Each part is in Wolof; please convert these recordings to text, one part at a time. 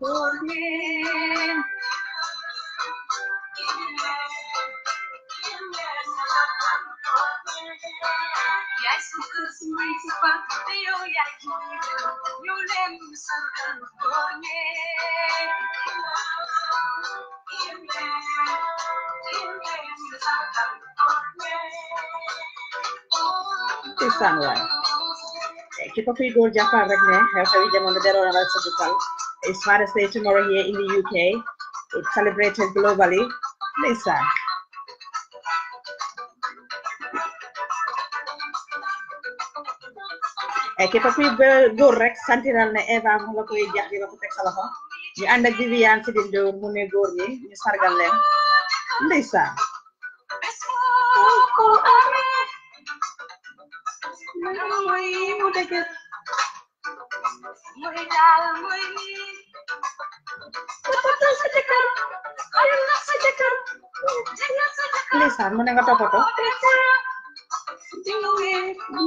todo bien. Я испугался выйти под дверь, я не люблю мусором в доме. This time, Kita pergi orang it's Father's Day tomorrow here in the UK. It's celebrated globally. Listen. képp kuy góor rek santinal ne Eva mu nga koy jax di la ko teg sa loxo ñu ànd ak Viviane Chidid Ndour mu going. góor ñi Salmon yang kata apa tuh?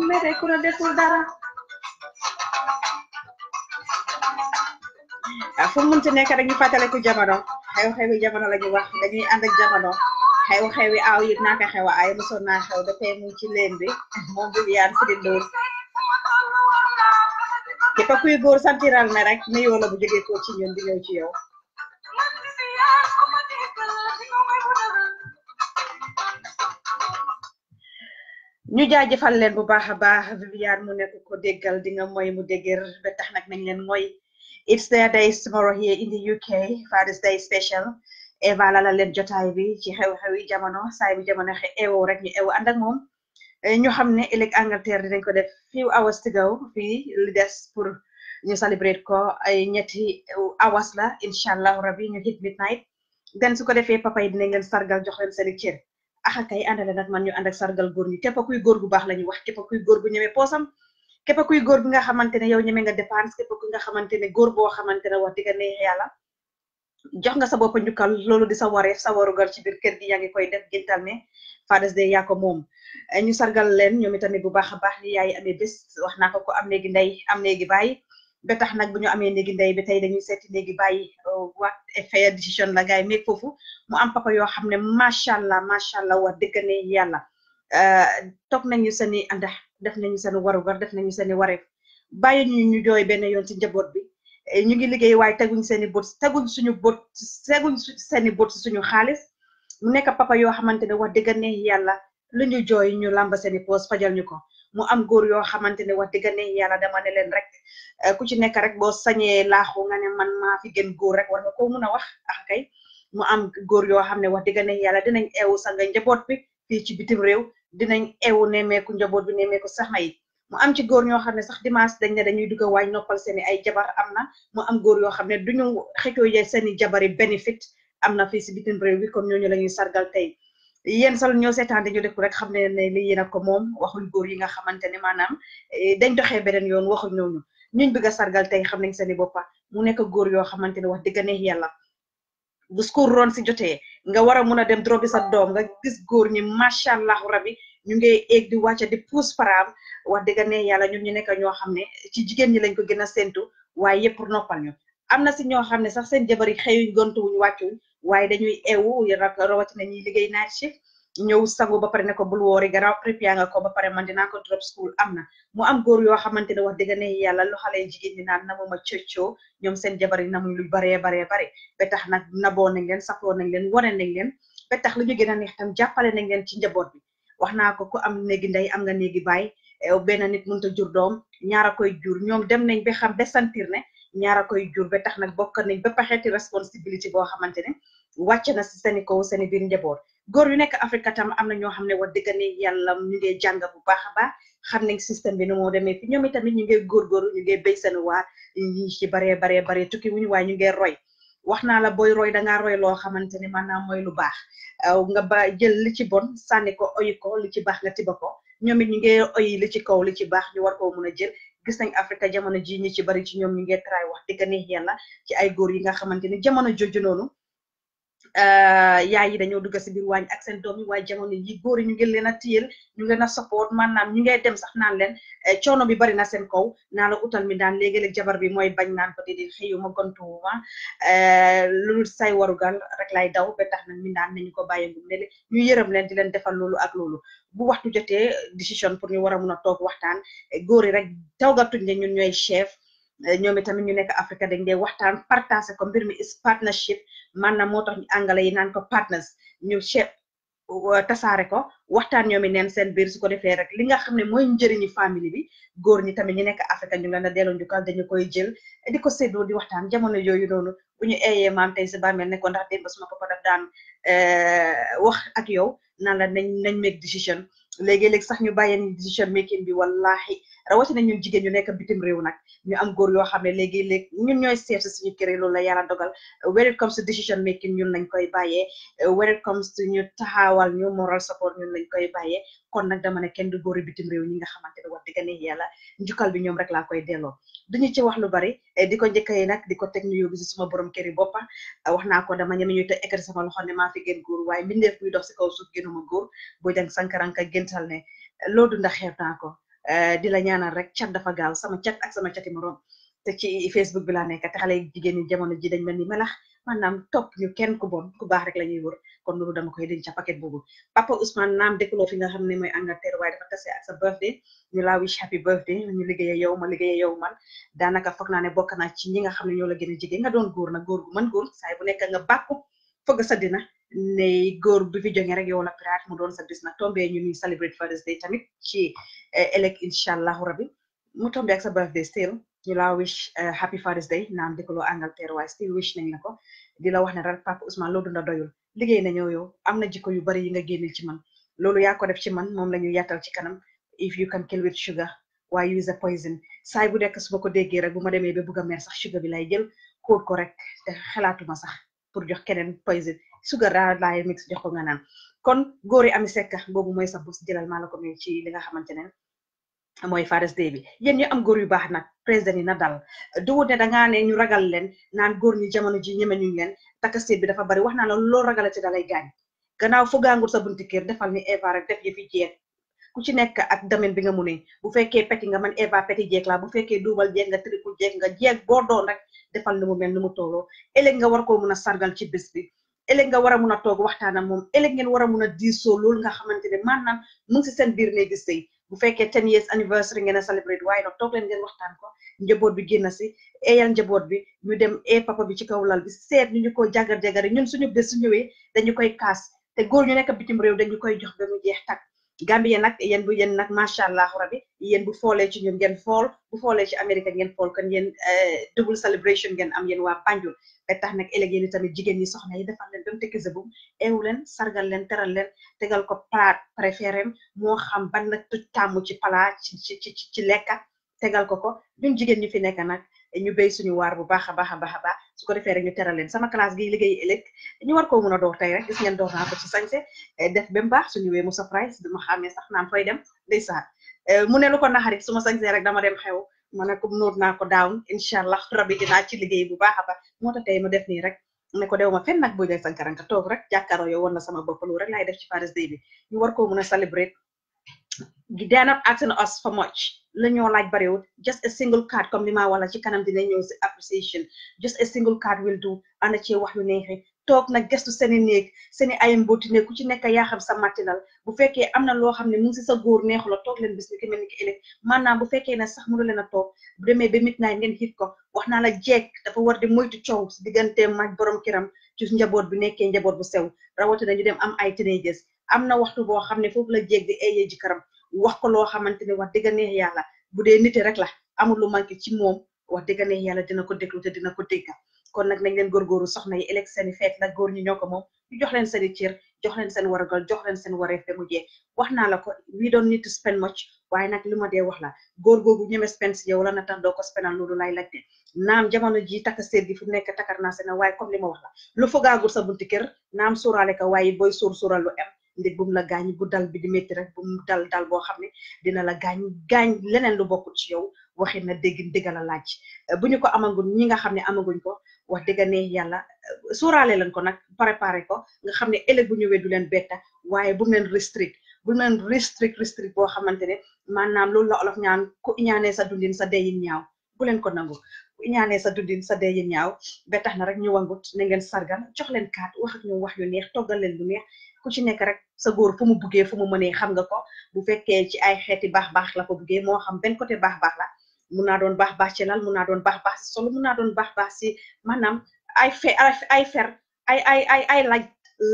Mere kuna de dara. Aku mu ci nekk dañuy jaman jamono xew-xewi jamono la ñu wax dañuy ànd ak jamono xew-xewi naka xew ay mosoon naa xew dafay mu ci kuy góor santiral na rek nuyoo la bu jógee ko ci ñun di ñëw ci yow ñu jaajëfal leen bu baax a baax Viviane mu nekk ko déggal di nga mooy mu dégër ba tax nag nañ leen mooy it's their day tomorrow here in the UK special Eva la leen jotaay bi ci xew-xewi xew jamono saay bi jamono xe ewo rek ñu ewo ànd ak moom xam ne ëllëg Angleterre dinañ ko def few hours to go fii li des pour ñu celebrate ko ay ñetti hours la incha allah rabi ñu hit midnight den su ko defee papa yi dinañ leen sargal jox leen seen cër axa kay àndale nag man ñu ànd ak sargal góor ñi képp kuy góor gu ba la ñuy wax képp kuy góor gu ñeme poosam képp kuy góor bi nga xamante ne yow ñeme nga dépense képp ku nga xamante ne góor boo xamante ne wax di nga neex yàlla jox nga sa bopp njukkal loolu di sa wareef sa warugal ci biir kër yaa ngi koy def gintal ne Father's Day yaa ko moom eh, ñu sargal leen ñoom itamit bu baax a baax li yaay amee bés wax naa ko ko am néegi ndey am néegi bàyyi ba tax nag bu ñu amee néegi ndey bi tey dañuy seeti néegi bàyyi euh, what a fair decision la gaay mais foofu mu am papa yoo xam ne macha allah macha allah wax dëgg ne yàlla euh, toog nañu seeni andax def nañu seen warugar def nañu seeni wareef bàyyi ñu ñu jooy benn yoon ci njaboot bi eh, ñu ngi liggéey waaye teguñ seeni bët teguñ suñu bët teguñ seeni bët suñu xaalis mu nekk papa yoo xamante ne wax dëgg ne yàlla lu ñu jooy ñu làmba seeni poos fajal ñu ko. mu am góor yoo xamante ne wax dëgg ne yàlla dama ne leen rek eh, ku ci nekk rek boo sañee laaxu nga ne man maa fi rek war nga koo mun a wax ah mu am góor yoo xam ne wax dëgg ne yàlla dinañ eewu sanga njaboot bi fii ci bitim réew dinañ eewu nemeeku njaboot bi nemeeku saxma yi mu am ci góor ñoo xam ne sax dimanche dañ ne dañuy dugg waañ noppal seeni ay jabar am na mu am góor yoo xam ne du duñu xëccoo yee seeni jabari bénéfice am na fii si bitim réew bi kon ñooñu la ñuy sargal tey yéen solo ñoo seetaan dañu dëkku rek xam ne ne li yéen a ko moom waxuñ góor yi nga xamante ne maanaam eh, dañ doxee beneen yoon waxuñ ñooñu ñuñ bëgg a sargal tey xam nañ seeni boppa mu nekk góor yoo xamante ne wax dëgg neex yàlla bu school roon si jotee nga war a mun a dem drobi sa doom nga gis góor ñi macha allah rabi ñu ngi eeg di wàcce di puus paraam wax dëgg neex yàlla ñun ñu nekk ñoo xam ne ci jigéen ñi lañ ko gën a séntu waaye yëpp noppal ñu am na si ñoo xam ne sax jabar yi xëyuñ gontuwuñ wàccuñ waaye dañuy ewu rawatina ñuy liggéey naaj si ñëw sangu ba pare ne ko bul woori garaaw prépia nga ko ba pare man dinaa ko drop school am na mu am góor yoo xamante ne wax dëgg ne yàlla lu xale jigéen ñi naan na ñoom seen jabar yi namuñ lu baree baree bare tax nag naboo nañ leen nañ leen wane nañ leen ba tax lu ñu gën a neex tam jàppale nañ leen ci njaboot bi wax naa ko ku am néegi ndey am nga néegi baay eh, benn nit mënut jur doom ñaara koy jur ñoom dem nañ ba xam ba sentir ne ñaara koy jur ba tax nag bokk nañ ba paxeeti responsibility boo xamante ne wàcce na si seeni kaw seeni biir njaboot góor yu nekk Afrika tam am na ñoo xam ne wax dëgg ne yàlla ñu ngi jàng bu baax a baax xam nañ bi nu moo demee fi ñoom itamit ñu ngi góorgóorlu ñu ngi béy seen waa ñi ci baree baree baree tukki wuñu waaye ñu ngi roy wax naa la booy roy dangaa roy loo xamante ne maanaam mooy lu baax nga ba jël li ci bon sànni ko oyi ko ci baax nga tiba ko ñoom it ñu ngi oyi li ci kaw li ci baax ñu war koo mun jël gis nañ Afrika jamono ji ñi ci bari ci ñoom ñu ngi tray wax dëgg ne yàlla ci ay góor yi nga xamante ne jamono jooju noonu Euh, yaay yi dañoo dugg si biir waañ ak seen doom yi waaye jamono yi góor yi ñu ngi leen a téyel ñu ngi leen a support maanaam ñu ngay dem sax naan leen eh, coono bi bari na seen kaw naa la utal mi daan léegi-léeg jabar bi mooy bañ naan ko déedéet xëyu ma gontuwuma loolu eh, say warugal rek lay daw be tax na mi daan nañu ko bàyyangum ne ñu yërëm leen di leen defal loolu ak loolu bu waxtu jotee décision pour ñu war a mun a toog waxtaan eh, góor yi rek tawgatuñ ne ñun ñooy chef ñoom tamit ñu nekk Afrique dañ dee waxtaan partagé ko mbir mi is partnership maanaam moo tax anglais yi naan ko partners ñu chep tasaare ko waxtaan ñoom i neen seen biir su ko defee rek li nga xam ne mooy njëriñu famille bi góor ñi tamit ñu nekk Afrique ñu leen a delloo njukkal dañu koy jël di ko séddoo di waxtaan jamono yooyu noonu bu ñu eeyee maam tey si bàmmeel ne ko ndax démb suma papa daf daan eh, wax ak yow naan la nañ nañ make decision léegi-léeg sax ñu bàyyeen decision making bi wallahi rawatina ñun jigéen ñu nekk bitim réew nag ñu am góor yoo xam ne léegi léegi ñun ñooy seet si suñu kër yi loolu la yàlla dogal when it comes to decision making ñun lañ koy bàyyee when it ñu taxawal ñu moral support ñun lañ koy bàyyee kon nag dama ne kenn du góori bitim réew ñi nga xamante ne wax dëgg ne yàlla njukkal bi ñoom rek laa koy delloo duñu ci wax lu bari eh, di ko njëkkee nag di ko teg ñu yóbbu si suma borom kër yi boppa wax naa ko dama ñeme ñu te ekkati sama loxo ne maa fi gën góor waaye mbindeef buy dox si kaw suuf gënuma góor boo jàng sankaranka géntal ne loo dunda xeeb naa ko Eh, di la ñaanal rek cat dafa gaaw sama cat ak sama cati morom te ci Facebook bi laa nekk te xale jigéen ñi jamono ji dañ mel ni melax maanaam topp ñu kenn ku bon ku baax rek la ñuy wër kon loolu dama koy denc ca paquet boobu papa Ousmane naam dëkkuloo fi nga xam ne mooy Angleterre waaye dafa tase ak sa birthday ñu laa wish happy ñu liggéeye yow ma liggéeye yow man daanaka foog naa ne bokk naa ci ñi nga xam ne ñoo la gën a jege nga doon góor nag góor gu man góor saay bu nekk nga bàkku foog sa dina ne góor bi fi jógee rek yow la pirate mu doon sa bis nag tombé ñu ñuy celebrate Father's Day tamit ci ëllëg eh, incha allahu rabi mu tombé ak sa birthday still ñu la wish eh, happy Father's Day naan dëkkaloo Angleterre waaye still wish nañ la ko di la wax ne rek papa Ousmane loo dunda doyul liggéey nañoo yow am na jikko yu bari yi nga génneel ci man loolu yaa ko def ci man moom la ñu yàttal ci kanam if you can kill with sugar why use a poison saay bu nekk su ma ko déggee rek bu ma demee ba bugg me mer sax sugar bi lay jël kóod ko rek xalaatuma sax pour jox keneen poison sugar daal laay mix jox nga naan kon góori ami sekk boobu mooy sa bus jëlal maa la ko may ci li nga xamante ne mooy Father's Day bi yéen ñu am góor yu baax nag président yi na dal duwut ne dangaa ne ñu ragal leen naan góor ñi jamono ji ñeme ñu leen takk seet bi dafa bari wax naa la loolu ragala ci dalay gaañ gannaaw foo gaangur sa bunti kër defal ni Eva rek def yëfi jeeg ku ci nekk ak domaine bi nga mu ne bu fekkee peti nga man Eva peti jeeg la bu fekkee duubal jeeg nga jeeg nga jeeg boo doon rek defal nu mu mel nu mu tooloo ëllëg nga war koo mun a sargal ci bés bi ëllëg nga war a mun a toog waxtaan ak moom ëllëg ngeen war a mun a diisoo loolu nga xamante ne maanaam mu ngi si seen biir néegi sëy bu fekkee ten years anniversary ngeen a celebrate waaye nag toog leen ngeen waxtaan ko njaboot bi na si eyal njaboot bi mu dem e papa bi ci kaw lal bi seet ñu ñu ko jagar jagari ñun suñu bés su ñëwee dañu koy kaas te góor ñu nekk bitim réew dañu koy jox ba mu jeex tak Gambien nag yéen bu yéen nag macha allah rabi yéen bu foolee ci ñun ngeen fool bu foolee ci Amérique ngeen fool kon yéen eh, double celebration ngeen am yéen waa Banjul ba tax nag ëllëg yéen tamit jigéen ñi soxna yi defal len ba mu tekki sa boobu eewu leen sargal leen teral leen tegal ko plat préféré moo xam ban nag tuj tàmmu ci palaat ci ci ci lekka tegal ko ko duñ jigéen ñi fi nekk nag. ñu béy suñu waar bu baax a baax a baax baax su ko defee rek ñu teral sama classe gi liggéey ëllëg ñu war koo mën a door tey rek ko ci sañse eh, def ba mu baax suñu wee eh, mu surprise ne lu ko naxarit su ma sañse rek dama dem xew ma ne ko nóor naa ko daaw incha allah rabi dinaa ci bu baax a baax moo tax tey ma def nii rek ne ko dew ma fenn nag buy def sankaranka toog rek jàkkaaroo yow woon na sama bopp lu rek laay def ci Paris Day bi ñu war koo mën a célébrer they're not asking us for much lañoo laaj bariwul just a single card Come li maa wala ci kanam dina appreciation just a single card will do ana ci wax Talk na guest to send in néeg Send ay mbooti néeg ku ci nekk yaa xam sa matinal bu fekkee am na loo xam ne mu ngi si sa góor neexu la toog leen bis ni ki mel ni ki ëllëg maanaam bu fekkee ne sax mënu leen a toog bu demee ba midnight ngeen xiit ko wax naa la jeeg dafa war di moytu coow si diggante mag borom kiram ci njaboot bi nekkee njaboot bu sew rawatina am ay teenagers am na waxtu boo xam ne foofu la jéeg di ayee ji karam wax ko loo xamante ne wax dëgg neex yàlla bu dee nite rek la amul lu manqué ci moom wax dëgg neex yàlla dina ko déglu te dina ko dégg kon nag nañ leen góorgóorlu soxna yi ëllëg seeni feet nag góor ñi ñoo ko moom ñu jox leen seeni cër jox leen seen jox leen seen wareef ba mu wax naa la ko we don't need to spend much waaye nag li ma dee wax la góor googu ñeme spend si yow la na tax doo ko spendal loolu lay laajte naam jamono ji takk séer gi fu nekk takkar naa na waaye comme li ma wax la lu fogaagul sa bunti ndig bum la gañ bu dal bi di metti rek bum dal dal bo xamni dina la gañ gañ leneen lu bokku ci yow waxe na dégg dégg la laaj eh, buñu ko amagul ñi nga xamni amaguñ ko wax dëgg ne yalla eh, suuraale leen ko nak préparé ko nga xamni ne bu du leen bétta waye bu restrict bu mu restrict restrict bo xamantene ne maanaam loolu la olof ñaan ku ñaanee sa dundin sa deyin ñaaw bu leen ko nangu ñaanee sa dundin sa dee yéen ñaaw ba na rek ñu wangut ne ngeen sargal jox leen dunia. wax ak ñu wax yu neex togal leen lu neex ku ci nekk rek sa góor fu mu buggee fu mu mënee xam nga ko bu fekkee ci ay xeeti baax baax la ko buggee moo xam benn côté baax baax la mun na doon baax baax ci lal mun naa doon baax baax si solo mun naa doon baax baax si maanaam ay ay fer ay ay ay ay lay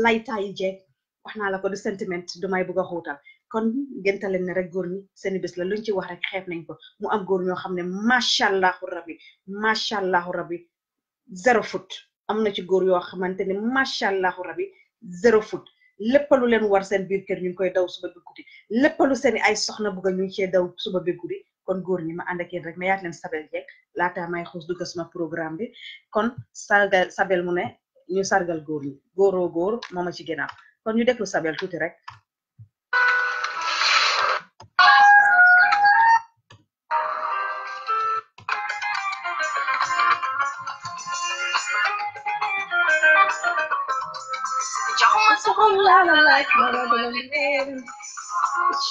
laytaayi jeeg wax naa la ko de sentiment du may bugg a xuutal kon gëntaleen ne rek góor ñi seeni bés la luñ ci wax rek xeeb nañ ko mu am góor ñoo xam ne macha allahu rabbi macha allahu rabbi zero foot am na ci góor yoo xaman ne macha allahu rabbi zero foot léppalu leen war seen biir kër ñu ngi koy daw suba bi guddi léppalu seen ay soxna bugga ñu ngi cee daw suba bi kon góor ñi ma ànd ak yéen rek ma yaat leen sabel jeeg laataa may xuus dugg sama programme bi kon sargal sabel mu ne ñu sargal góor ñi góoroo góor mooma ci ginnaaw kon ñu déglu sabel tuuti rek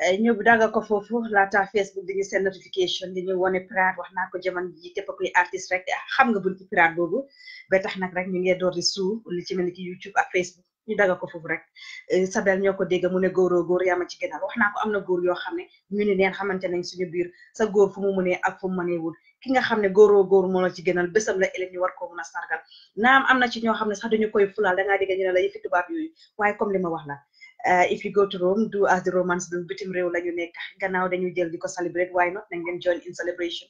Eh, ñu daga ko la ta facebook di ñu notification di ñu woné pirate wax ko jaman ji képp koy artiste rek xam nga ci pirate bobu ba tax nak rek ñu ngi door di li ci melni youtube ak facebook ñu daga ko foofu rek Sabel ñoo ko dégg mu ne góoroo góor yaa ma ci gënal wax naa am na góor yoo xam ne ñu ni neen xamante nañ suñu biir sa góor fu mu ne ak fu mu mëneewul ki nga xam ne góoroo góor moo la ci gënal bésam la ëllëg ñu war koo mën a sargal naam am na ci ñoo xam ne sax dañu koy fulaal dangaa dégg ñu ne la yëfi tubaab yooyu waaye comme li ma wax la eh, if you go to Rome as the Romans bitim réew la ñu nekk gannaaw dañu jël di ko celebrate waaye not nañ leen join in celebration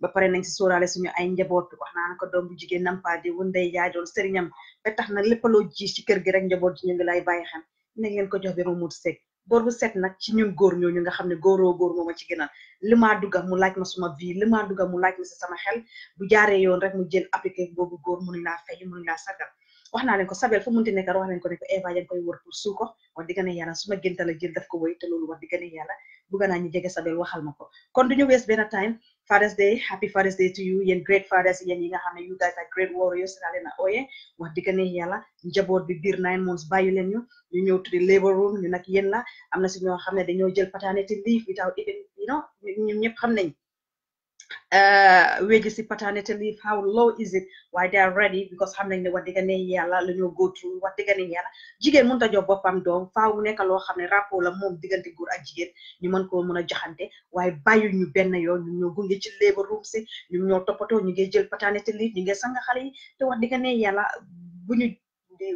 ba pare nañ si sóoraale suñu ay njaboot wax naa ko doom bu jigéen nampaa di wun day yaay doon sëriñam ba tax na lépp loo ji ci kër gi rek njaboot ji ñu ngi lay ko jox ba mu mut seeg boor bu set nag ci ñun góor nga xam ne góoroo góor mooma ci gënal li maa duga mu laaj ma suma vie li maa duga mu laaj ma sama xel bu jaaree yoon rek mu jël appliqué boobu góor mënuñ laa fay mënuñ laa sargal wax naa leen ko sabel fu munti nekkar wax leen ko ne ko Eva yaa koy wër pour suu ko wax digga ne yàlla su ma génta la jël ko woy te loolu wax digga ne yàlla bugga naa ñu jege sabel waxal ma ko Father's Day happy Father's Day to you yéen great fathers yéen yi nga xam ne you guys are great warriors laa leen a ooye wax dëgg ne yàlla njaboot bi biir nine months bàyyi leen ñu ñu ñëw to the labour room ñu nag yéen la am na si ñoo xam ne dañoo jël paternity leave without even you know ñun ñëpp xam nañ Uh, wages yi paternity leave how low is it Why they are ready because xam nañ ne wax dëgg ne yàlla la go through wax dëgg ne yàlla jigéen mënut a jox boppam doom faaw nekk loo xam ne rapport la moom diggante góor ak jigéen ñu mën koo mën a joxante waaye bàyyu ñu benn yoon ñu ñoo gunge ci labour room si ñu ñoo toppatoo ñu ngi jël paternity leave ñu ngi sanga xale yi te wax dëgg ne yàlla bu ñu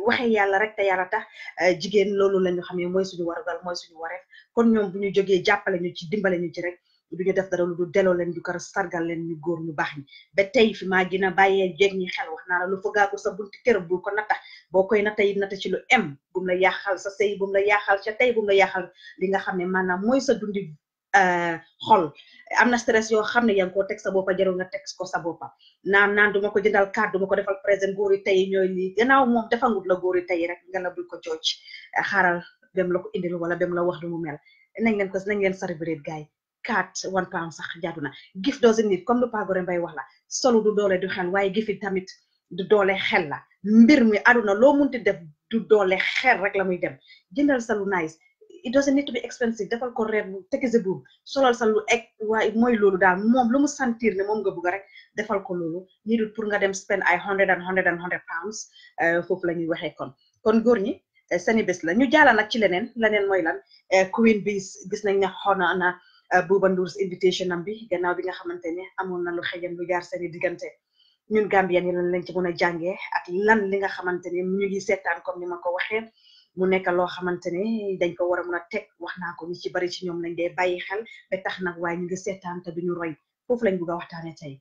waxe yàlla rek te yàlla tax uh, jigéen loolu la ñu xam ne mooy suñu warugal mooy suñu wareef kon ñoom bu ñu jàppale ñu ci dimbale ñu ci rek du def dara lu dul delloo leen jukar sargal leen ñu góor ñu baax ñi ba tey fi maa gën a bàyyee jeeg ñi xel wax naana la lu fagaaku sa bunti kër bul ko natta boo koy natta it natta ci lu em bum la yaaxal sa sëy bum la yaaxal sa tey bum la li nga xam ne maanaam mooy sa dundi euh, xol am na stress yoo xam ne yaa ngi koo teg sa boppa jarul nga teg ko sa boppa naan naan duma ko jëndal carte duma ko defal présent góori tey ñooy lii gannaaw moom defangut la góori tey rek nga la bul ko cooj xaaral dem la ko indil wala dem la wax lu mu mel nañ leen ko nañ leen saribréet gaay quatre one pound sax jaadu na give doesn't need comme lu Pagore Mbaye wax la solu du doole du xel waaye gifi tamit du doole xel la mbir mi aduna loo munti def du doole xel rek la muy dem jëndal sa lu nice it doesn't need to be expensive defal ko reer bu tekise bu solal sa lu ek waaye mooy loolu daal moom lu mu sentir ne moom nga bëgg rek defal ko loolu nii pour nga dem spend ay hundred and hundred and hundred pounds eh, foofu la ñuy waxee kon kon góor ñi eh, seeni bés la ñu jaala nag ci leneen leneen mooy lan eh, Queen Biz gis Euh, Bouba Ndour invitation am bi gannaaw bi nga xamante ne amoon na lu xëjam lu jaar seeni diggante ñun Gambien yi lan lañ ci mën a jàngee ak lan li nga xamante ne mu ngi seetaan comme ni ma ko waxee mu nekk loo xamante ne dañ ko war a mën a teg wax naa ko ñu ci bari ci ñoom lañ dee bàyyi xel ba tax na waaye ñu ngi seetaan te duñu roy foofu lañ bëgg a waxtaanee tey.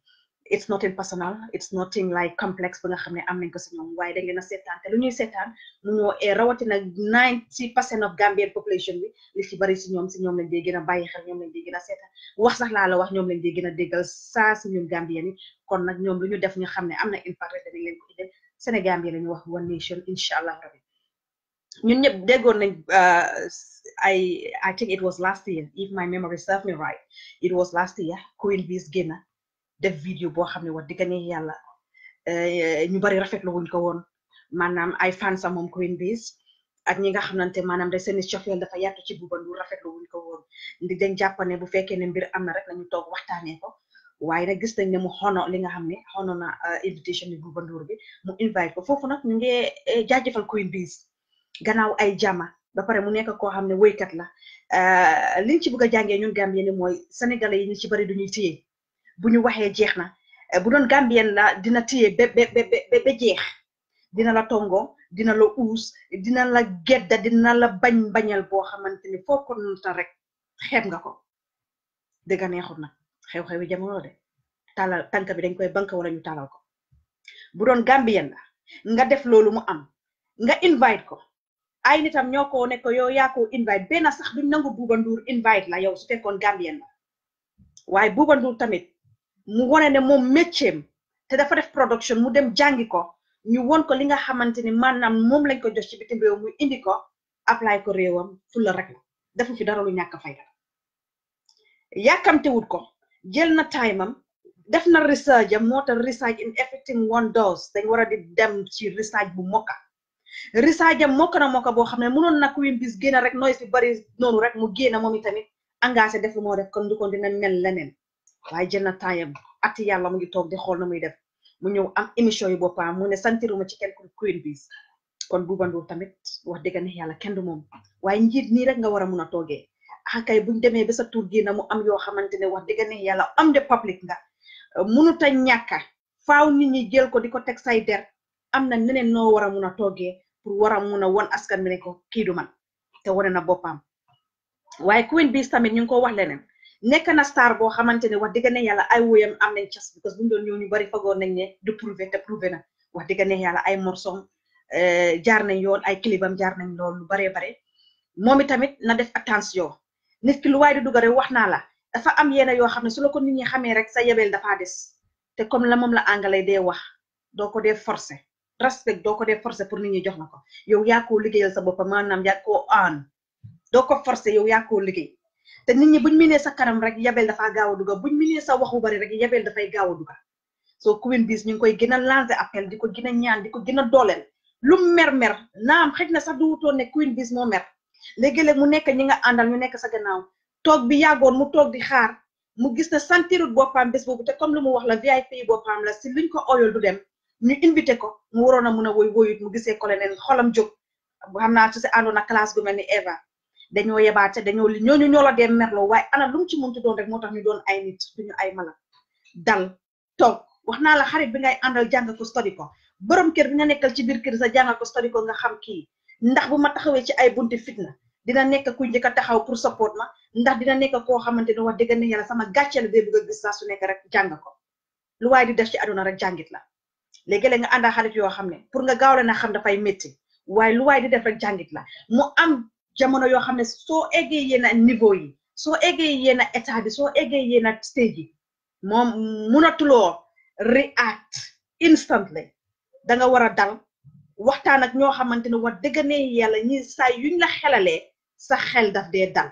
it's nothing personal it's nothing like complex ba nga xam ne am nañ ko si ñoom waaye dañ leen a seetaan te lu ñuy seetaan mu ñoo eh, rawatina ninety percent of Gambian population bi li ci bari si ñoom si ñoom lañ dee gën a bàyyi xel ñoom lañ dee gën a seetaan wax sax laa la wax ñoom lañ dee gën a déggal saa si ñun Gambien yi kon nag ñoom lu ñu def ñu xam ne am na impact rek dañ leen ko indil Sénégal bi la wax one nation incha allah rabbi ñun ñëpp déggoon nañ I uh, I think it was last year if my memory serves me right it was last year Queen Bees Guinea def vidéo boo xam ne wax dëgg yàlla eh, ñu bari rafetlu ko woon maanaam ay fans moom Coinbase ak ñi nga xamante maanaam da seeni cofeel dafa yaatu ci Bouba Ndour rafetlu wuñ ko woon ndi dañ jàppane bu fekkee ne mbir am na rek lañu toog waxtaanee ko waaye nag gis nañ ne mu xono li nga xam ne xono na eh, invitation bi Bouba bi mu invite ko foofu nag ñu ngi eh, jaajëfal Coinbase gannaaw ay jama ba pare mu nekk koo xam ne woykat la liñ ci bëgg jàngee ñun Gambien ni mooy sénégalais yi ñu ci bari duñuy téye bu ñu waxee jeex na eh, bu doon Gambien la dina téye ba la tongo dina la uus dina la gedda dina la bañ bañal boo xamante ni foo ko rek xeeb nga ko dëgg neexut nag xew-xewi jamono de tàllal tànk bi dañ koy bank wala ñu tàllal ko bu doon Gambien la nga def loolu mu am nga invite ko ay nitam ñoo ko ne ko yow yaa ko invite benn sax duñ nangu Buuba Nduur invite la yow su fekkoon Gambien la waaye Buuba Nduur tamit. mu wane ne moom métier te dafa def production mu dem jàngi ko ñu won ko li nga xamante ni maanaam moom lañ ko jox ci bitim réew muy indi ko apply ko réewam fulla rek la defu fi dara lu ñàkk fayda yàkkamtewut ko jël na time am def na research am moo tax research in everything one does dañ war a di dem ci research bu mokka research am mokka na mokka boo xam ne mënoon na ku bis génn rek noise si bari noonu rek mu génn moom itamit engagé def lu moo def kon du ko dina mel leneen waaye jël na temps yam ati yàlla mu ngi toog de xool na muy def mu ñëw am émission yu boppam mu ne santiruma ci kenn ku Queen Biz kon Bouba Ndour tamit wax dëgg ne yàlla kenn du moom waaye njiit nii rek nga war a mun a toogee ah kay buñ demee ba sa tur gi na mu am yoo xamante ne wax dëgg ne yàlla am de public nga mënut a ñàkk faaw nit ñi jël ko di ko teg say der am na neneen noo war a mun a toogee pour war a mun a won askan bi ne ko kii du man te wane na boppam waaye Queen Biz tamit ñu ngi ko nekk na star boo xamante ne wax dëgg ne yàlla ay woyam am nañ cas because bu mu doon ñëw ñu bari fagoon nañ ne du prouvé na wax dëgg ne yàlla ay morsom eh, jaar nañ yoon ay kilibam jaar nañ lool lu baree bare moom tamit na def attention nit ki lu waay di dugare wax naa la dafa am yenn yoo xam ne su la ko nit xamee rek sa yebel dafaa des te comme la moom la anglais dee wax doo ko dee forcé respect doo ko dee forcé pour nit ñi jox la ko yow yaa koo liggéeyal sa bopp maanaam yaa koo aan doo ko forcé yow yaa koo liggéey te nit ñi buñ mënee sa kanam rek yabel dafaa gaaw a duga buñ mënee sa waxu bari rek yabel dafay gaaw a duga soo Queen Biz ñu ngi koy gën a lancer appel di ko gën a ñaan di ko gën a dooleel lu mer naam xëj na sax du wutoon ne Queen Biz moo mer léegi-léeg mu nekk ñi nga àndal ñu nekk sa gannaaw toog bi yàggoon mu toog di xaar mu gis ne santirut boppam bés boobu te comme lu wax la bo boppam la si luñ ko oyool du dem ñu invité ko mu waroon a mun a woy woyut mu gisee ko leneen xolam jóg xam naa su si àndoon dañoo yebaate dañoo li ñooñu ñoo la dee merloo waaye ana lu mu ci mënti doon rek moo tax ñu doon ay nit duñu ay mala dal toog wax naa la xarit bi ngay àndal jàng ko study ko borom kër bi nga nekkal ci biir kër sa jàngal ko study nga xam kii ndax bu ma taxawee ci ay bunti na dina nekk ku njëkk a taxaw pour support ma ndax dina nekk koo xamante ne wax dëgg ne yàlla sama gàcceel bee bëgg a gis saa rek jàng ko lu waaye di def ci aduna rek jàngit la léegi-léeg nga xarit yoo xam ne pour nga gaaw leen a xam dafay métti waaye lu waaye di def rek jàngit la mu am jamono yoo xam ne soo eggee yenn niveau yi soo eggee yenn état bi soo eggee yenn stage yi moom munatuloo react instantly da nga war a dal waxtaan ak ñoo xamante ne wax dëgg yàlla ñi saa yuñ la xelalee sa xel daf dee dal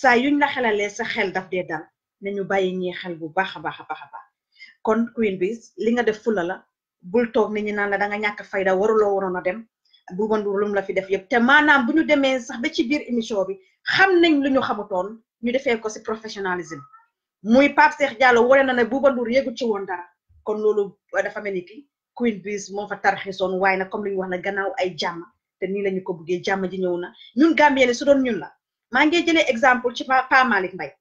saa yuñ la xelalee sa xel daf dee dal ñu bàyyi ñi xel bu baax a baax a baax kon queen bi li nga def fula la bul toog nit ñi naan la da nga ñàkk fayda waruloo waroon a dem bu Ndour la fi def yëpp te maanaam bu ñu demee sax ba ci biir émission bi xam nañ lu ñu xamutoon ñu defee ko si professionnalisme muy Pape Cheikh Diallo wane na ne bu Ndour yëgu ci woon dara kon loolu dafa mel ni ki Queen Biz moo fa tarxisoon waaye nag comme li ñu wax na gannaaw ay jàmm te nii lañu ko buggee jàmm ji ñëw na ñun Gambien su doon ñun la maa ngi jëlee exemple ci Pa Malick Mbaye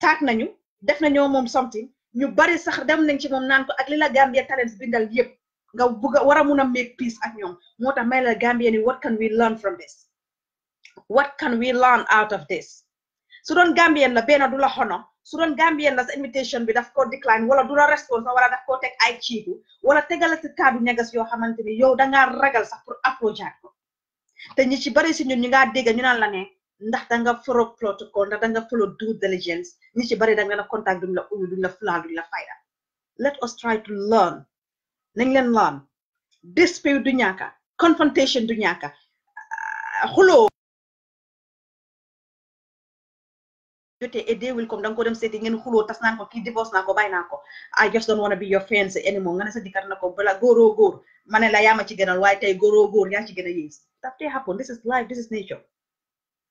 taat ñu def nañoo moom something ñu bari sax dem nañ ci moom naan ko li la Gambia Talents bindal yëpp. nga bëgg war a mun make peace ak ñoom moo tax may la Gambia ni what can we learn from this what can we learn out of this su doon Gambien la benn du la xono su doon Gambien la sa invitation bi daf ko decline wala dula la response wala daf koo teg ay ciitu wala tegala si kaddu ñagas yoo xamante ni yow da ngaa ragal sax pour approjaat ko te ñi ci bari si ñun ñu ngaa dégg ñu naan la ne ndax da nga follow protocol ndax da nga follow due diligence ñi ci bari da nga la contact duñ la uyu duñ la fulaal duñ la fayda let us try to learn nañ leen laan dispute du ñàkka confrontation du ñàkka ah, xuloo jotee et will come danga ko dem seeti ngeen xuloo tas naan ko kii divorce naa ko bàyyi naa ko I just don't wanna be your friends anymore nga ne sa jëkkër na ko bala góoroo góor ma ne la yaa ma ci gënal waaye tey góor yaa ci gën a that day happen this is life this is nature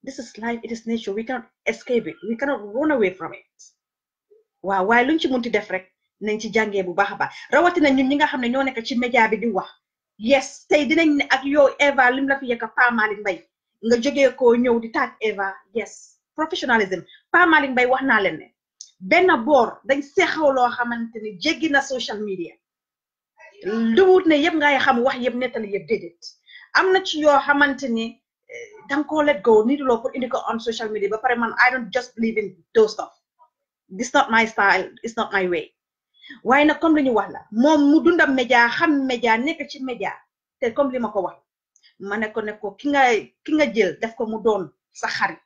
this is life it is nature we cannot escape it we cannot run away from it waaw waaye luñ ci munti def rek nañ ci jàngee bu baax a baax rawatina ñun ñi nga xam ne ñoo nekk ci média bi di wax yes tey dinañ ne ak yow Eva lim la fi yegg Pa Malick Mbaye nga jógee koo ñëw di taat Eva yes professionalism Pa Malick Mbaye wax naa leen ne benn boor dañ seexaw loo xamante ne jéggi na social media luwut ne yëpp ngay xam wax yëpp nettali yëpp déedéet am na ci yoo xamante ni eh, danga koo let go nitu pour indi ko on social media ba pare man I don't just believe in those stuff it's not my style it's not my way waaye nag comme li ñu wax la moom mu dundam média xam média nekk ci média te comme li ma ko wax ma ne ko ko ki nga ki nga jël def ko mu doon sa xarit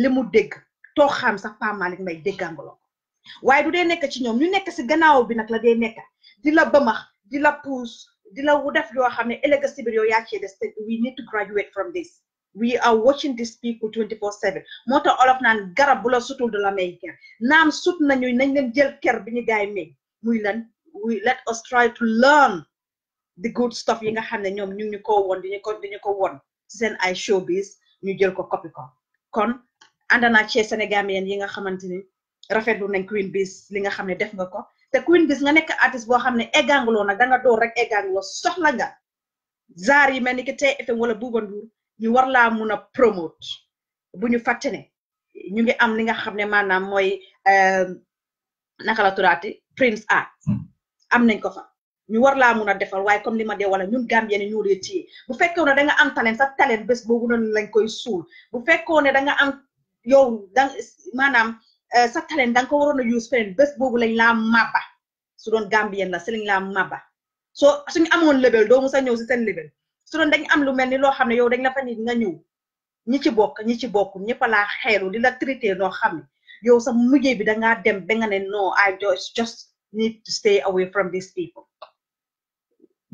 li mu dégg too xam sax Pa Malick Mbaye déggangaloo waaye du dee nekk ci ñoom ñu nekk si gannaaw bi nag la dee nekk di la bëmax di la puus di la wu def yoo xam ne ëllëg si biir yow yaa cee des we need to graduate from this we are watching these people 24 7 moo tax olof naan garab bu la sutul du la may ker naam sut nañu nañ leen jël ker bi gaay may muy lan we let us try to learn the good stuff yi nga xam ne ñoom ñu ngi ko won diñu ko diñu ko won seen ay showbiz ñu jël ko copy ko kon àndanaa cee sénégalien yi nga xamante ni rafetlu nañ Queen Biz li nga xam ne def nga ko te Queen Biz nga nekk artiste boo xam ne egganguloo nag da nga door rek egganguloo soxla nga zaar yi mel ni ki tey FM wala buuba nduur ñu war laa mun a promote bu ñu fàtte ne ñu ngi am li nga xam ne maanaam mooy euh, naka la turaati Prince Art hmm. am nañ ko fa ñu war laa mun a defal waaye comme li ma dee wala ñun Gambien ñu dee téye bu fekkoon ne da nga am talent sa talent bés boobu noonu lañ koy suul bu fekkoon ne da am yow maanaam euh, sa talent da ko waroon a use feneen boobu lañ laa mabba su doon Gambien la si lañ laa mabba soo suñu amoon label doo sa ñëw si seen label su doon dañ am lu mel ni loo yow dañ la fa nit nga ñëw ñi ci bokk ñi ci bokk ñëpp laa xeelu di la traité noo xam yow sa mujjee bi dangaa dem nga ne no I just need to stay away from these people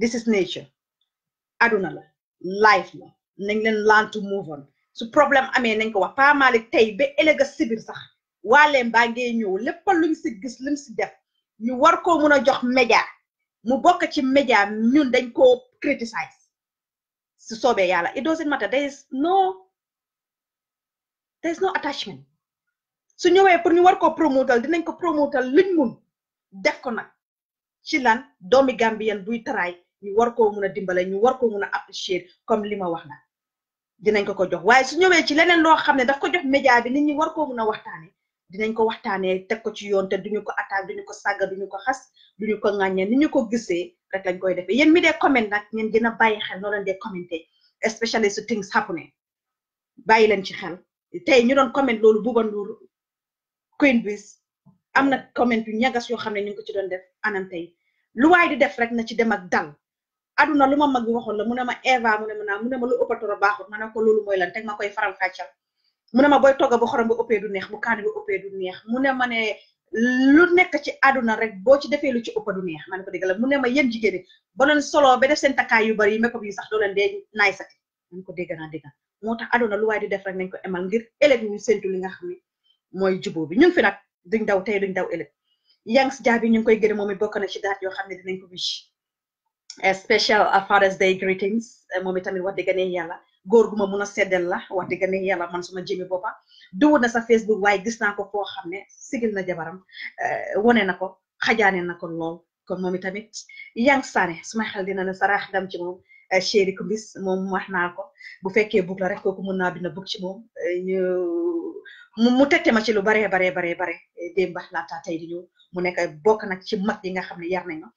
this is nature aduna la life la nañ leen learn to move on su problème I nañ ko wax Pa Malick tey ba ëllëga sibir sax waaleen baa ngee ñëw lépp luñ si gis lim si def ñu war koo mun jox média mu bokk ci média ñun dañ koo criticize soobee yàlla it doesn't matter there is no there is no attachment su ñëwee pour ñu war ko promotal dinañ ko promotal luñ mun def ko nag ci lan doomi Gambien buy try. ñu war koo mun a dimbale ñu war koo mun a comme li wax na dinañ ko ko jox waaye su ñëwee ci leneen loo xam ne daf ko jox média bi nit ñi war koo mun a waxtaane dinañ ko waxtaanee teg ko ci yoon te duñu ko attaque duñu ko sàgga duñu ko xas duñu ko ŋàññe ni ko gisee rek lañ koy defee yéen mi dee comment nag ngeen gën a bàyyi xel noo leen dee commenté especially su things happening bàyyi leen ci xel tey ñu doon comment loolu Buuba Nduur Queen Biz am na comment yu ñagas yoo xam ne ñu ngi ko ci doon def anam tey lu waay di def rek na ci dem ak dal aduna lu ma mag bi la mu ne ma Eva mu ma mu ne ma lu ëppatoo baaxut ma ne ko loolu mooy lan teg ma koy faral fàccal mu ne ma booy togga bo xorom bu ëppee du neex bu kaani bu ëppee du neex mu ne ma ne lu nekk ci àdduna rek boo ci defee lu ci ëpp du man ko dégg la mu ne ma yéen jigéen ñi bo leen solo ba def seen takkaay yu bari make-up sax doo leen dee naay sati ma ne ko dégg naa dégg moo tax àdduna lu waay di def rek nañ ko emal ngir ëllëg ñu séntu li nga xam ne mooy jubóo bi ñu ngi fi nag duñ daw tey duñ daw ëllëg Yangs Jabi ñu ngi koy gërëm moom it bokk na ci daat yoo xam ne dinañ ko a special Father's Day greetings moom itamit wax dëgg ne yàlla góor gu ma mun a seddal la wax dëgg yàlla man suma jëmi boppa duwut na sa Facebook waaye gis naa ko foo xam ne sigil na jabaram eh, wone na ko xajaane na ko lool kon moom itamit yang saane suma xel dina na saraax dam ci moom eh, chéri kumbis moom wax naa ko bu fekkee bug la rek mun naa bind bug ci moom eh, ñu mu tette ma ci lu baree baree baree bare démb ba laata tey di mu nekk bokk nag ci mag yi nga xam ne yar nañ ma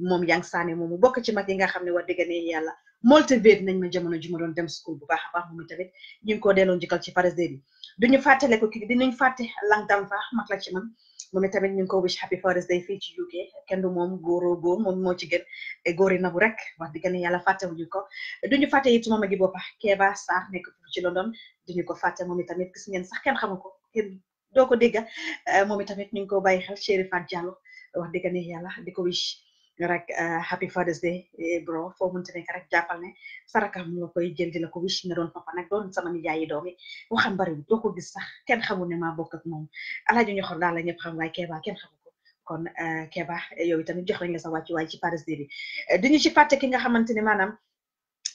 moom yang saane moomu bokk ci mag yi nga xam ne wax dëgg ne yàlla motivate nañ ma jamono ji ma doon dem school bu baax a baax moom tamit ñu ngi ko delloo njëkkal ci Father's Day bi duñu fàttale ko kii dinañ fàtte lang dam fa mag tamit ñu ngi ko wish happy Father's ci UK kenn moom góor góor moom moo ci gën e góori nabu rek wax dëgg ne yàlla fàttewuñu ko duñu fàtte it moom gi boppa Keba Sarr nekk foofu ci London duñu ko fàtte moom tamit gis ngeen sax kenn xamu ko kenn doo ko dégga e moom tamit ñu ngi ko bàyyi xel Chérifat wax dëgg ne yàlla di ko wish rek eh, happy father's day eh, bro foo munti nekk rek jàppal ne sarakam la koy jël di ko wish ne doon papa nag doon sama nijaay yi doomi waxam bariwul doo ko gis sax kenn xamul ne maa bokk ak moom alaaji ñoxor daal la ñëpp xam waaye Keba kenn xamul ko kon eh, Keba yow itamit jox nañ la sa wàccu waay ci Father's Day bi duñu ci fàtte ki nga xamante ne maanaam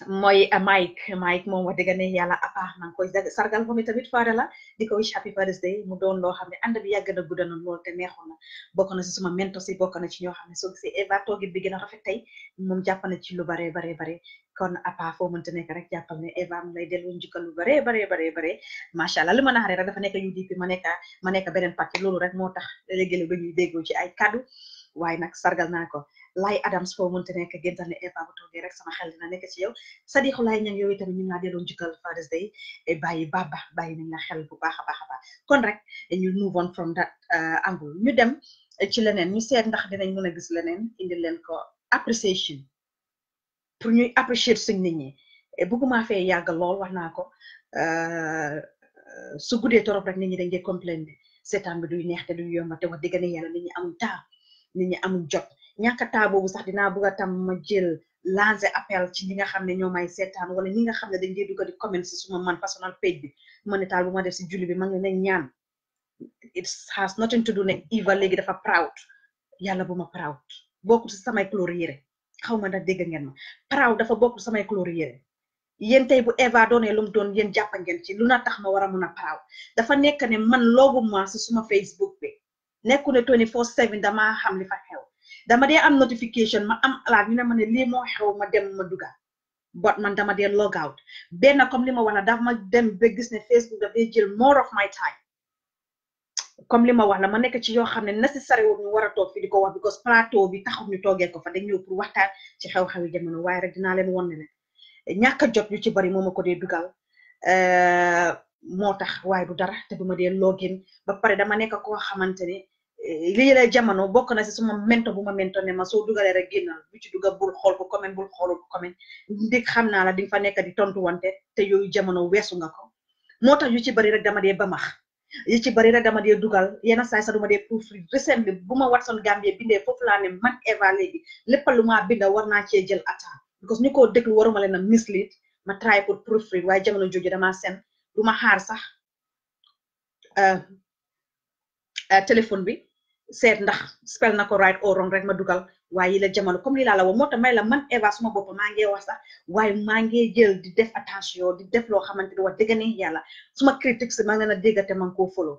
mooy Mike Mike moom wax dëgg ne yàlla apa ah, ah, maa ngi koy sargal moom tamit faara la di ko wish happy father's mu doon loo xam ne ànd bi yàgg na gudd na lool te neexoon na bokk na si suma mentor si bokk na ci ñoo xam ne soo gisee Eva toogit bi gën a rafet tey moom jàpp na ci lu bare bare bare kon apa foo mënta nekk rek jàppal ne Eva mu lay dellu lu bare bare bare bare macha allah li ma a rek dafa nekk UDP ma nekk a nekk beneen parti loolu rek moo tax léegi-léegi dañuy déggoo ci ay kaddu waaye nag sargal naa ko. lay adams fo mën nekk géntal ne eba bu toge rek sama xel dina nek ci yow sadixu lay ñang yow itam ñu na laa ci kal fathers day e bayyi baba bayyi nañ na xel bu baaxa baaxa ba kon rek e ñu move on from that uh, angle ñu dem e ci leneen ñu seet ndax dinañ mëna gis leneen indi leen ko appreciation pour ñuy appreciate suñ nit ñi bëgguma fee yag lool wax naa ko uh, su gude torop rek nit ñi dañ dee complain ne bi duy neex te duy yomb te wax nit ñi amu ta nit ñi amu jot ñàkk taa boobu sax dinaa bëgg a tam ma jël lancer appel ci ñi nga xam ne ñoo may seetaan wala ñi nga xam ne dañ dee di comment si suma man personal page bi ma ne bu ma def si julli bi ma ngi ne ñaan it has nothing to do ne iva léegi dafa proud yàlla bu ma proud bokku si samay couleur yére xaw ma ndax dégg ngeen ma proud dafa bokkul samay couleur yére yéen tey bu Eva doonee lu mu doon yéen jàpp ngeen ci lu na tax ma war a proud dafa nekk ne man loogu ma si suma Facebook bi nekku ne 24/7 dama xam li fa xew dama dee am notification ma am alaat ñu ne ma ne lii moo xew ma dem ma duga but man dama dee log out benn comme li ma wax la daf ma dem ba gis ne Facebook daf dee jël more of my time comme li ma wax la ma nekk ci yoo xam ne necessary wu ñu war a toog fi di ko wax because plateau bi taxut ñu toogee ko fa dañ ñëw pour waxtaan ci xew-xew yi jamono waaye rek dinaa leen won ne ñàkk a jot ñu ci bari moo ma ko dee dugal eh, moo tax waaye du dara te bu ma login ba pare dama nekk koo xamante lii lay jamono bokk na si suma mento bu mento ne ma soo dugalee rek génnal bu ci dugal bul xool ko comment bul xoolul ko comment ndik xam na la di fa nekk di tontu wante te yooyu jamono weesu nga ko moo tax yu ci bari rek dama dee ba max yu ci bari rek dama dee dugal yenn saay sax duma dee proofread recent bi bu ma Watson Gambie bindee foofu laa ne man Eva léegi lépp lu maa binda war naa cee jël attaan because ñu ko déglu waruma leen a mislead ma try pour proofread waaye jamono jooju damaa seen du ma xaar sax euh, euh, téléphone bi seet ndax spell na ko right or wrong rek ma dugal waaye yi la jamono comme lii laa la wax moo tax may la man Eva suma bopp maa ngi wax sax waaye maa ngi jël di def attention di def loo xamante ni wax dëgg ne yàlla suma critique si maa ngi leen a dégg te maa koo follow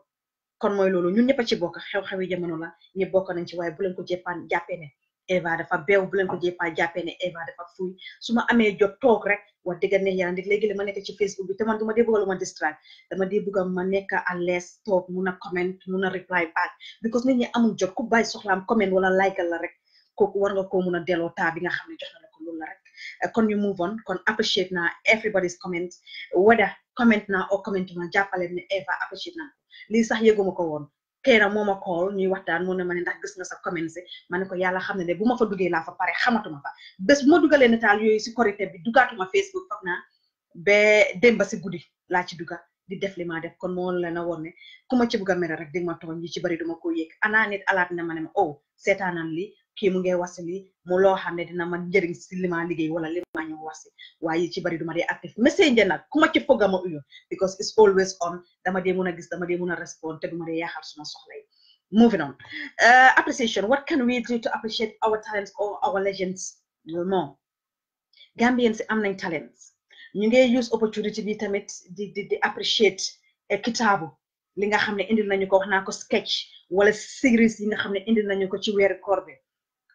kon mooy loolu ñun ñëpp a ci bokk xew-xewi jamono la ñu bokk nañ ci waaye bu leen ko jëppaan jàppee Eva dafa beew bu leen ko jéppaa jàppee ne Eva dafa fuy su ma amee jot toog rek wax dëgg ne yàlla léegi la ma nekk ci Facebook bi te man du ma dee bëgg ma distract dama dee bëgg ma nekk à l'aise toog mun a comment mun a reply back because nit ñi amul jot ku baay soxlaam comment wala like la rek kooku war nga koo mun a delloo taa bi nga xam ne jox na la ko loolu la rek kon ñu move on kon appreciate na everybody's comment whether comment naa or comment ma jàppale ne Eva appreciate naa lii sax yëguma ko woon tey nag call ma kool ñuy waxtaan mu ne ma ne ndax gis nga sa commencé mane ko yàlla xam de buma ma fa duggee laa fa pare xamatuma fa bés mo ma dugalee nataal yooyu si korité bi dugaatuma Facebook foog naa ba démb si guddi laa ci duga di def li maa def kon mo la na woon kuma ku ma ci bugg a mere rek di ma tooñ ci bari duma ko yëg ana nit alat na mane oh seetaanan li kii mu ngee wasi lii mu loo xam dina ma njëriñ si li ma wala li ma ñëw wasi ci bari duma dee active messenger nag ku ci foga ma uyu because it's always on dama dee mun a gis dama dee mun a respond te duma dee yaaxal suma soxla yi moving on uh, appreciation what can we do to appreciate our talents or our legends no more Gambians si am nañ talents ñu ngee use opportunity bi tamit di di di appreciate eh, kitaabu li nga xam ne indil nañu ko wax ko sketch wala series yi nga xam ne indil nañu ko ci weeru koor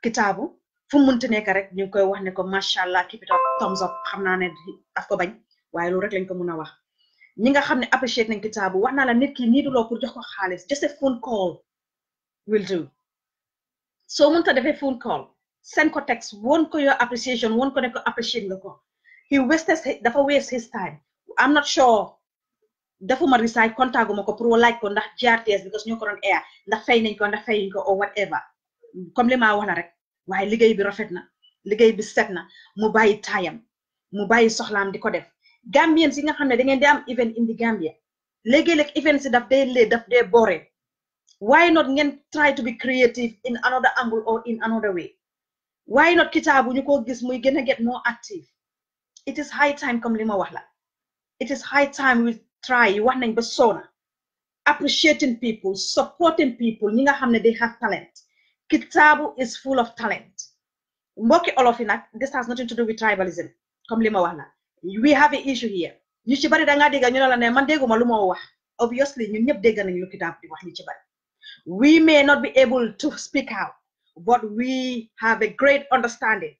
kitaabu fu mu munti nekk rek ñu koy wax ne ko allah keep it up thumbs up xam naa ne daf ko bañ waaye loolu rek lañ ko mun a wax ñi nga xam ne appreciate nañ kitaabu wax naa la nit ki nii pour jox ko xaalis just a phone call will do soo munta defee phone call send ko text woon ko your appreciation woon ko ne ko appreciate nga ko he wastes dafa waste his time I'm not sure defuma research contact ko pour like ko ndax GRTS because ñoo ko doon air ndax fay nañ ko ndax fayuñ ko or whatever comme li maa wax la rek waaye liggéey bi rafet na liggéey bi set na mu bàyyi taayam mu bàyyi soxlaam di ko def Gambien si nga xam da ngeen di am event indi Gambia léegi-léeg event si daf dee lee daf dee boore why not ngeen try to be creative in another angle or in another way why not kitabu ñu ko gis muy gën a get more active it is high time comme li ma wax la it is high time we try wax nañ ba soona appreciating people supporting people ñi nga xam they have talent Kitabu is full of talent. Mboki Olofinak, this has nothing to do with tribalism. Comme lima We have an issue here. You should bari the nga dégg ñu la né man dégguma lu Obviously you ñëpp dégg nañ lu kitab di wax We may not be able to speak out, but we have a great understanding.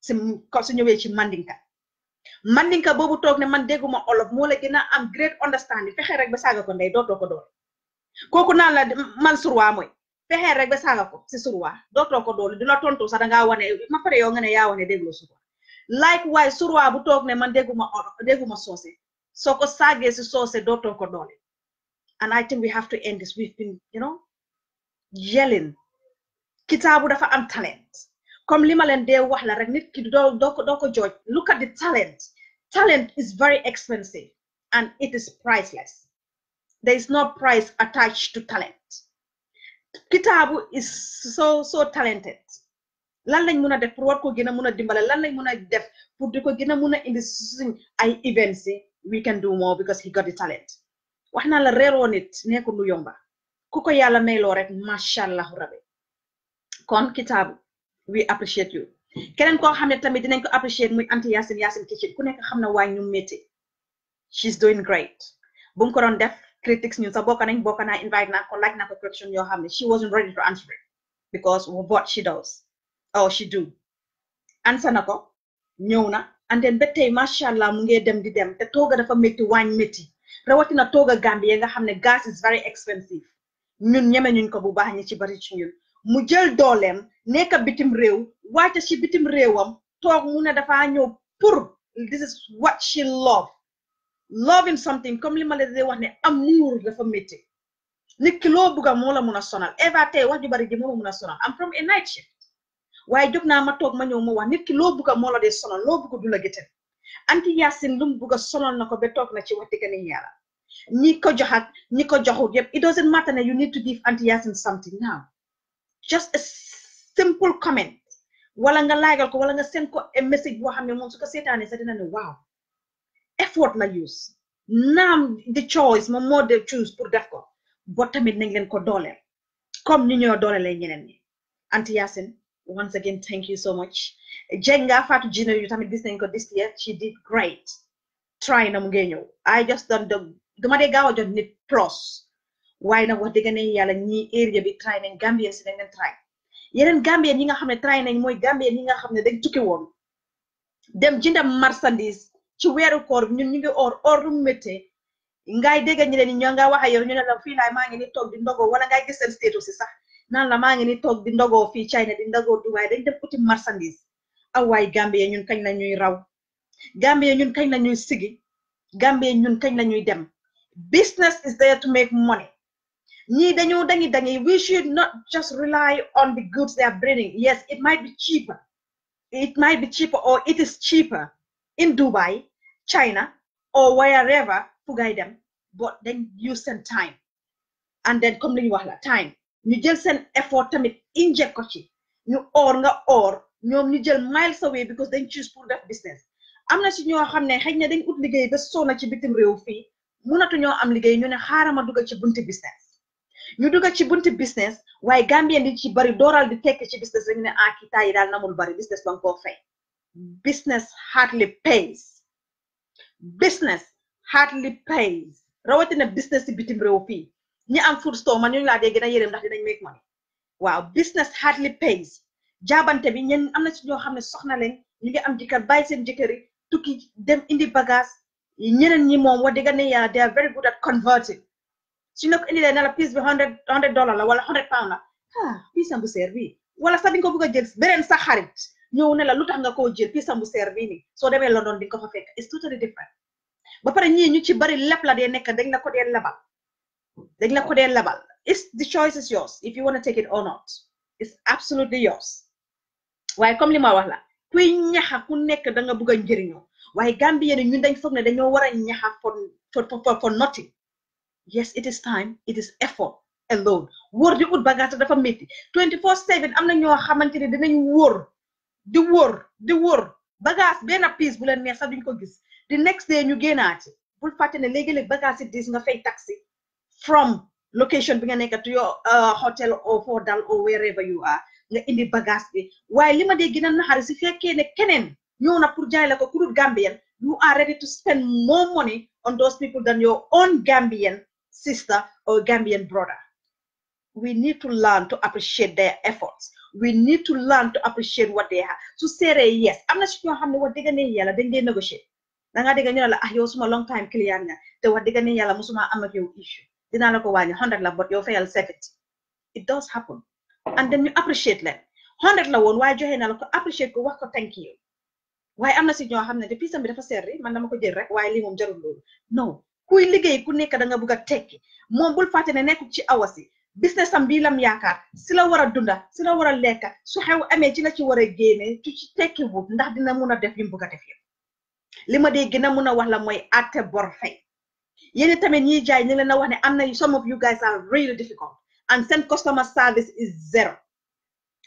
Sim ko su ñëwé ci mandinka. Mandinka bobu tok né man dégguma olof mo la gëna am great understanding fexé rek ba saga ko ndey do do ko do. Koku naan la Mansurwa. moy fexeel rek ba saaga ko si surwaa dootoo ko doolu du la tontu sax dangaa wane ma pare yow nga ne yaa wane déglu surwaa likewise surwaa bu toog ne man dégguma dégguma soose soo ko saagee si soose dootoo ko doole and I think we have to end this we've been you know yelling kitaabu dafa am talent comme li ma leen dee wax la rek nit ki doo doo ko jooj look at the talent talent is very expensive and it is priceless there is no price attached to talent Kitabu is so so talented lan lañ mun a def pour war ko gën a dimbale lan lañ mun def pour di ko gën a mun a indi suñ ay events we can do more because he got the talent wax naa la reeroo nit nekku lu yomba Kuko ko yàlla mayloo rek macha allah kon we appreciate you keneen ko xam tamit dinañ ko appreciate muy anti yasin yasin kicin ku nekk xam na ñu métti she's doing great bu ko def Critics knew sax bokk nañ bokk naa invite naa ko laaj naa ko question she wasn't ready to answer it because of what she does Oh, she do answer na ko and then ba tey macha allah mu ngee dem di dem te tooga dafa métti waañ métti rawatina toga Gambie nga xam gas is very expensive ñun ñeme ñuñ ko bu baax ñi ci bari ci ñun mu jël dooleem nekk bitim réew wàcce ci bitim réewam toog mu dafa pour this is what she love loving something comme li ma la dee wax ne amour dafa métti nit ki loo bëgg a moo la mun a sonal Eva tey wax ju bari ji moo la mun a am from a night shift waaye jóg naa ma toog ma ñëw ma wax nit ki loo bëgg a moo la dee sonal loo bëgg du la gëtën anti Yacine lu mu bëgg sonal na ko ba na ci wax dëgg ni yàlla ñi ko joxat ñi ko joxut yëpp it doesn't matter ne you need to give anti Yacine something now just a simple comment wala nga laagal ko wala nga send ko a message boo xam ne moom su ko seetaanee sax dina ne waaw effort la use Nam the choice moom moo de choose pour def ko bo tamit nañ leen ko dooleel comme ni ñoo ñeneen ñi anti once again thank you so much Jenga fatu Gino yu tamit gis nañ ko this year she did great try na mu ngee I just done the. duma de gawa a jot nit plus waaye nag wax dëgg ne yàlla ñi area bi try nañ Gambia si nañ try yeneen Gambien yi nga try nañ mooy Gambien yi nga xam ne dañ tukki woon dem jënda marchandise ci weeru koor ñun ñu ngi or or lu méttee ngay dégg ni ne ni ñoo nga wax ak yow ñu ne la fii laay maa ngi ni toog di ndogoo wala ngay gis seen status sax naan la maa ngi ni toog di ndogoo fii China di ndogoo Dubai dañ def uti marchandise awaay Gambie ñun kañ la ñuy raw Gambie ñun kañ la sigi Gambie ñun kañ la dem business is there to make money Ni dañu dañi dañi we should not just rely on the goods they are bringing yes it might be cheaper it might be cheaper or it is cheaper in Dubai China or wherever to guide them, but then you send time and then come to ñu wax time You just send effort tamit inject ko You ñu or nga or ñoom ñu miles away because then choose pour that business i am na si ñoo xam ne xëy na dañ ut liggéey ba soo na ci bitim réew fii mënatu ñoo am liggéey ñu ne xaaral ma dugg ci business You dugg ci bunti business Why Gambia di ci bari dooral di tekki ci business dañu ne ah kii namul bari business one nga koo business hardly pays business hardly pays rawatina business si bitim réew fii ñi am food store man ñooñu laa dee yërëm ndax make money Wow, business hardly pays jaabante bi ñen am na si ñoo soxna leen ñu ngi am jëkkër bàyyi seen jëkkëri tukki dem indi bagage ñeneen ñi moom wax dëgg ne yaa they are very good at converting su ñu indi leen la pièce bi hundred hundred dollar la wala hundred pound la ah pièce am bu seer wala sax di ko bëgg jël sa xarit ñëw ne la lu tax nga koo jël fii samu seer bii nii soo demee London di nga ko fa fekk it's totally different ba pare ñii ñu ci bari lépp la dee nekk dañ la ko dee labal dañ la ko dee labal it's the choice is yours if you want to take it or not it's absolutely yours waaye comme li ma wax la kuy ñaxa ku nekk da nga bugg a njëriñoo Gambien ñun dañ foog ne dañoo ñaxa for for for nothing yes it is time it is effort alone wóor di ut bagaata dafa métti 24/7 am na ñoo xamante ne dinañ wóor di wër di wër bagage benn pièce bu leen neex sax duñ ko gis the next day ñu génnaati bul fàtte ne léegi-léeg bagage yi diis nga fay taxi from location bi nga nekk to your uh, hotel or for dal or wherever you are nga indi bagage bi waaye li ma dee gën a naxari si fekkee ne keneen ñëw na pour jaay la ko ku Gambien you are ready to spend more money on those people than your own Gambian sister or Gambian brother we need to learn to appreciate their efforts we need to learn to appreciate what they have So say yes i am not si ñoo xam ne wax dëgg ne yàlla Then they negotiate. da ngaa dégg ñu ne la ah yow suma long time client nga te wax dëgg ne yàlla musuma am ak yow issue dinaa la ko wàññi hundred la but you fayal seventy it does happen and then you appreciate them. hundred la one. Why do na have ko appreciate ko wax ko thank you Why i am na si ñoo xam ne te piisam bi dafa seer man dama ko jël rek waaye lii moom jarul loolu non kuy liggéey ku nekk da nga bugg a tekki moom bul fàtte ne nekkul ci awasi business am bii lam yaakaar si la war dunda si la war a lekka su xew amee ci la ci war a génne ci ci tekki wut ndax dina mun a def lim bëgg a def yëpp li ma dee gën a mun a wax la mooy atte bor fay yéen tamit ñiy jaay ñu leen a wax ne am some of you guys are really difficult and seen customer service is zero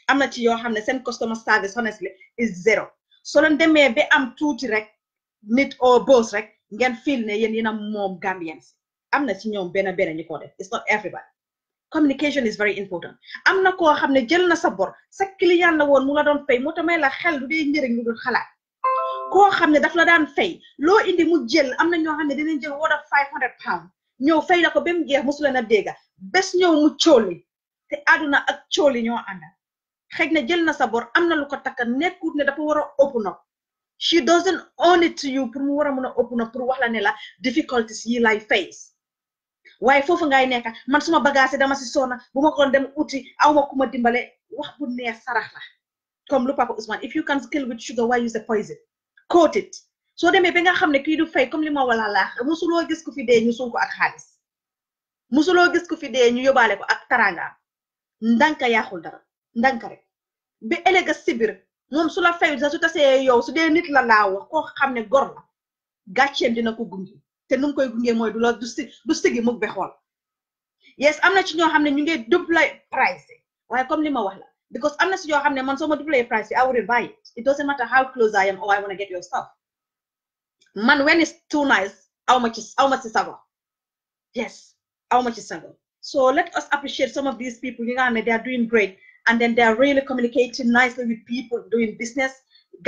am na ci yoo xam ne customer service honestly is zero soo leen demee be am tuuti rek nit o boos rek ngeen feel ne yéen yéen a moom Gambians am na ci ñoom benn benn ñu ko def it's not everybody communication is very important am na koo jël na sa bor sa client la woon mu la doon fay moo la xel du dee njëriñ lu dul xalaat koo xam daf la daan fay loo indi mu jël am na ñoo dinañ jël woo five hundred pounds ñëw fay la ko ba jeex mosu leen a dégga bés ñëw mu cooli te àdduna ak cooli ñoo àndal xëy jël na sa bor am lu ko takka nekkut ne dafa war open up she doesn't own it to you pour mu war a open up pour wax la ne la difficulties yi lay face waaye foofu ngay nekk man suma bagage dama si sonna bu ma ko doon dem uti aw ma ku ma dimbale wax bu neex sarax la comme lu papa Ousmane if you can kill with sugar why use the poison soo demee ba nga xam ne kii du fay comme li ma wala laax musuloo gis ku fi dee ñu suul ko ak xaalis musuloo gis ku fi dee ñu yóbbaale ko ak tarangaam ndanka yaaxul dara ndanka rek ba ëllëg si biir moom su la fayu sa su tasee yow su dee nit la laa wax koo xam ne gor la gàcceem dina ko gungi te nu mu koy gunge mooy du la du si du sigi mug bi xool yes am na ci ñoo xam ñu ngi double price waaye comme li ma wax la because am na si ñoo xam ne man soo double price I would buy it it doesn't matter how close I am or I want to get your stuff man when it's too nice how much is how much is sago yes how much is sago so let us appreciate some of these people You know, they are doing great and then they are really communicating nicely with people doing business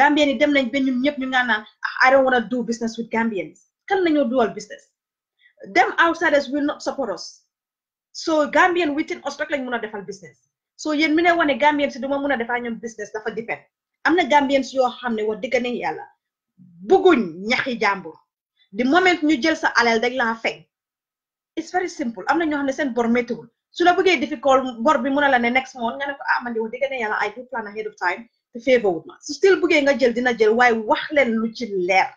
Gambian yi dem nañ ba ñun ñëpp ah, I don't want to do business with Gambians kan do all business Them outsiders will not support us so Gambian within Australia, rek lañ mun defal business so yéen mi ne wane Gambian si duma mun a defal ñoom business dafa depend am a Gambian, si yoo xam ne wax dëgg ne yàlla bëgguñ the moment you jël sa alal rek laa it's very simple am na ñoo xam ne seen bor méttiwul su la bëggee difficult bor bi mun la ne next month nga ne ko ah man de wax dëgg ne I do plan ahead of time Favor with ma So, still bëggee nga jël dina jël Why? wax leen lu ci leer.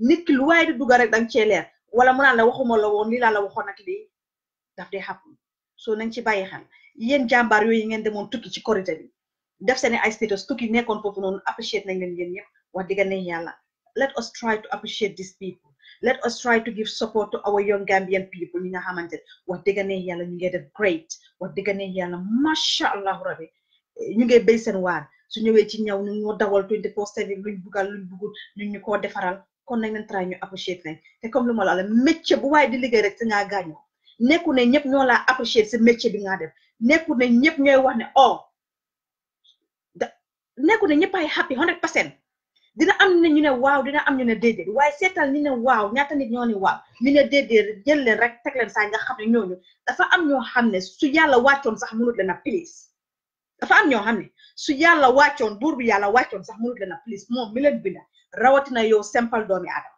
nit ki lu waaye di dugg rek danga cee leer wala mu la waxuma la woon lii laa la waxoon li lii daf dee happen so nañ ci bàyyi xel yéen jàmbaar yooyu ngeen demoon tukki ci korité bi def seeni ay status tukki nekkoon foofu noonu appreciate nañ leen yéen ñëpp wax digga ne yàlla let us try to appreciate these people let us try to give support to our young Gambian people ñi nga xamante wax digga ne yàlla ñu ngi def great wax digga ne yàlla macha allah rabi ñu nge béy seen waar su ñëwee ci ñaw ñu ñoo dawal 24 bugal luñ bugul ñu koo defaral kon nañ leen try ñu appreciate te comme lu ma la la métier bu waaye di liggéey rek te ngaa gaañu nekku ne ñëpp ñoo laa appreciate si métier bi nga def nekku ne ñëpp ñooy wax ne oh da nekku ne ñëpp ay happy hundred percent dina am na ñu ne waaw dina am ñu ne déedéet waaye seetal ñu ne waaw ñaata nit ñoo ne waaw ñu ne déedéet rek teg leen saa nga xam ne ñooñu dafa am ñoo xam ne su yàlla wàccoon sax mënut leen a please dafa am ñoo xam ne su yàlla wàccoon buur bi yàlla wàccoon sax mënut leen a please mi leen binda rawatina yo simple doomi adam.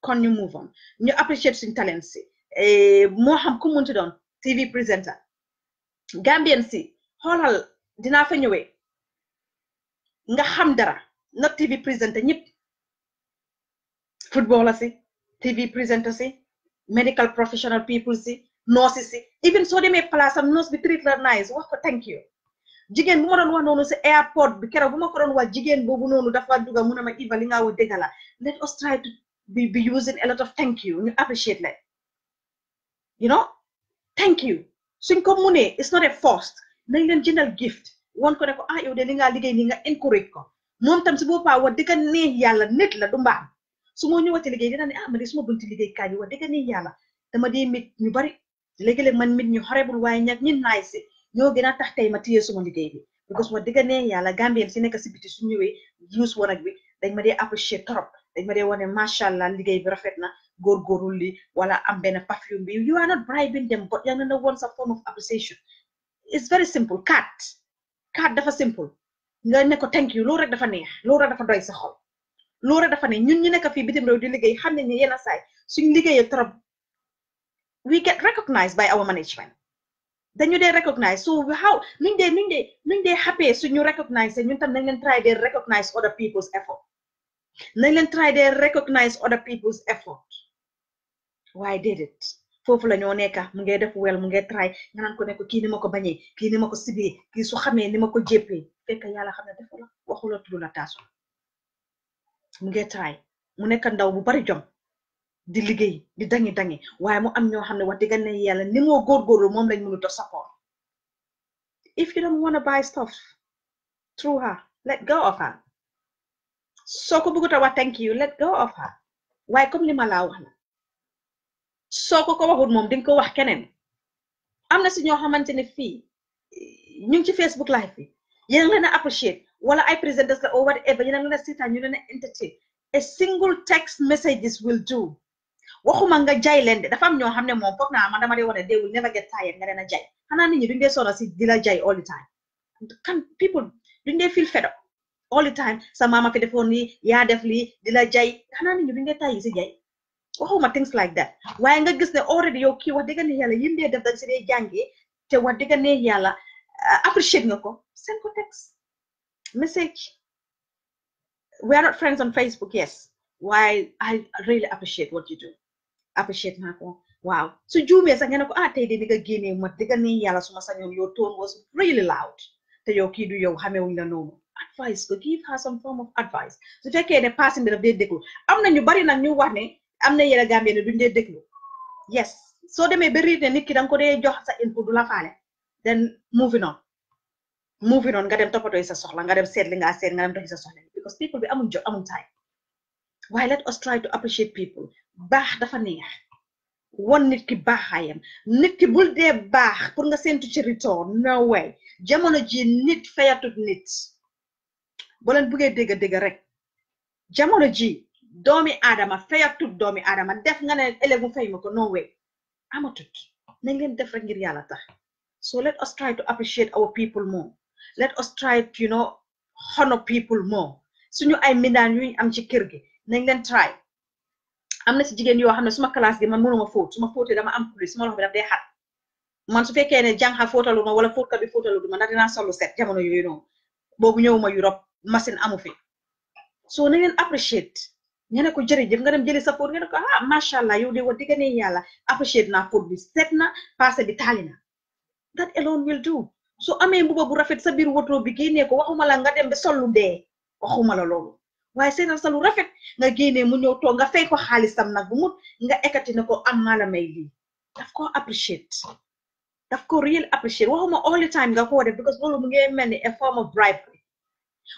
kon ñu move on ñu appreciate suñ talent si eh, moo xam ku munti doon TV presenter Gambian si xoolal dinaa fa nga xam dara not TV presenter ñëpp footballer si TV presenter si medical professional people si nurses si even so, demee place am nurse bi treat la nice wax ko thank you jigéen bu ma doon wax noonu si airport bi keroog bu ma ko doon wax jigéen boobu noonu dafa dugga mun a ma Eva li nga wax dëgg la let us try to be using a lot of thank you ñu appreciate leen you know thank you suñ ko munee it's not a forced nañ leen jëndal gift won ko ne ko ah yow de li nga liggéey nii nga encourage ko moom tam si boppam wax dëgg neex yàlla nit la du mbaam su ma ñëwaatee liggéey dina ne ah man de su ma bunti liggéey kaa yi wax dëgg neex yàlla dama dee ñu bari léegi-léeg man mit ñu horrible waaye ñag ñi nice ñoo gën a tax tey ma téye suma liggéey bi because wax dëgg ne yàlla Gambien si nekk si biti su ñëwee use woon ak bi dañ ma dee apprécier trop dañ ma dee wane macha allah liggéey bi rafet na góorgóorlu li wala am benn perfume bi you are not bribing them but yaa ngi ne woon sa form of appreciation it's very simple kat kat dafa simple nga ne ko thank you loolu rek dafa neex loolu rek dafa doy sa xol loolu rek dafa ne ñun ñu nekk fii bitim réew di liggéey xam ne ñu yenn saay suñ liggéeyee trop we get recognized by our management dañu dee recognize so how nuñ dee nuñ dee nuñ dee happy suñu recognize ñun tam nañ leen try dee recognize other people's effort nañ leen try dee recognize other people's effort waaye déedéet foofu la ñoo nekka mu ngi def wel mu ngi try nga naan ko ne ko kii ni ma ko bañee kii ni ma ko sibee kii su xamee ni ma ko fekk yàlla xam defu la waxu la tudd la taasu mu ngi try mu nekk ndaw bu bari jom di liggéey di dangi dangi waaye mu am ñoo xam ne wax yàlla ni moo moom lañ mënut a support if you don't want to buy stuff through her let go of her soo ko bëggut a wax thank you let go of her waaye comme li ma laa wax na soo ko ko waxut moom di nga ko wax keneen am na si ñoo xamante ne fii ñu ngi ci Facebook live bi yéen leen a appreciate wala ay present la or whatever yéen a leen a seetaan ñu leen a entertain a single text messages will do waxuma nga jaay leen de dafa am ñoo xam ne moom foog man dama dee wane they will never get tired nga leen a jaay xanaa nit ñi duñ dee soona si di la all the time kan people duñ dee feel fed up all the time sa mama fi defoon nii yaa def lii di la jaay xanaa nit ñi duñ dee tàyyi si jaay waxuma things like that waaye nga gis ne already yow kii wax dëgg ne yàlla yim dee def dañ si dee jàngee te wax dëgg ne yàlla uh, appreciate nga ko send ko text message we are not friends on Facebook yes why I really appreciate what you do appreciate naa Wow. So, su juumee sax nga ne ko ah tey de ni nga génnee ma dëgg ni yàlla suma sañoon your tone was really loud te yow kii du yow xamewuñ la noonu advice ko give her some form of advice su fekkee ne passing bi daf dee déglu am na ñu bari nag ñu wax ne am na yeneen Gambie ne duñ dee déglu yes soo demee ba riir ne nit ki danga ko dee jox sa input du la faale then moving on moving on nga dem toppatoo sa soxla nga dem seet li nga seet nga dem doxi sa soxla because people bi amuñ jo amuñ time why? let us try to appreciate people Bah dafa neex won nit ki baaxaayam nit ki bul dee baax pour nga séntu ci return no way jamono ji nit fayatut nit boo leen buggee dégg dégg rek jamono ji doomi aadama fayatut domi aadama def nga ne ëllëg mu fay ma ko no way amatut nañ leen def rek ngir yàlla tax so let us try to appreciate our people more let us try to you know honor people more suñu ay mindaan yuñ am ci kër gi nañ leen try am na si jigéen yoo xam ne suma classe gi man mënuma fóot suma fóotee dama am plus suma loxo bi daf dee xat man su fekkee ne jànxa fóotalu ma wala fóotkat bi fóotalu ma ndax dinaa solu set jamono yooyu noonu boobu ñëwuma Europe machine amu fi So nañ leen appreciate ñu ne ko jërëjëf nga dem jëli sa fóot nga ne ko ah macha allah yow de wax digga ne yàlla appreciate naa fóot bi set na passé bi taali na that alone will do So amee mbuba bu rafet sa biir woto bi génnee ko waxuma la nga dem ba sollu dee waxuma la loolu waaye seenal sa lu rafet nga génnee mu ñëw toog nga fay ko xaalisam nag bu mut nga ekati ne ko am maa la may lii daf ko appreciate daf ko real appreciate waxuma all the time nga ko def because loolu mu ngi mel a form of bribery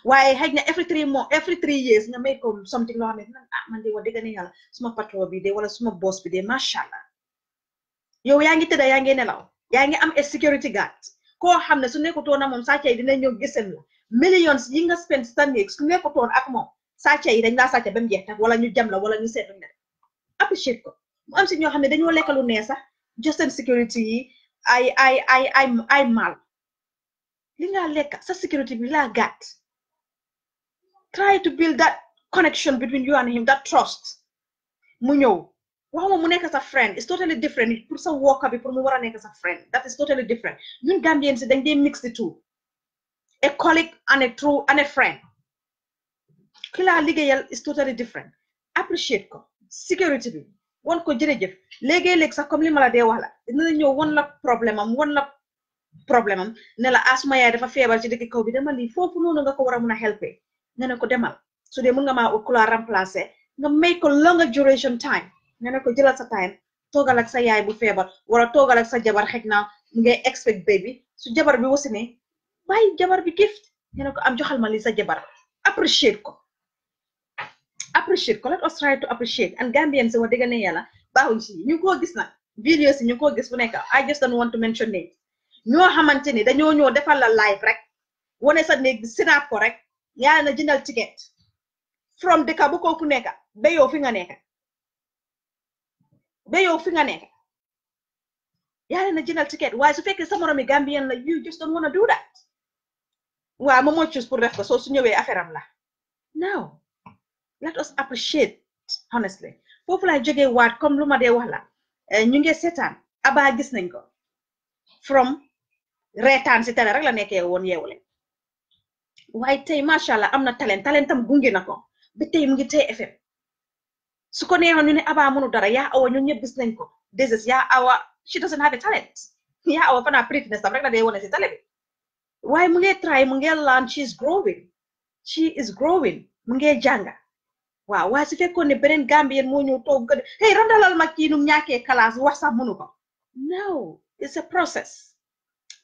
waaye xëy na every three months every three years nga may ko something loo xam ne nan ah man de wax dëgg ne yàlla suma patron bi de wala suma boss bi de macha allah yow yaa ngi tëdda yaa ngi nelaw yaa am a security guard Ko xam ne su nekkutoon na moom sàcce yi dina ñëw giseen la millions yi nga spend sa néeg su nekkutoon ak moom sàcce yi dañ laa sàcce ba mu jeex nag wala ñu jam la wala ñu seet luñ la appreciate ko mu am si ñoo xam ne dañoo lekkalu nee Just justin security yi ay ay ay ay ay maal li nga lekka sa security bi laa gàtt try to build that connection between you and him that trust mu ñëw waxuma mu nekk sa friend it's totally different pour sa woka bi pour mu war a nekk sa friend that is totally different ñun Gambien si dañ dee mix the two a colleague and a true and a friend kilaa liggéeyal is totally different appreciate ko security bi won ko jërëjëf léegi-léeg sax comme li ma la dee wax la dina ñëw won la problème am won la problème am ne la asuma ah, yaay dafa feebar ci dëkk kaw bi dama lii foofu noonu nga ko wara a mun helpé nga ne ko demal su dee mun nga maa ut ku la remplacé nga may ko longer duration time nga ne ko jëlal sa time toogal ak sa yaay bu feebar wala toogal ak sa jabar xëj na mu ngay expect baby su jabar bi wasine bàyyi jabar bi gift nga ko am joxal ma li sa jabar appreciate ko appreciate ko let us try to appreciate and Gambians si wax dëgg ne yàlla baaxuñ si ñu go gis nag Videos si ñu koo gis fu nekk I just don't want to mention it. ñoo xamante ni dañoo ñoo defal la live rek wane sa néeg bi sinaat ko rek yeah, na jëndal ticket from the bu ko fu nekk ba yow fi nga nekk ba yow fi nga nekk yàlla na jëndal ticket waaye su fekkee sa Gambian la you just don't want to do that waaw moom moo choose pour def ko so su ñëwee affaire am la now let us appreciate honestly foofu lay jógee waat comme lu ma wax la eh, ñu ngi seetaan abaa gis nañ ko from reetaan si tane rek la nekkee woon yeewule am talent talentam gunge na ko ba mu ngi tey FM su ko neexoon ñu ne abaa mënu dara yaa awa ñun ñëpp gis nañ ko deses awa she doesn't have a talent yaa awa fanaa prettiness tam rek la dee wone si tale bi Why? mu try mu learn she is growing she is growing mu ngee jànga waaw waaye su fekkoon ne beneen Gambien moo ñëw toog gën hey randalal ma kii num ñàkkee kalaas wax sax mënu ko no it's a process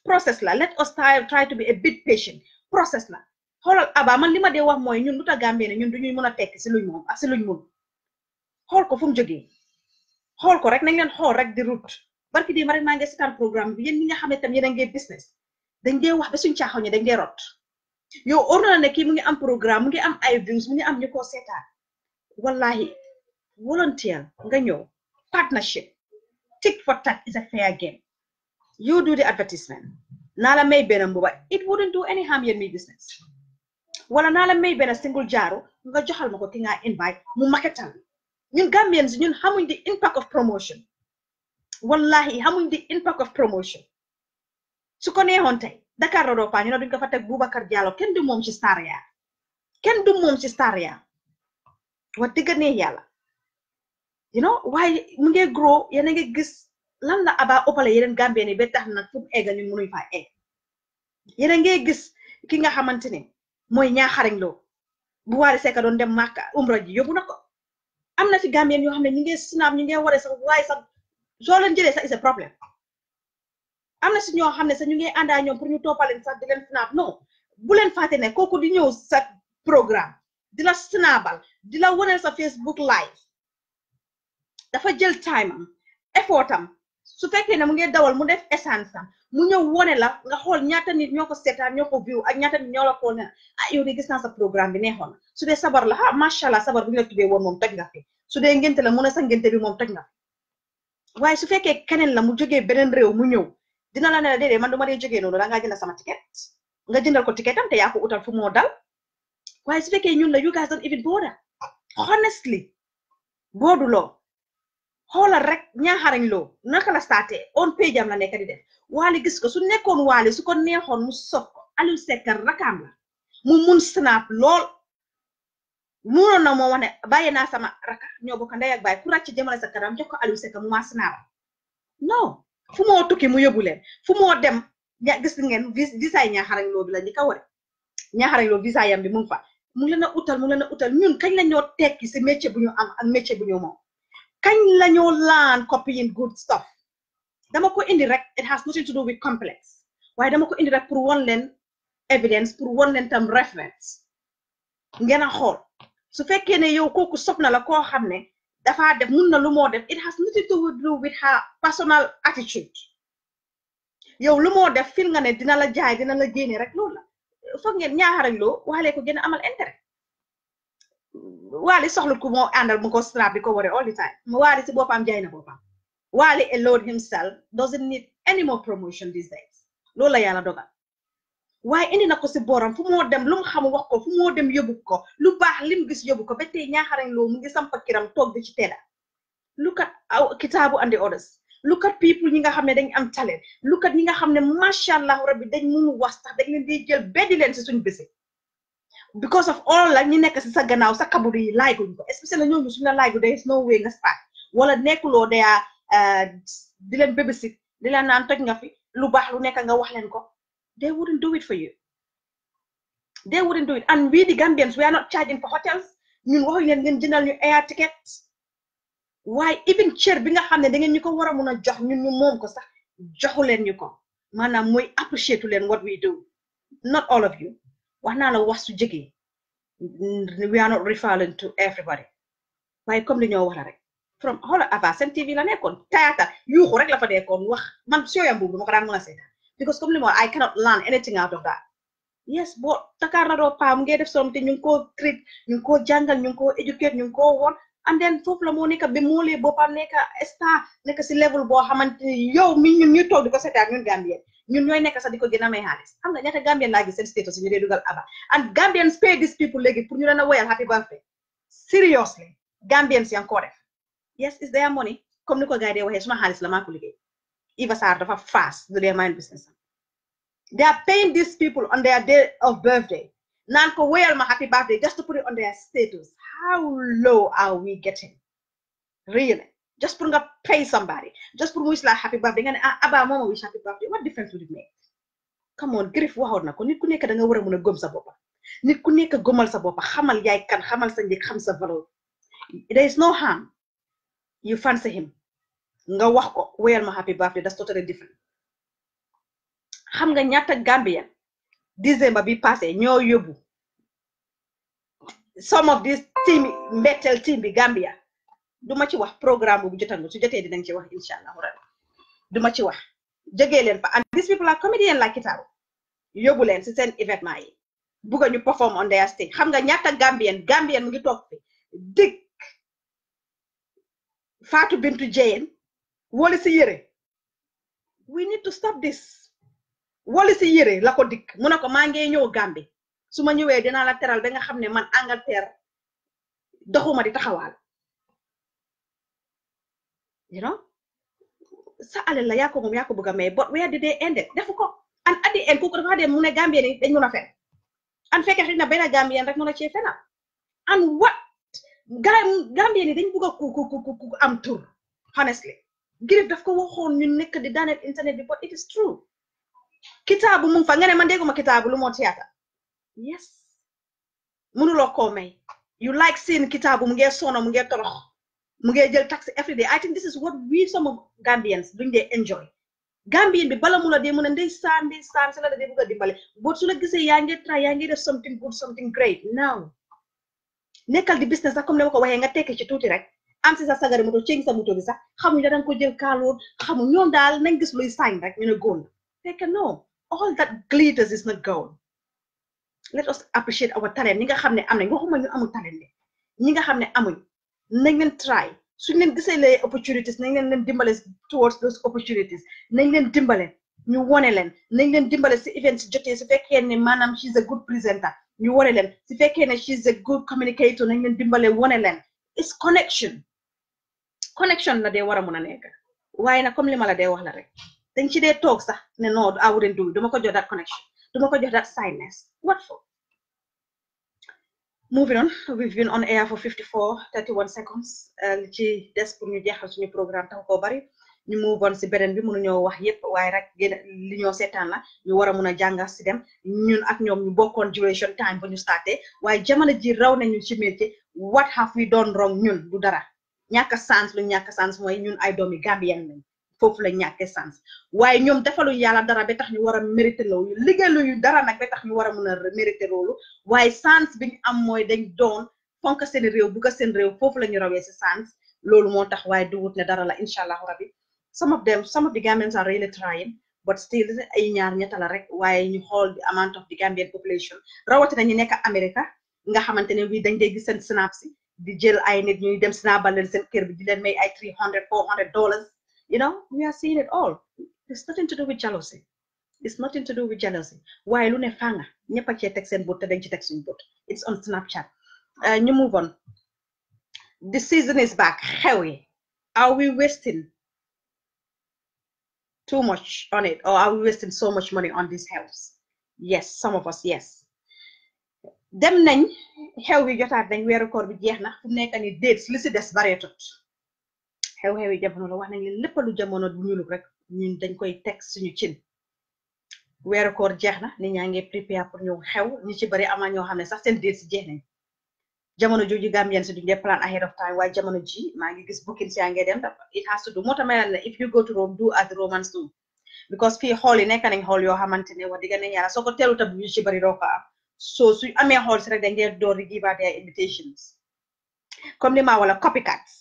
process la let us try try to be a bit patient process la xoolal aba man li ma dee wax mooy ñun lu tax Gambien ñun du ñuy mën a tekki si luñ moom ak si luñ mun xool ko fu mu jógee xool ko rek nañ leen xool rek di route barki di ma rek maa ngi seetaan programme bi yéen ñi nga xam ne tam yéen a ngi business dañ dee wax ba suñ caaxaw dañ dee rot yow óor na la ne kii mu ngi am programme mu ngi am ay views mu ngi am ñu koo seetaan wallahi volunteer ganyo, partnership Tick, for tat is a fair game you do the advertisement Nala la may benn it wouldn't do any harm yéen business wala may benn single jaro nga joxal ma ko ki nga invite mu maketal ñun Gambians ñun xamuñ the impact of promotion wallahi xamuñ the impact of promotion su ko neexoon tey Dakar Rodopha ñu ne duñ ko fa teg Boubacar Diallo Ken du moom ci Star Yaar kenn du ci Star wax dëgg ne yàlla you know why? mu ngi grow yéen a ngi gis lan la aba ëppale yeneen gambien yi ba tax na fu mu egg ñu mënuñ faa egg yéen a ngi gis ki nga xamante ne mooy ñaaxarañ loo bu waari seka doon dem màkka umra ji yóbbu na ko am na ci gambien yoo xam ne ñu ngi snap ñu ngi waree sax waaye sax soo leen jëlee sax is a problème am na si ñoo xam ne sax ñu ngi àndaa ñoom pour ñu toppaleen sax di leen snap non bu leen fàtte ne kooku di ñëw sa programme di la snaabal di la woneel sa Facebook live dafa jël time am effort su fekkee ne mu ngi dawal mu def essence am mu ñëw wone la nga xool ñaata nit ñoo ko seetaan ñoo ko view ak ñaata nit ñoo ko ne ah yow de gis naa sa programme bi neexoon su dee sabar la ah macha allah sabar bu ñu la woon moom toj nga fi su dee ngénte la mu ne sa ngénte bi moom toj nga fi waaye su fekkee keneen la mu jógee beneen réew mu ñëw dina la ne la déedéet man du ma dee noonu la ngaa jënd sama ticket nga jëndal ko ticketam te yaa ko utal fu moo dal. Why is it ñun you guys don't even bother honestly booduloo xoolal rek ñaaxarañ loo naka la on page am la nekk di def gis ko su nekkoon waali su ko neexoon mu sof ko Aliou Seck rakaam la mu mun snap lool No na moo wax ne sama raka ñoo bokk ndey ak baay ku ràcc jëmale sa kanam jox ko Aliou mu snap non fu tukki mu yóbbu leen fu moo gis ngeen visaay ñaaxarañ loo bi la ñu ka ware ñaaxarañ loo visaayam bi mu fa mu leen a utal mu leen utal ñun kañ la ñoo tekki si métier bu ñu am ak métier bu ñu moom kañ la laan copying good stuff dama ko indi rek it has nothing to do with complex waaye dama ko indi rek pour won leen evidence pour won leen tam reference ngeen a xool su fekkee ne yow kooku sob na la koo xam ne dafaa def mun na lu moo def it has nothing to do with her personal attitude yow lu moo def fil nga ne dina la jaay dina la génne rek loolu la foog ngeen ñaaxarañ loo waale ko gën amal intérêt waali soxlut ku moo àndal mu ko strap bi ko ware all the time mu si boppam jaay na boppam waali alone himself doesn't need any more promotion these days loolu la yàlla dogal waaye indi na ko si booram fu moo dem lu xam wax ko fu moo dem yóbbu ko lu baax lim gis yóbbu ko ba tey ñaaxarañ loo mu ngi sampa kiram toog di ci tedda look at kitaabu and the look at people ñi nga xam dañ am talent look at ñi nga xam ne allah rabbi dañ munu wax sax dañ leen di jël leen because of all la ñu nekk si sa gannaaw sa kaburu yi laayguñ ko especially ñooñu suñ la laaygu there is no way nga start wala nekkuloo dayaa eh, di leen babysit di leen naan toj nga fi lu baax lu nekk nga wax leen ko they wouldn't do it for you they wouldn't do it and we the Gambians we are not charging for hotels ñun waxuñ leen ngeen jëndal ñu air tickets why even cër bi nga xam ne da ngeen ñu ko war a mun a jox ñun ñu moom ko sax joxu leen ñu ko maanaam appreciate what we do not all of you What naa la wax su jege we are not referring to everybody waaye comme li ñoo wax rek from of us seen TV la nekkoon taata yuuxu rek la fa nekkoon wax man sooyam boobu dama ko daan mën a seetaan because comme li ma I cannot learn anything out of that yes but takaar na doo paam ngee def something ñu ngi koo treat ñu ngi koo jàngal ñu ngi educate ñu ngi and then foofu la moo nekk bémoolee boppam nekk esta, nekk si level boo xamante ni yow mi ñun ñu toog di ko seete ak ñun Gambien ñun ñooy nekk sax a may xaalis xam nga Gambien status ñu dee dugal aba and Gambians pay these people legi pour ñu leen a woyal happy birthday seriously Gambians si ngi yes is their money comme ni ko gars yi dee waxee suma xaalis la maa ko liggéey Eva dafa fast du dee mind business they are paying these people on their day of birthday naan ko woyal ma happy birthday just to put it on their status how low are we getting really just pour nga pay somebody just put mu wish la happy birthday And ne ah, mama wish happy birthday what difference would it make come on grif waxoon na ko nit ku nekk muna nga war a mën a gëm sa boppa nit ku nekk sa boppa xamal yaay kan xamal sa njëg xam sa valeur there is no harm you fancy him nga wax ko wéyal happy birthday that's totally different xam nga ñaata Gambien décembre bi passé ñoo yóbbu some of this team mbetteel team in Gambia du ma ci wax programme bu jotangu su jotee dinañ ci wax incha allah rabi du ma ci wax jógee leen fa and these people are comedian like it Kitaro yóbbu leen si seen événement yi bugga ñu perform on their stage xam nga ñaata Gambian Gambien mu ngi toog fi dig Fatou Bintou Dieng wóolu si yére we need to stop this Wole si yére la ko dikk mu ne ko maa ngi ñëw Gambie. suma ma ñëwee dina la teral ba nga xam ne man Angleterre doxuma di taxawaal you know sa ale la yaa ko moom yaa ko bëgg a may but where did they end it defu ko an at en end kooku dafa dem mu ne Gambien ni dañ mun a fen an fekke xëy na benn Gambien rek mun a cee an what Gambien ni dañ bëgg a ku ku ku ku am tour honestly girif daf ko waxoon ñu nekk di daaneel internet bi but it is true kitaabu mu fa nga ne man dégguma kitaabu lu moo théâtre yes mënuloo koo may you like seeing kitabu, mu ngee sono mu ngee torox jël taxi every day I think this is what we some of Gambians duñ dee enjoy Gambian bi bala mu la dee mën a ndeysaan ndeysaan si la la dee bëgg a dimbale boo su la try yange, ngi something good something great now nekkal di business akom lewa ne ma ko waxee nga tekki ci tuuti rek am si sa sagari moto ceeñ sa moto bi sax xamuñu da danga ko jël kaaloor xamu ñoom daal nañ gis luy sign rek ñu ne góor la no all that glitters is not gold let us appreciate our talent ñi nga xam ne am nañ waxuma ñu amul talent de ñi nga xam ne amuñ nañ leen try suñ leen gisalee opportunities nañ leen leen dimbale towards those opportunities nañ leen dimbale ñu wone leen nañ leen dimbale si event si jotee su fekkee ne manam, she is a good presenter ñu wone leen su fekkee ne she is a good communicator nañ leen dimbale wone leen it's connection connection la dee war a mun a nekk waaye nag comme li ma la dee wax la rek dañ ci dee toog sax ne non I wouldn't do dama ko jox that connection duma ko jox that signness what for moving on we've been on air for 54 31 seconds eh, li ci des pour ñu jeexal suñu programme tax koo bari ñu move on si beneen bi mënuñoo wax yépp waaye rek li ñoo seetaan la ñu war a mun a jàngal si dem ñun ak ñoom ñu bokkoon duration time ba ñu starté waaye jamono ji raw nañu ci métier what have we done wrong ñun du dara ñàkk a sans lu ñàkk a sans mooy ñun ay doomi Gambien lañ foofu la ñàkkee sens waaye ñoom defaluñu yàlla dara ba tax ñu war a mérité loolu liggéeyluñu dara nag ba tax ñu war a mun a mérité loolu waaye am dañ doon fonk seen réew bu ko seen réew la ñu tax ne dara la some of them some of the Gambians are really trying but still ay ñaar ñetta la rek ñu the amount of the Gambian population rawatina ñu nekk America nga xamante ne dañ dee seen snap di jël ay nit ñuy dem snapal leen seen kër bi di leen may ay three hundred four hundred dollars you know, we are seeing it all. It's nothing to do with jealousy. It's nothing to do with jealousy. Why lu ne fanga ñepp ci tek sen bot dañ ci tek suñu bot. It's on Snapchat. Uh, you move on. The season is back. Xewi. Are we wasting too much on it or are we wasting so much money on these health? Yes, some of us yes. dem nañ xew bi jotaat nañ weeru koor bi jeex na fu mu nekk ni dates li si des bareetut xew-xewi jamono la wax nañ leen lépp lu jamono ñuulub rek ñun dañ koy tek suñu cin weeru koor jeexna ni nit ñaa ngi prépare pour ñu xew ñi ci bari ama ñoo xam ne sax seen déet si jeex nañ jamono jooju gambien si duñ plan ahead of time waaye jamono ji maa ngi gis booking si yaa ngi dem it has to do moo tax ma ne if you go to Rome do as Romans do because fii xool yi nekk nañ xool yoo xamante ne wax digga ne yàlla soo ko teelu tab ñu ci bari doo ko am so suñ amee xool si rek dañ dee door di give out their invitations comme li ma wala copycats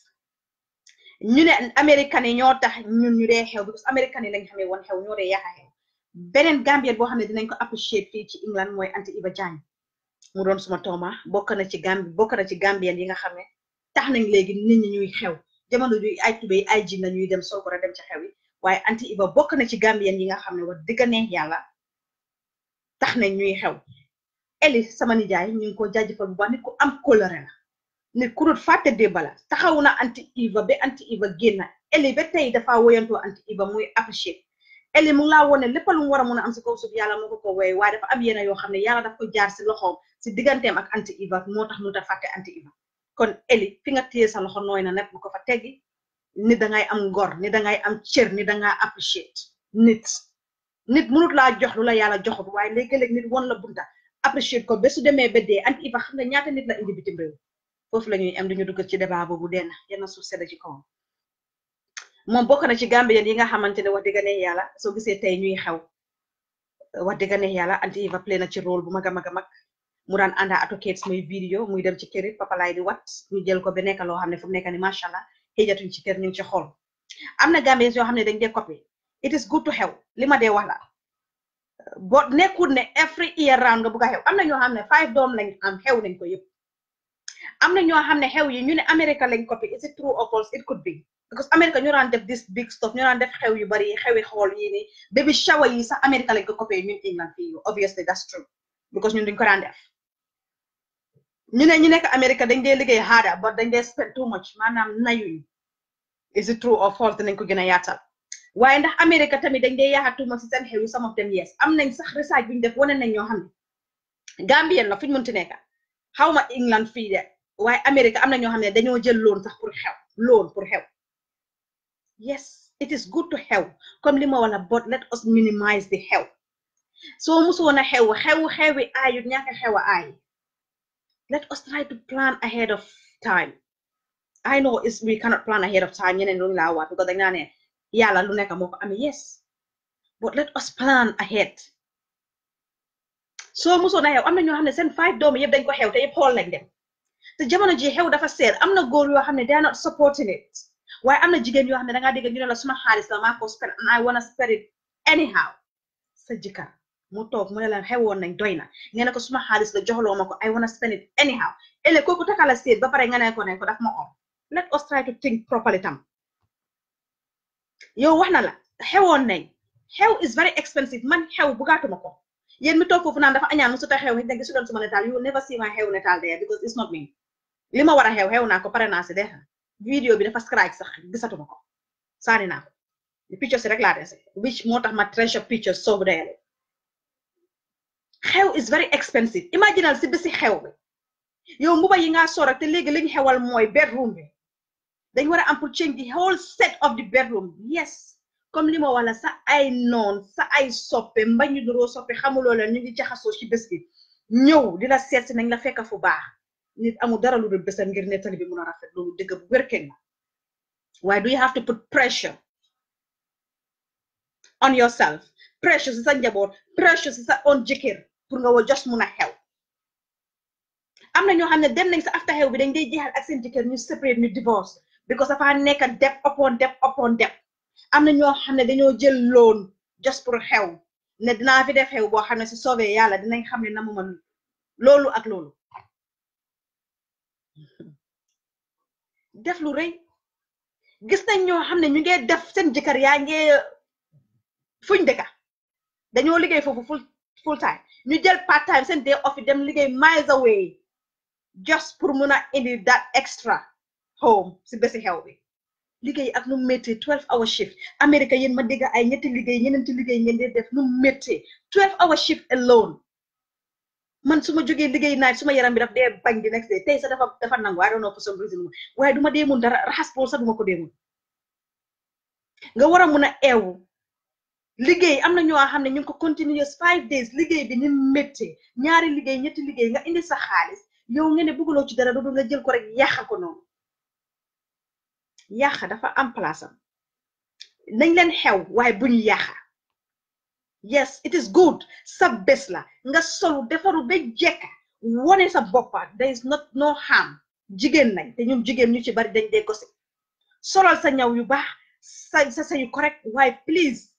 ñu ne américains yi ñoo tax ñun ñu dee xew because américains yi lañ xamee woon xew ñoo dee yaxa xew beneen Gambien boo xam ne dinañ ko appreciate fii ci England mooy Anti Iba Jaañ mu doon suma tooma bokk na ci Gambie bokk na ci Gambien yi nga xam ne tax nañ léegi nit ñuy xew jamono ju ay tubéy ay ji na ñuy dem soo ko dem ci xew yi waaye Anti Iba bokk na ci Gambien yi nga xam ne wax dëgg yàlla tax nañ ñuy xew eli sama nijaay ñu ko jaajëfal bu baax nit ku am colère nit ku dul fàtte bala la taxaw na anti iva ba anti iva génn eli ba tey dafa woyantoo anti iva muy appreciate eli mu ngi laa wone lépp lu mu war a mun a am si kaw suuf yàlla moo ko ko woy waaye dafa am yenn yo xam ne yàlla daf ko jaar si loxoom si digganteem ak anti iva moo tax mu ta fàtte anti iva kon eli fi nga téye sa loxo nooy na nekk bu ko fa teggi nit dangay am ngor nit dangay am cër nit dangaa appreciate nit nit munut laa jox lu la yàlla joxut waaye léegi-léeg nit won la bunta appreciate ko ba su demee ba dee anti iva xam ne ñaata nit la foofu la am duñu dugg ci débat boobu den yenn suuf sedda ci kawam moom bokk na ci gambien yi nga xamante wax dëgg ne yàlla soo gisee tey ñuy xew wax dëgg ne yàlla anti Eva play na ci rôle bu mag a mag mu daan ànda advocates muy vidéo muy dem ci këri papalaay di wat ñu jël ko ba nekk loo xam fu mu nekk ni macha allah xëjatuñ ci kër ñu ci xool am gambien yoo xam dañ dee copy it is good to xew li ma dee wax la ne every year round nga bugg a xew am na ñoo xam five doom lañ am xew nañ ko yëpp am na ñoo xam ne xew yi ñu ne America lañ copy is it true or false it could be because America ñu daan def this big stuff ñu daan def xew yu bari xewi xool yi ni baby shower yi sax America lañ ko copy ñun England fii obviously that's true because ñun duñ ko daan def ñu ne ñu nekk America dañ dee liggéey harder but dañ dee spend too much maanaam nayuñ is it true or false dinañ ko gën a yaatal waaye ndax America tamit dañ dee yaakaar tuuma si seen xew yi some of them yes am nañ sax research bi ñu def wane nañ ñoo xam ne Gambien la fu ñu mënti nekk xaw ma England fii de waaye Amérique am na ñoo xam ne dañoo jël loon sax pour xew loon pour xew yes it is good to help. comme lima wala but let us minimize the xew soo musoon a xew xew xewi aayut ñaaka xew a aay let us try to plan ahead of time I know is we cannot plan ahead of time ñeneen luñ laa waa because dañ naa ne yàlla lu nekk moo ko yes but let us plan ahead soo musoon a xew am na ñoo xam ne five doomi yëpp dañ ko xew te yëpp xool lañ dem te jamono ji xew dafa seer am na góor yoo xam they are not supporting it Why am na jigéen yoo xam ne da ngaa dégg ñu ne la suma xaalis la maa spend and I wanna spend it anyhow sa jikka mu toog mu ne la xewoon nañ doy na nga ne ko suma xaalis la joxloo ma I wanna spend it anyhow ele kooku takala seet ba pare nga ne ko ne ko daf ma om let us try to think properly tam yow wax na la xewoon nañ xew is very expensive man xew bugaatuma ko yéen mi toog foofu naan dafa añaan musu ta xew xi dangi su doon suma netaal you will never see my xew netaal there because it's not me Lima ma war a xew xew na ko pare naa si de vidéo bi dafa scratch sax gisatuma ko sànni naa ko li pictures rek laa dese which moo tax ma treasure so soobu dayale xew is very expensive imagine si bési xew bi yow mbuba yi ngaa soor te léegi liñ xewal mooy bedroom bi dañ war am pour change the whole set of the bedroom yes comme lima wala sa ay non sa ay soppe mbañu duroo soppe xamuloo leen ñu ngi jaxasoo ci bés ñëw di la seet si nañ la fekk fu baax nit dara lu dul ngir nettali bi mun a rafet loolu dëgg bu do you have to put pressure on yourself pressure si sa njaboot pressure si sa on jëkkër pour nga just mun a xew am na ñoo xam ne dem nañ sa after xew bi dañ dee jeexal ak seen jëkkër ñu separate ñu divorce because dafa nekk dep upon dep upon dep am na ñoo xam ne dañoo jël loan just pour xew ne dinaa fi def xew boo xam ne si soobee yàlla dinañ xam ne loolu ak loolu def lu rëy gis nañ ñoo xam ne ñu ngi def seen jëkkër yaa ngi fuñ liggéey full full time ñu jël part time seen day off dem liggéey miles away just pour mun indi that extra home si basically xew bi liggéey ak nu métti twelve hour shift America, yéen ma dégg ay ñetti liggéey ñeneenti liggéey ngeen di def nu métti twelve hour shift alone man su ma jógee liggéey naaj su ma yaram bi daf dee bañ di next day tey sax dafa dafa nangu waaye doon for some reason waaye du ma dara raxas bool sax du ma ko dee mun nga war a mun a eewu liggéey am na ñoo xam ne ñu ngi ko continuous five days liggéey bi ni métti ñaari liggéey ñetti liggéey nga indi sax xaalis yow nga ne bëggaloo ci dara doodu nga jël ko rek yàq ko noonu yàq dafa am place am nañ leen xew waaye buñ yàqa yes it is good Sub bés la nga solu defaru ba jekka wone sa boppa there is not no harm jigéen nañ te ñun jigéen ñu ci bari de dee Solo sa ñaw yu baax sa sa sa yu correct why please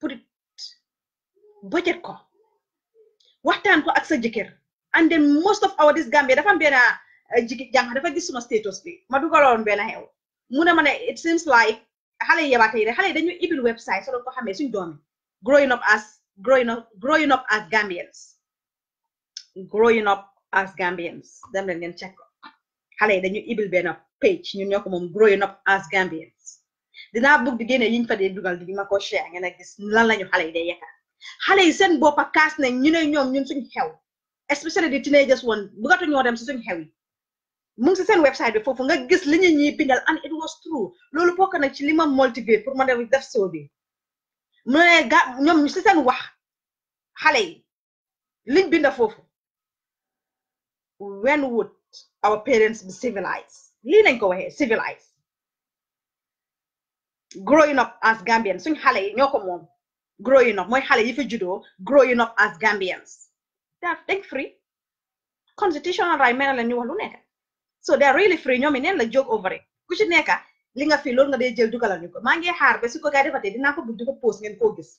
put it budget ko waxtaan ko ak sa and then most of our this Gambia dafa am benn eh, jigéen jàng dafa gis suma status bi ma dugaloon benn xew mu ne ma it seems like xale yaba yabaate yi rek xale yi dañu ibil website solo ko xamee suñ doomi growing up as growing up growing up as Gambians growing up as Gambians Them leen check ko then you dañu ibil page You ñoo ko growing up as Gambians dinaa bëgg di génne yiñ fa dee dugal di ma ko share ngeen a gis lan lañu xale yi dee yekkaat xale yi seen boppa kaas nañ ñu ne especially the teenagers one. bëggatu ñoo dem si suñ xew yi mu ngi si seen website before foofu nga gis li ñu ñuy and it was true loolu bokk na ci li ma motivé pour ma def show bi mu ne ga ñoom si seen wax xale yi liñ binda foofu when would our parents be civilized lii nañ ko waxee civilized growing up as Gambians suñ xale yi ñoo ko moom growing up mooy xale yi fi juddoo growing up as Gambians daa think free constitutional right mel na la ñu wax lu nekk so they are really free ñoom i neen la joke over it ku ci nekka li nga fi loolu nga dee jël dugalal ñu ko maa ngi xaar ba su ko gaa defatee dinaa ko bugg di ko post ngeen koo gis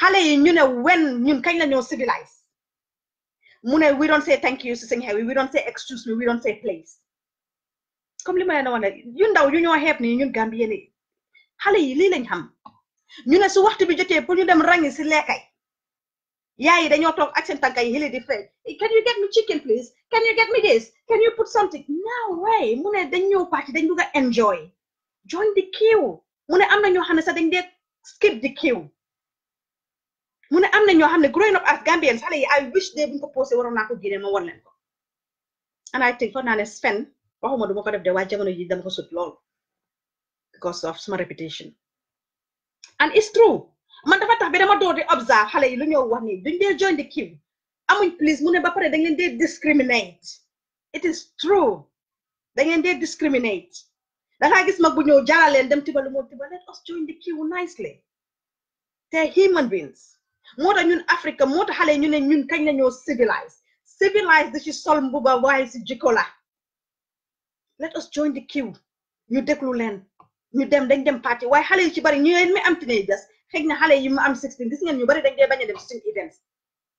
xale yi ñu ne wen ñun kañ la ñoo civilize mu ne we don't say thank you si seen xew we don't say excuse me we don't say please comme li ma leen wax yu ndaw yu ñoo xeeb nii ñun Gambien yi xale yi lii lañ xam ñu ne su waxtu bi jotee pour ñu dem rangi si lekkay yeah, then you talk accent seen tànka yi xële can you get me chicken please can you get me this can you put something no way mu ne dañ ñëw party dañ bëgg a enjoy join the queue mu ne am na ñoo xam ne sax skip the queue mu ne am na ñoo xam growing up as Gambians I wish they buñ ko posé wala na ko génne ma wan ko and I think for na ne Sven waxuma duma ko def de waaye yidam ko sut because of suma reputation and it's true tax bi dama door di observe xale yi lu ñoo wax nii duñ dee join the queue amuñ please mu ne ba pare da ngeen dee discriminate it is true da ngeen dee discriminate da ngaa gis mag bu ñëw jaral dem tibalu moo tiba let us join the queue nicely te human beings moo tax ñun Africa moo tax xale ñu ne ñun kañ la ñoo civilized civilized da ci sol mbuba waaye si jikko let us join the queue ñu déglu leen ñu dem dañ dem parti waaye xale yu ci bari ñu leen mi am teenagers xëy na xale yi mu am 16 gis ngeen ñu bari dañ dee bañ a dem seen events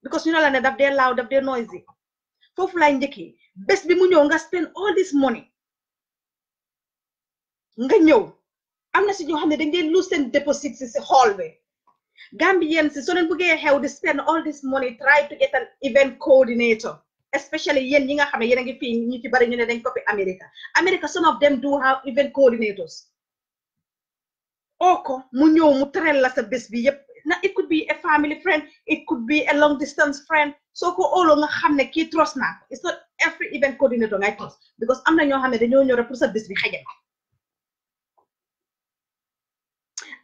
because ñu ne la ne daf dee loud daf dee noisy foofu laay njëkkee bés bi mu ñëw nga spend all this money nga ñëw am na si ñoo xam ne dañ dee lose seen deposit si si hall bi Gambien si soo leen bëggee xew di spend all this money try to get an event coordinator especially yéen ñi nga xam ne yéen a ngi fii ñu ci bari ñu ne dañ ko fi America America some of them do have event coordinators oko ko mu ñëw mu tëral la sa bés bi yëpp na it could be a family friend it could be a long distance friend so ko óoloo nga xam ki kii trust naa it's not every event coordinator ngay trust because amna na ñoo xam ne dañoo ñëw rek pour sa bés bi xajal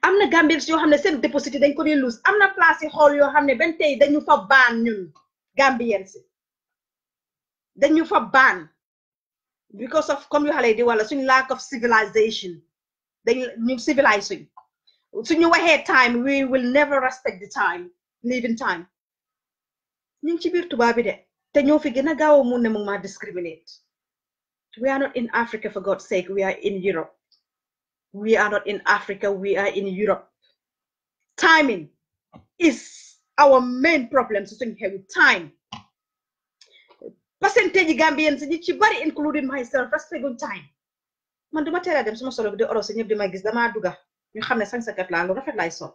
am na Gambians yoo xam deposit dañ ko dee lose am na place yi xool yoo xam ne benn tey dañu fa baan ñun Gambians si dañu fa ban because of comme yu xale di wala suñ lack of civilization they ñu civilizing. suñ suñu ahead time we will never respect the time living time ñu ngi ci biir tubaab bi de te ñoo fi gën a discriminate we are not in Africa for God's sake we are in Europe we are not in Africa we are in Europe timing is our main problem So suñ xewi time percentage Gambians ñi ci bari including myself respect good time man duma teel a dem suma solo bi di orosi ñëpp di ma gis damaa duga ñu xam ne sañsekat laa lu rafet laay sol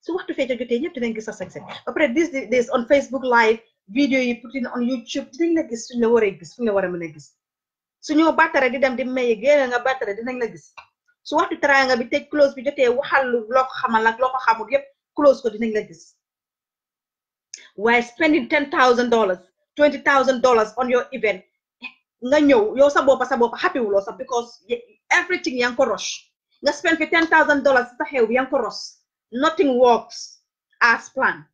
su waxtu fee jotee ñëpp dinañ gis sa sañse ba pare this on Facebook live video yi put in on YouTube dinañ la gis suñ la waree gis suñ la war a mën a gis suñoo battare di dem di maye génn nga battare dinañ la gis su waxtu teraanga bi tëj close bi jotee waxal loo ko xamal ak loo ko xamul yëpp close ko dinañ la gis waaye spending ten thousand dollars twenty thousand dollars on your event nga ñëw yow sa boppa sa boppa happy wuloo sax because everything yaa ngi ko rush nga spend fi ten thousand dollars sa xew yaa ngi ko rush nothing works as planned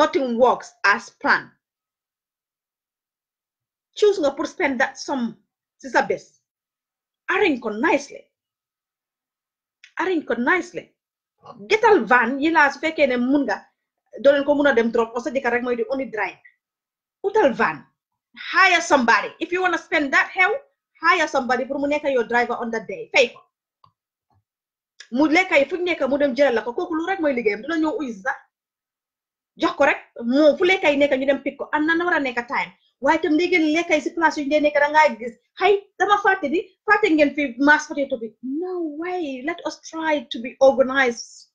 nothing works as planned choose nga pour spend that some si sa bés arrange ko nicely arrange ko nicely getal van yi laa su fekkee ne mun nga Don't ko mun a dem drop o sa jëkkër rek mooy di only drive utal van hire somebody. If you want to spend that hell, hire somebody pour mu nekk your driver on that day Pay. ko mu lekk yi fu nekk mu dem jëlal la ko kooku lu rek mooy liggéeyam dina ñëw uy sax jox ko rek moo fu lekk yi ñu dem pick ko am na war a time waaye itam léegi lekk yi si place yu ñu dee nekk da ngaa gis xëy dama fàtte di fàtte ngeen fi mass potato bi no way let us try to be organized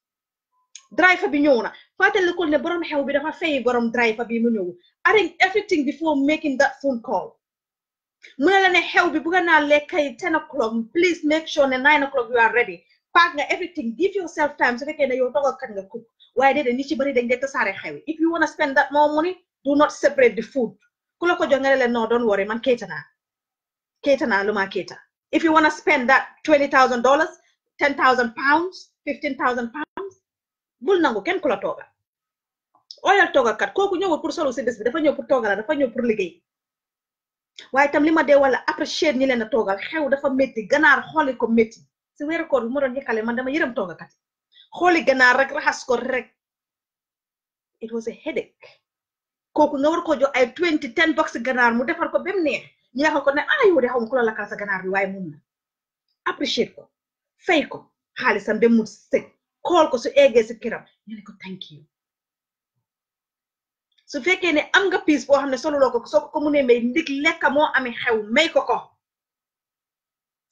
driver bi ñëw na fàtte la ko ne borom xew bi dafa fay borom driver bi mu ñëw arrange everything before making that phone call. Munalane help you bugana leka ten o'clock. Please make sure na nine o'clock you are ready. Pack everything. Give yourself time so that you talk can cook. Why did the niche bari then get sare highway? If you want to spend that more money, do not separate the food. Kuloko jongale no, don't worry, man cater na. Cater na luma cater. If you want to spend that twenty thousand dollars, ten thousand pounds, fifteen thousand pounds, bul nango ken kula toga ooyal toogakat kooku ñëwul pour solo si bi dafa ñëw pour toogala dafa ñëw pour liggéey waaye itam li ma dee wala apprécier ñi leen a xew dafa métti ganaar xooli ko métti si weeru koor bi doon yëkkale man dama yërëm toogakat xooli ganaar rek raxas ko rek it was a headache kooku nga war ko jox ay twenty ten box ganaar mu defar ko ba neex ñu defal ko ne ah yow de la sa bi na ko fay ko mu ko su kiram ñu ko thank you su fekkee ne am nga piis boo xam ne soluloo ko soo ko mu ne may ndig lekka moo amee xew may ko ko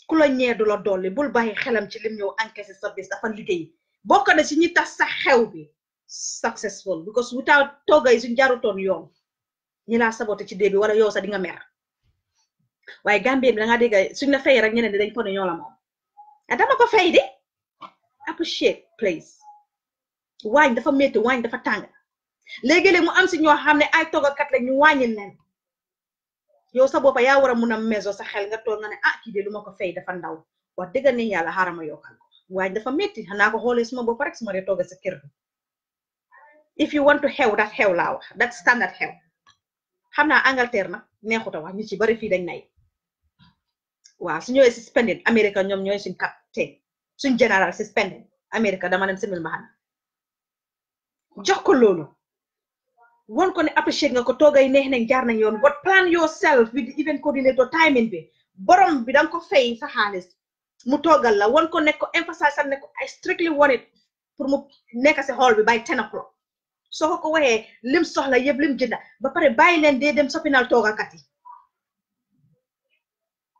ku la ñee du la dolli bul bàyyi xelam ci lim ñëw encaissé sa bis dafa liggéey bokk na si ñi tax sa xew bi successful because without tooga yi suñ jaarutoon yoon ñi laa saboté ci dee bi wala yow sax di nga mer waaye Gambien bi da ngaa dégg suñ la fay rek ñeneen di dañ ko ne ñoo la moom ah dama ko fay de appreciate place waañ dafa métti waañ dafa tàng léegi-léeg mu am si ñoo xam ne ay toggakat la ñu wàññil leen yow sa boppa yaa war a mun a meso sax xel nga toog na ne ah kii ko fay dafa ndaw wa dëgg ne yàlla xaarama yokkal ko waaye dafa métti xanaa ko xoolee suma boppa rek suma dee tooga sa kër if you want xew daf xew laa wax that standard xew xam naa Angleterre na neexut a wax ñu ci bari fii dañ nay waaw su ñëwee suspended America ñoom ñooy suñ capitaine suñ général suspended America dama leen simil ma ko loolu won ko ne appreciate nga ko tooga yi neex nañ jaar nañ yoon but plan yourself with event coordinator timing bi borom bi danga ko fay sa xaalis mu toogal la won ko ne ko emphasize ne ko I strictly want it pour mu nekk si hall bi by ten o'clock soo ko ko waxee lim soxla yëpp lim jënda ba pare bàyyi leen dee dem sopinal toogakat yi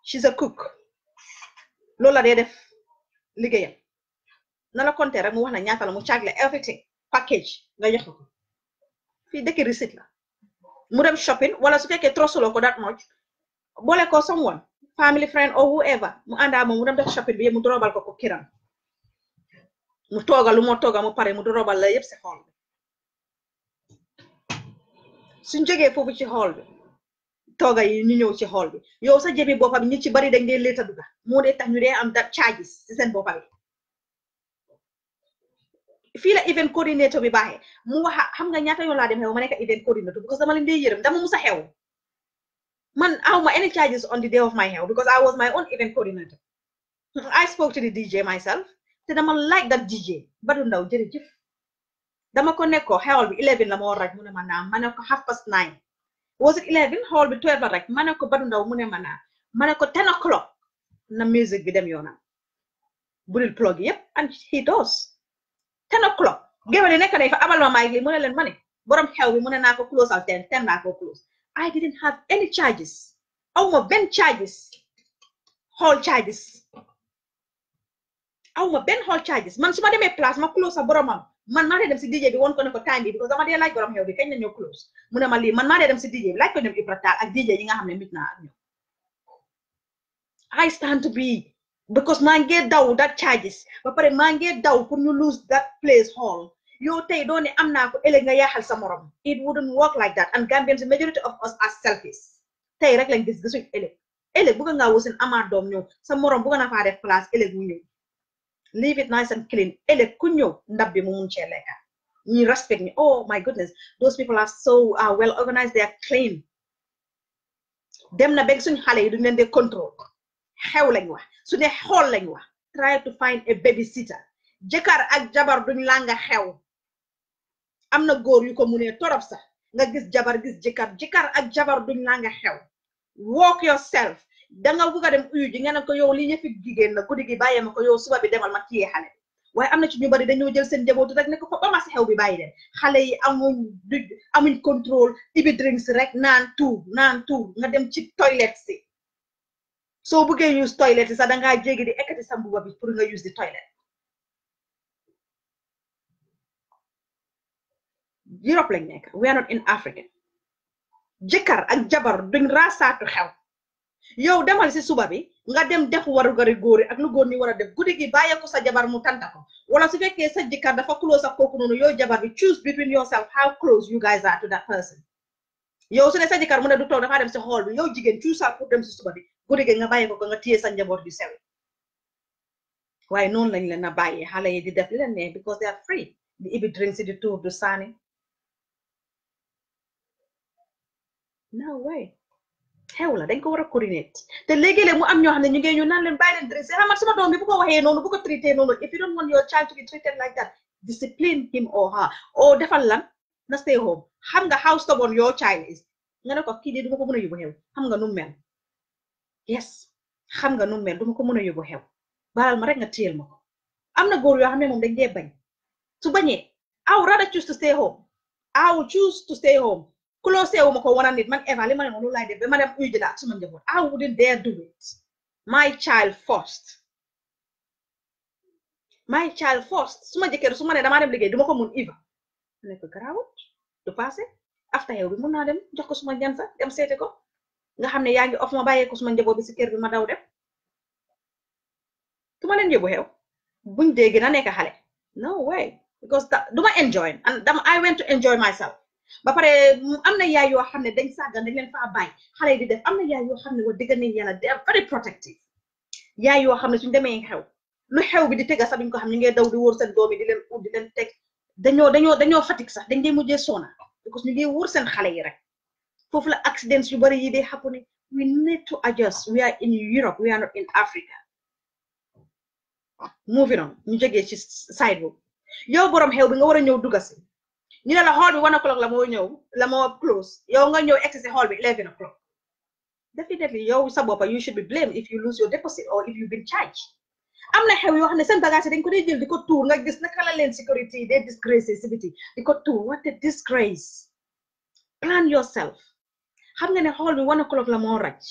she's a cook Lola, la dee def liggéeyam na la compter rek mu wax na ñaata la mu charge everything package nga jox fii dëkk receipt la mu dem shopping wala su fekkee trosuloo ko that much boole ko someone family friend or whoever mu àndaa moom mu dem def shopping bi yëpp mu dorobal ko ko kiram mu tooga lu moo tooga mu pare mu dorobal la yëpp si xool bi suñ jógee foofu ci xool bi tooga yi ñu ñëw ci xool bi yow sa jëmi boppam ñu ci bari dañ dee léeta duga moo dee tax ñu dee am da charges si seen boppa yi fii la event coordinator bi baaxee mu wax xam nga ñaata yoon laa dem xew ma nekk event coordinator because dama leen dee yërëm dama musa xew man aw ma any charges on the day of my xew because I was my own event coordinator I spoke to the DJ myself te dama like that DJ Badou Ndao jërëjëf dama ko nekk ko xewal bi 11 la ma war rek mu ne ma naa ma half past nine was it 11 xewal bi 12 la rek ma ne ko Badou Ndao mu ne ma naa ma 10 o'clock na music bi dem yoonam budil plug yëpp and he does ten o'clock géwél yi nekk nañ fa abal ma maay lii mu ne leen ma ne borom xew bi mu ne naa ko close al ten ten naa ko close I didn't have any charges aw ma benn charges hall charges aw ma benn hall charges man su ma demee place ma close sa boromam man maa dee dem si DJ bi woon ko ne ko time bi because dama dee laaj borom xew bi kañ la ñoo close mu ne ma lii man maa dee dem si DJ bi laaj ko ñoom Ibra Taal ak DJ yi nga xam ne mit naa ak ñoom I stand to be because mangé daw that charges ba pare mangé daw pour ñu lose that place hall yow tey do ne eh, amna ko ele nga yaaxal sa morom it wouldn't work like that and Gambians the majority of us are selfish tey rek lañ gis gisuñ ele. Ele bëgg ngaa wusin amaat doom ñëw sa morom bëgg na faa def place ëllëg mu ñëw leave it nice and clean Ele ku ñëw ndab bi mu mun cee lekka ñi respect ñi oh my goodness those people are so uh, well organized they are clean dem na beeg suñ xale yi duñ leen dee contrôle xew lañ wax su dee xool try to find a babysitter jëkkër ak jabar duñ langa xew am na góor yu ko munee torop sax nga gis jabar gis jëkkër jëkkër ak jabar duñ langa xew walk yourself danga bugg a dem uyu ji nga ne ko yow lii ñëfi jigéen na guddi gi bàyyee ma ko yow suba bi demal ma kiyee xale waaye am na ci ñu bari dañoo jël seen njaboot rek ne ko ba ma si xew bi bàyyi leen xale yi amuñ du amuñ contrôle ibi drinks rek naan tuur naan tuur nga dem ci toilette si soo bëggee use toilet sax dangaa jéggi di ekkati sa mbuba bi pour nga use the toilet Europe like nekk we are not in Africa jëkkër ak jabar rasa to hell. Yo, demal si suba bi nga dem def waru gari góori ak lu góor ñi a def guddi gi bàyyi ko sa jabar mu tanta ko wala su fekkee sa jëkkër dafa close ak kooku noonu yow jabar bi choose between yourself how close you guys are to that person Yo, su ne sa jëkkër mu ne du toog dafa dem si xool bi yow jigéen choose pour dem si suba bi guddi gi nga bàyyi ko ba nga téye sa njaboot bi sew waaye noonu lañ leen a bàyyi xale yi di def leen ne because they are free di ibi drink si di tuur du saani now way xew dañ ko war a coordinate te léegi-léeg mu am ñoo xam ne ñu ngi ñu naan leen bàyyi leen drink si xamal sama doom bi bu ko waxee noonu bu ko traité noonu if you don't want your child to be treated like that discipline him or her or oh, defal lan na stay home xam nga how stubborn your child is ne ko kii de du ko mën a yóbbu xew xam nga nu yes xam nga nu mel duma ko mën a yóbbu xew baal ma rek nga téyel ma ko am na góor yoo xam ne moom dañ dee bañ su bañee I would rather choose to stay home I would choose to stay home close wu ma ko wana nit man Eva li ma ne ma loolu laay def ba ma dem uyu ji la ak suma njaboot I wouldn't dare do it my child first my child first suma jëkkër su ma ne damaa dem liggéey duma ko mun Eva ne ko garaawut du passé after yow bi mun naa dem jox ko suma jansa dem seete ko nga xam ne yaa ngi of ma bàyyeeko suma njaboot bi si kër bi ma daw dem tu ma leen yóbbu xew buñ dee a nekk xale no way because du ma enjoy dama I went to enjoy myself ba pare am na yaay yoo xam ne dañ sàggan dañ leen a bàyyi xale yi di def am na yaay yoo xam ne wa dëgg nañ yàlla they are very protective yaay yoo xam ne suñ demee xew lu xew bi di tega sax duñ ko xam ñu ngi daw di wóor seen doom yi di leen ut di leen teg dañoo dañoo dañoo fatigue sax dañ dee mujjee soona because ñu ngi wóor seen xale yi rek For accidents you bari they happening. we need to adjust we are in Europe we are not in Africa moving on ñu jógee ci side boobu yow borom xew bi nga war a ñëw dugga You ñu not la hall bi one o'clock la moo ñëw la moo close yow nga ñëw egsi si hall bi eleven o'clock definitely yow sa boppa you should be blamed if you lose your deposit or if you been charged am na xew yoo xam ne seen bagage yi dañ ko dee jël di ko tuur nga gis naka la leen security, they disgrace activity di ko tuur what a disgrace plan yourself xam nga ne xool bi one o'clock la moo raj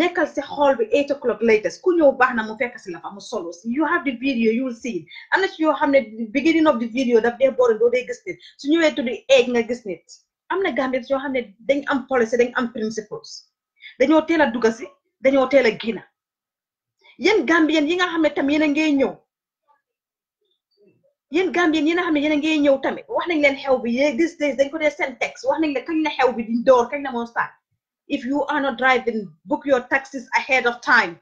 nekkal si xool bi eight o'clock latest ku ñëw baax na mu fekk si la fa mu solo si you have the video you will see am na si yoo xam ne beginning of the video daf dee boori doo dee gis nit su ñëwee tuddi egg nga gis nit am na gambie yoo xam ne dañ am policy dañ am principles dañoo teel a dugga si dañoo teel a génn yéen gambien yi nga xam ne tam yéen a ngee ñëw yéen gambien yi nga xam ne yéen a ngee ñëw tamit wax nañ leen xew bi yé these dañ ko dee seen texte wax nañ leen kañ la xew bi di door kañ la moo start if you are not driving, book your taxis ahead of time.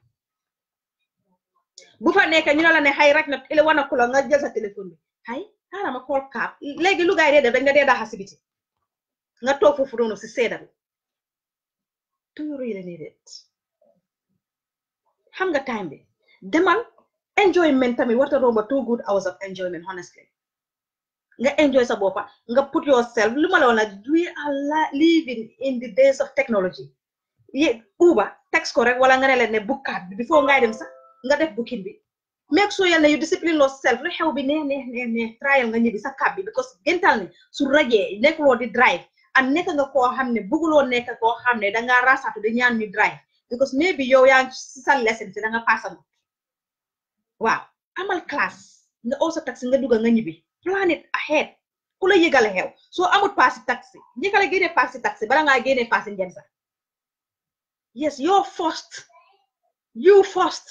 bu fa nekk ñu ne la ne xay rek na télé wan a nga jël sa téléphone bi xay xaaral ma call cab léegi lu gaay dee def rek nga dee daxa si biti nga toog foofu noonu si seeda bi tuyuru yi la xam nga time bi demal enjoyment tamit warta romba two good hours of enjoyment honestly nga enjoy sa bopa nga put yourself luma la wax we are living in the days of technology ye uba text ko rek wala nga ne len book card before ngay dem sa nga def booking bi make sure yalla you discipline yourself lu xew bi ne ne ne ne trial nga ñibi sa cab bi because gental ni su nek lo di drive and nek nga ko xamne bugu lo nek ko xamne da nga rasatu di ñaan ñu drive because maybe yow yaa ci sa lesson ci da nga passal wa amal class nga oo tax nga dugga nga ñibi plan it ahead ku la yëgal xew soo amut paasi taxi njëkkale génne paasi taxi bala nga génne paasi njëm sax yes you're first you 1st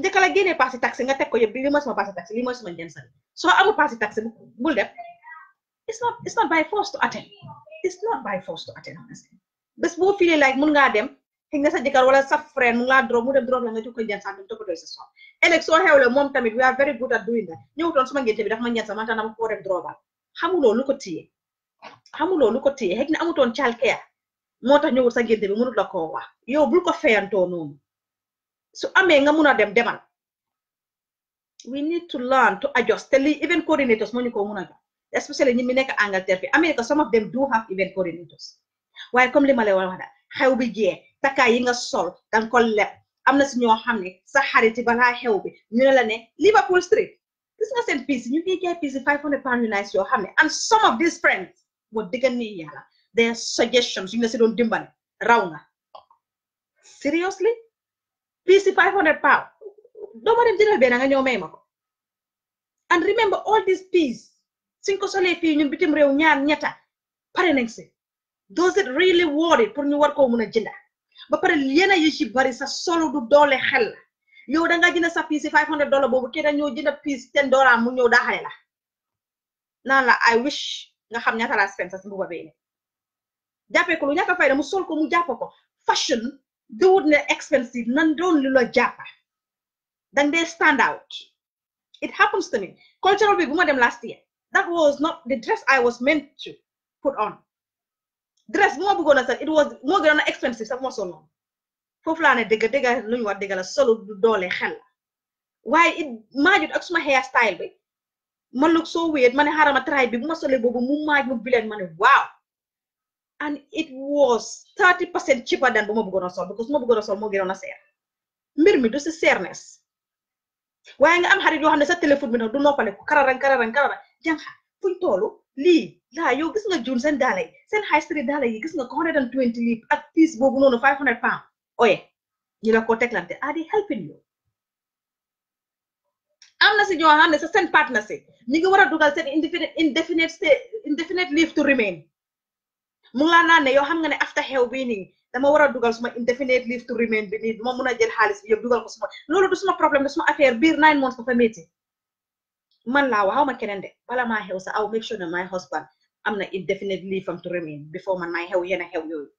njëkkale génne paasi taxi nga teg ko yëpp lii mooy suma paasi taxi lii mooy suma So sax soo amut paasi taxi bul def it's not it's not by force to attend it's not by force to attend honestly bés boo filee like mun ngaa dem xëy na sa jëkkër wala sa friend mu ngaa drop mu dem drop la nga jox ko njansa dem toppatoo sa soxla ëllëg soo xewle moom tamit we are very good at doing that ñëwutoon suma ngénte bi dafa ma njansa man tanam koo dem drobal xamuloo lu ko téye xamuloo lu ko téye xëy na amutoon child care moo tax sa ngénte bi mënut la koo wax yow bul ko fayantoo noonu um. su amee nga mun dem demal we need to learn to adjust te event coordinators moo ko mun especially ñi mi nekk Angleterre fi America some of them do have event coordinators waaye comme li ma lay wax daal xew bi jeex takkaay yi nga sol danga ko leb am na si ñoo xam ne sa xew bi ñu la ne Liverpool Street gis nga seen piis ñu ngi jaay piis five hundred pound united yoo xam and some of these friends boo diggan nii yàlla their suggestions yu ñu la si doon dimbale raw nga seriously Piece five hundred pound doo ma dem jëndal benn nga ñëw may ma and remember all these piece. suñ ko solee fii ñun bitim réew ñaar ñetta pare nañ si does it really worry it pour ñu war koo mun a ba pare yeneen yu ci bari sa solo du doole xel la yow da nga jënd sa piis five hundred dollar boobu kii dañoo jënd piece ten dollar mu ñëw daa xale la naan la I wish nga xam ñaata laa spend sa mbuba bee ne jàppee ko lu ñàkk a fayda mu sol ko mu jàpp ko fashion duwut ne expensive nan doon lu la jàppa dañ dee stand out it happens to me cultural bi bu dem last year that was not the dress I was meant to put on dress bu ma bëggoon sax it was moo gënoon a expensive sax moo sonnoon foofu laa ne dëgg dëgg lu ñu war dëgg la solo du doole xel la it maajut ak suma hair style bi ma look so weird ma ne xaaral ma try bi bu ma solee boobu mu maaj mu bileen ma ne and it was thirty percent cheaper than bu ma bëggoon a sol because more ma bëggoon a sol moo gënoon a seer mbir mi du si seernes waaye nga am xarit yoo xam ne sa téléphone bi nag du noppale ko kararang kararang kararang jàng fuñ toolu lii gaa yow gis nga jun seen daala yi seen high street daala yi gis nga ko hundred and twenty li ak piis boobu noonu five hundred pound oye ñu la ko teglante are they helping you am na si ñoo xam ne sa seen partner si ñu ngi war a dugal seen indefinite indefinite indefinite leave to remain mu ngi laa naan ne xam nga ne after xew bi nii dama war a dugal suma indefinite leave to remain bi nii duma mun a jël xaalis bi yëpp dugal ko suma loolu du suma problème du suma affaire biir nine months dafa métti man laa waxaw ma keneen de bala maa am na indefinite leave to remain before man may xew yenn xew yooyu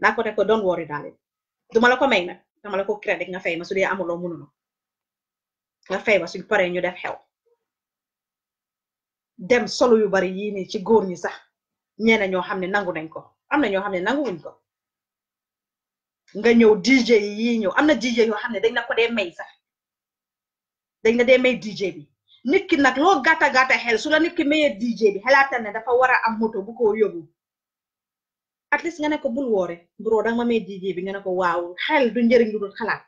naa ko ne ko don't worry darling duma la ko may nag dama la ko crédit nga fay ma su dee amuloo mënunu nga fay ma suñ paree ñu def xew dem solo yu bari yii nii ci góor ñi sax ñeena ñoo xam nangu nañ ko am na ñoo nangu ne nanguwuñ ko nga ñëw DJ yi ñëw am na DJ yo xam ne dañ la ko dee may sax dañ la dee may DJ bi nit ki nag loo gàtta gàtta xel su la nit ki mayee DJ bi xelaatal ne dafa war a am moto bu ko yóbbu at least nga ne ko bul woore bro danga ma may DJ bi nga ne ko waaw xel du njëriñ lu dul xalaat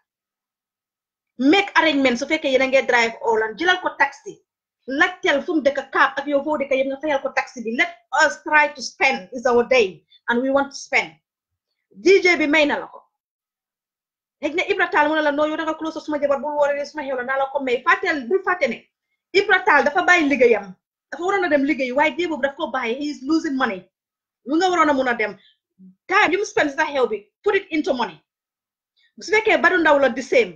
make arrangement su fekkee yéen a ngi drive oland jilal ko taxi laajteel fu mu dëkk kaab ak yow foo dëkk yëpp nga fayal ko taxi bi let us try to spend is our day and we want to spend DJ bi may na la ko xëj na Ibra Taal mu ne la noo yow danga close Ibra Tall dafa bàyyi liggéeyam dafa waroon a dem liggéey waaye dée boobu daf ko bàyyi he is losing money lu nga waroon a mun dem time you mu spend sa xew bi put it into money su fekkee badu ndaw la the same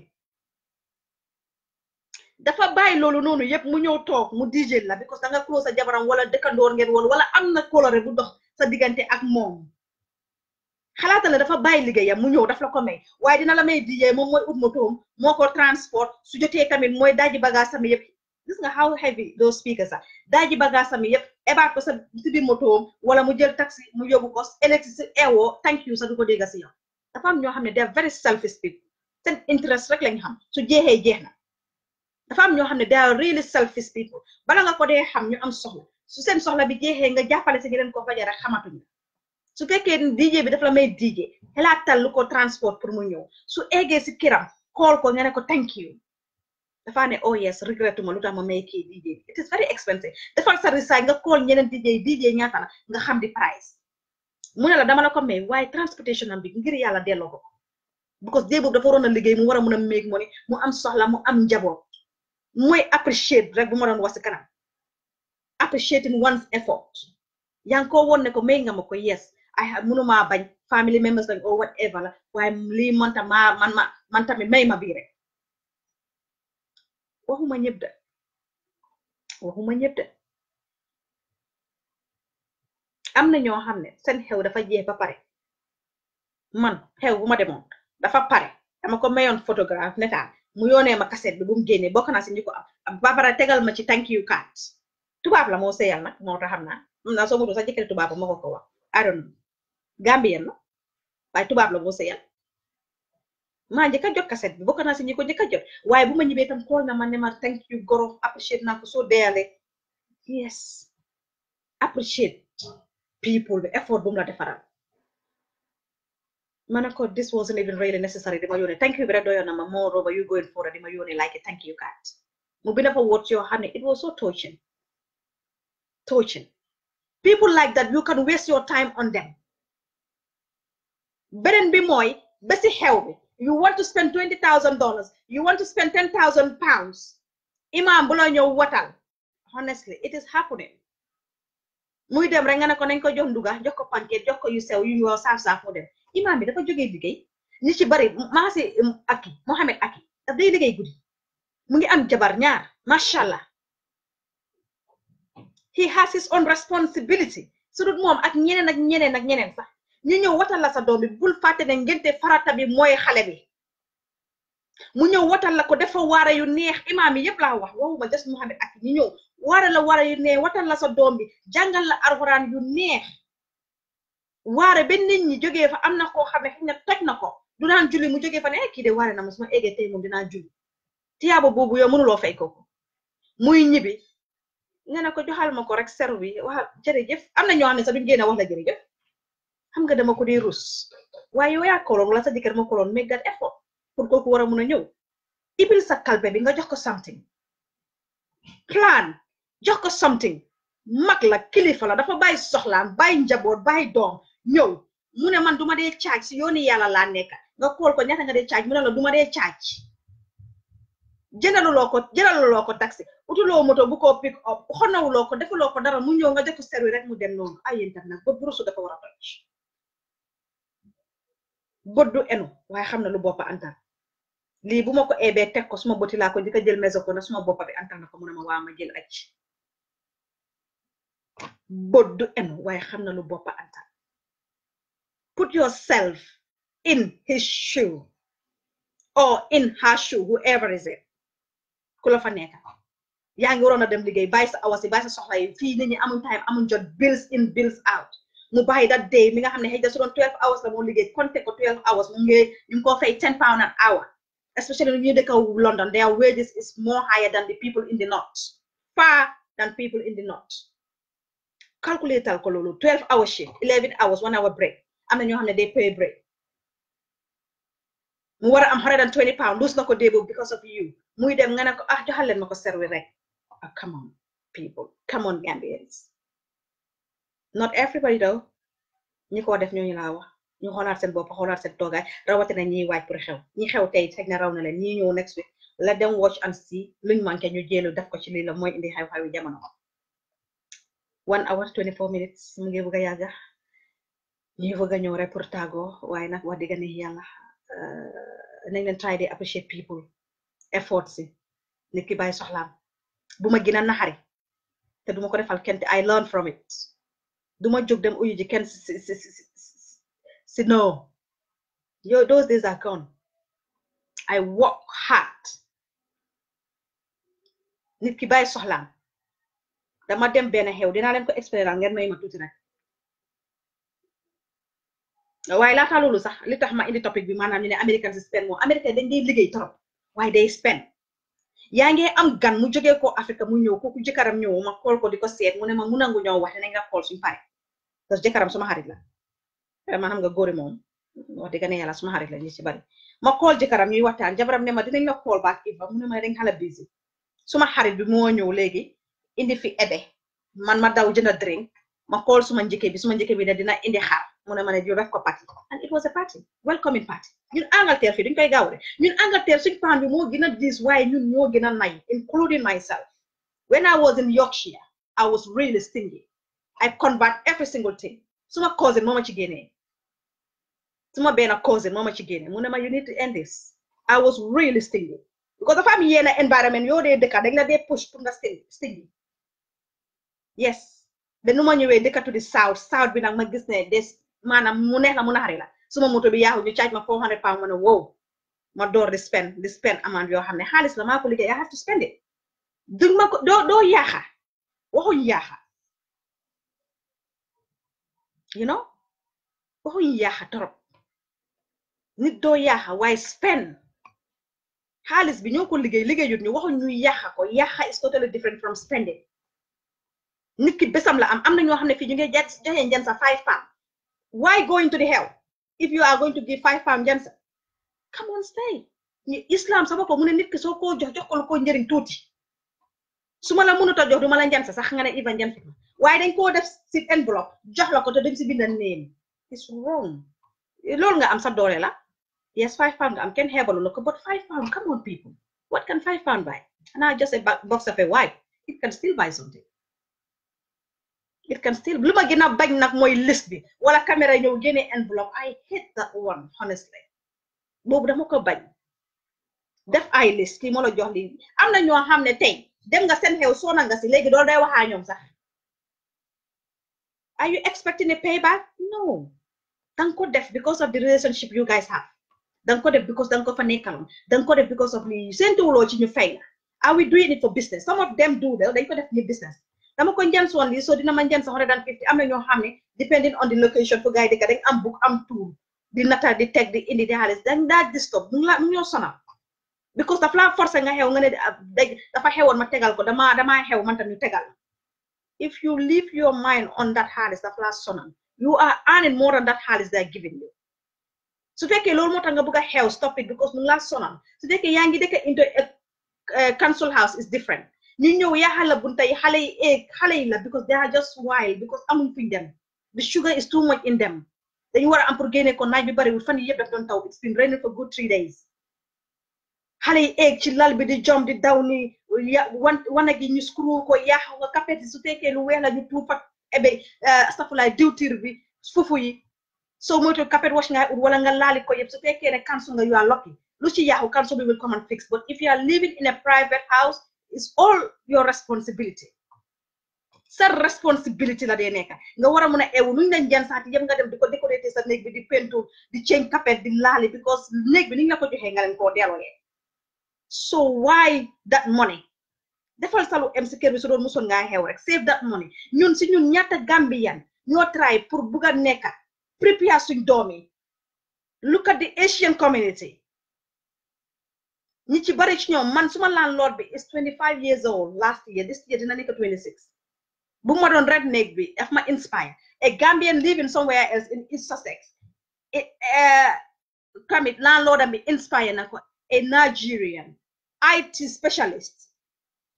dafa bàyyi loolu noonu yep mu ñëw toog mu dijeel la because da nga close sa jabaram wala dëkkandoor ngeen woon wala amna na coloré bu dox sa diggante ak moom xalaata la dafa bàyyi liggéeyam mu ñëw daf la ko may waaye dina la may dijee moom mooy ut motoom moo transport su jotee tamit mooy daji bagage sami yëpp gis nga how heavy those speakers are daaji bagasam yépp ebaat ko sa bi wala mu jël taxi mu yóbbu ko electricité ewo thank you sa du ko dégga si yow dafa am ñoo xam they are very selfish people sen interest rek lañ xam su jeexee jeex na dafa am ñoo xam ne they are really selfish people bala nga ko dee xam ñu am soxla su seen soxla bi jeexee nga jàppale sa ñeneen ko So xamatuñu su fekkee DJ bi dafa la may DJ xalaatal lu ko transport pour mu ñëw su eggee si kiram xool ko nga ne ko thank you dafa ne oh yes regretuma lu tax ma may DJ it is very expensive defal sa research nga call ñeneen DJ DJ nata la nga xam di price mu ne la dama la ko may why transportation am bi ngir yàlla delloo ko because dee boobu dafa waroon a liggéey mu war a mun make money mu am soxla mu am njaboot mooy appreciate rek bu ma doon wax kanam appreciating one's effort yaa ngi ko woon ne ko may nga ma ko yes ay mënumaa bañ family members lañ or whatever la waaye lii manta maa man ma man tamit may ma bii rek waxuma يبدأ وهما يبدأ am na ñoo xam ne sen xew dafa jeex ba pare man xew bu ma demoon dafa pare dama ko mayoon photographe netaal mu yónnee ma kaset bi bu mu génnee bokk naa si ñu ko am ba tegal ma ci thank you card tubaab la moo seyal nag moo tax xam naa am naa soo mutu sax jëkkëri tubaab ba ma ko ko wax I don't waaye tubaab la moo seyal maa njëkk a jot cassette bi bokk naa si ñi ko njëkk a jot waaye bu ma ñibbee tam xool na ma ne ma thank you gorof appreciate naa so soo yes appreciate people The effort bu mu la defaral ma ne ko this wasn't even really necessary di ma thank you bi rek doyoon na ma moo roba you going for di ma yónnee like thank you cat. mu bi dafa what yoo xam ne it was so touching touching people like that you can waste your time on them beneen bi mooy ba si xew bi you want to spend twenty thousand dollars you want to spend ten thousand pounds imam Bulan, la ñëw honestly it is happening muy dem rek nga ne ko nañ ko pancake jox you sell you yu ñu woo saaf saaf imam bi dafa jógee liggéey ñu ci bari maasi um, aki Muhammad aki daf day liggéey guddi mu ngi am jabar ñaar he has his own responsibility Sudut dul moom ak ñeneen ak ñeneen ak ñeneen sax ñu ñëw watal la sa doom bi bul fàtte ne ngénte farata bi mooy xale bi mu ñëw watal la ko dafa waare yu neex imam yi yëpp laa wax waxuma des Muhammad ak ñu ñëw waare la waare yu neex watal la sa doom bi jàngal la alxuraan yu neex waare ba nit ñi jógee fa am na koo xam ne xëy na toj na ko du naan julli mu jógee fa ne kii de waare na ma suma ma eggee tey moom dinaa julli tiyaaba boobu yow mënuloo fay ko muy ñibi nga ne ko joxal ma ko rek seru bi waxal jërëjëf am na ñoo xam ne sax duñ génn wax la jërëjëf xam nga dama ko dee rus waaye yow yaa koloon la sa jëkkër ma koloon make that effort pour kooku war a mun a ñëw ibil sa kalbe bi nga jox ko something plan jox ko something mag la kilifa la dafa bàyyi soxlaam bàyyi njaboot bàyyi doom ñëw mu ne man duma dee caaj si yooni yàlla laa nekka nga kool ko ñaata nga dee caaj mu ne la duma dee caaj jëndaluloo ko jëndaluloo ko taxi utuloo moto bu ko pick up xonawuloo ko defuloo ko dara mu ñëw nga jox ko rek mu dem noonu ay yéen tam nag ba burusu war a bët eno enu waaye xam na lu boppa antal lii bu ko eebee tek ko suma boti laa ko jëkk jël meso ko na suma boppa bi antal na ko mu ma waa ma jël acc bët enu waaye lu antal put yourself in his shoe or in her shoe whoever is it Kula la fa nekka yaa ngi waroon a dem liggéey bàyyi sa awasi bàyyi sa soxla yi fii nit ñi amuñ time amuñ jot bills in bills out mu bàyyi that day mi nga xam ne xëy na su doon 12 hours la moo liggéey compté ko 12 hours mu ngi ñu ngi ko fay 10 pound an hour especially ñu dëkk London their wages is more higher than the people in the north far than people in the north calculate ko loolu 12 hours shift 11 hours one hour break am na ñoo xam ne day pay break mu war am 120 pound lose na ko because of you muy dem nga ne ko ah joxal leen ma ko servi rek ah come on people come on Gambians not everybody though ñu ko def ñooñu laa wax ñu xoolaat seen bopp xoolaat seen toogaay rawatina ñiy waaj pour xew ñi xew tey xëy na raw na leen ñi ñëw next week la dem watch and see luñ manqué ñu jéelu def ko ci lii la mooy indi xew-xewi jamono one hour twenty four minutes mu ngi bëgg a yàgga bëgg a ñëw rek pour tàggoo waaye nag wax yàlla eh, nañ leen try appreciate people effort si nit ki bàyyi soxlaam bu ma gën a naxari te ko defal I learn from it don't jóg dem uyu ji kenn si no yo those days are gone I work hard nit ki bàyyi soxlaam dama dem benn xew dinaa leen ko expérience ngeen may ma tuuti rek waaye laata loolu sax li tax ma indi topic bi maanaam ñu ne American spend moom American dañ dee liggéey trop Why they spend ya nge am gan mu joge ko afrika mu ko ku jëkkaram ñew ma xol ko diko ko seet mu ne ma mu nangu ñoo wax danañ nga xol suñu pare da que suma xarit la ma xam nga góori mom wax dëgg ne yalla suma xarit la ñi ci bari ma xol jëkkaram ñuy waxtaan jabaram ne ma dinañ la kool baak ba mu ne ma dañ xala busy suma xarit bi mo ñew legi indi fi ebe man ma daw jëna drink ma xol suma njëkke bi suma bi dina indi xaar mu ne ma ne yow def ko party and it was a party welcoming party ñun Angleterre fii duñ koy gaaw de ñun Angleterre suñ paan bi moo gën a way. waaye ñun ñoo gën a nay including myself when I was in Yorkshire I was really stingy I convert every single thing suma cousin moo ma ci génnee suma benn cousin a cause ci génnee mu ne ma you need to end this I was really stingy because dafa am yenn environment you're dëkka dañ la dee push pour nga stingy yes ba nu ma ñëwee dëkka to the south south bi nag ma gis ne des manam mu neex la mu naari la suma moto bi yaahu ñu charge ma 400 pound mo wow ma door di spend di spend amount yo xamne xaliss la mako liggey ya, I have to spend it duñ ma ko do doo yaaxa waxuñ yaaxa you know waxuñ yaaxa torop nit do yaaxa why spend xaliss bi ñoko liggey liggey yu ñu waxu ñu yaaxa ko yaaxa is totally different from spending nit ki besam la am am ño xamne fi ñu ngey jax joxe sa five pound Why going to the hell if you are going to give five pound jansa? Come on, stay. Islam sama ko mu ne nit ki soo koo jox jox ko lu ko njëriñ tuuti su ma la mënut a jox du ma la jansa sax nga ne even jansa waaye dañ koo def si enveloppe jox la ko te dañ si bindal name it's wrong loolu nga am sa doole la yes five pound nga am kenn xeebalu la ko but five pound come on people what can five pound buy and I just a box of a wipe it can still buy something it can still Bluma gina gën a bañ nag mooy list bi wala caméra ñëw génne enveloppe I hate that one honestly boobu dama ko bañ def ay list yi ma la jox lii am na ñoo xam ne tey dem nga seen xew soona nga si léegi doolu day waxaa ñoom sax are you expecting a payback no danga ko def because of the relationship you guys have danga ko def because danga ko fa nekkaloon danga ko def because of lii seen tuwuloo ci ñu fay are we doing it for business some of them do dañ ko def ni business dama ko njël si woon lii soo dina ma njël hundred and fifty am na ñoo xam depending on the location fu gars yi dëkk am book am tour. di nataal di teg di indi di xaalis dañ daa disturb mu ngi la ñoo sonal because dafa laa forcé nga xew nga ne dafa xewoon ma tegal ko dama damaa xew man tam ñu tegal if you leave your mind on that halis, dafa laa sonal you are earning more than that halis they are giving you su fekkee loolu moo tax nga bëgg a xew stop it because mu ngi laa sonal su fekkee yaa ngi dëkk into council house is different ñu ñëw yaa xala bunta yi xale yi because they are just wild because I'm fuñ them. the sugar is too much in them Then you are am pour génne ko naaj bi bariwul fan yi it's been raining for good three days xale egg, eeg ci lal bi di jom di one. ni wan wanag screw ko yaax nga kapet yi su fekkee lu weex eh, la ñu tuufat ebe safulaay diwtiir bi fufu yi So much kapet wash nga ut wala nga lali ko yëpp su fekkee ne kansu nga you are lucky lu ci yaaxu kansu bi will come and fix but if you are living in a private house is all your responsibility sa responsibility la dee neka. nga war a mun a ewu nuñ la njan saati yëpp nga dem di ko décorer sa néeg bi di peinture di change carpet di laali because néeg bi ni ñu la ko joxee nga leen koo delloo so why that money defal sa lu em si kër bi su doon musoon ngaa xew rek save that money ñun si ñun ñaata Gambian ñoo try pour bugg a prepare suñ doom yi look at the Asian community ñi ci bari ci ñoom man suma landlord bi is 25 years old last year this year dina nekk 26 bu ma doon red néeg bi daf ma inspire a Gambian living somewhere else in East Sussex eh, tamit landlord am inspire na ko a Nigerian IT specialist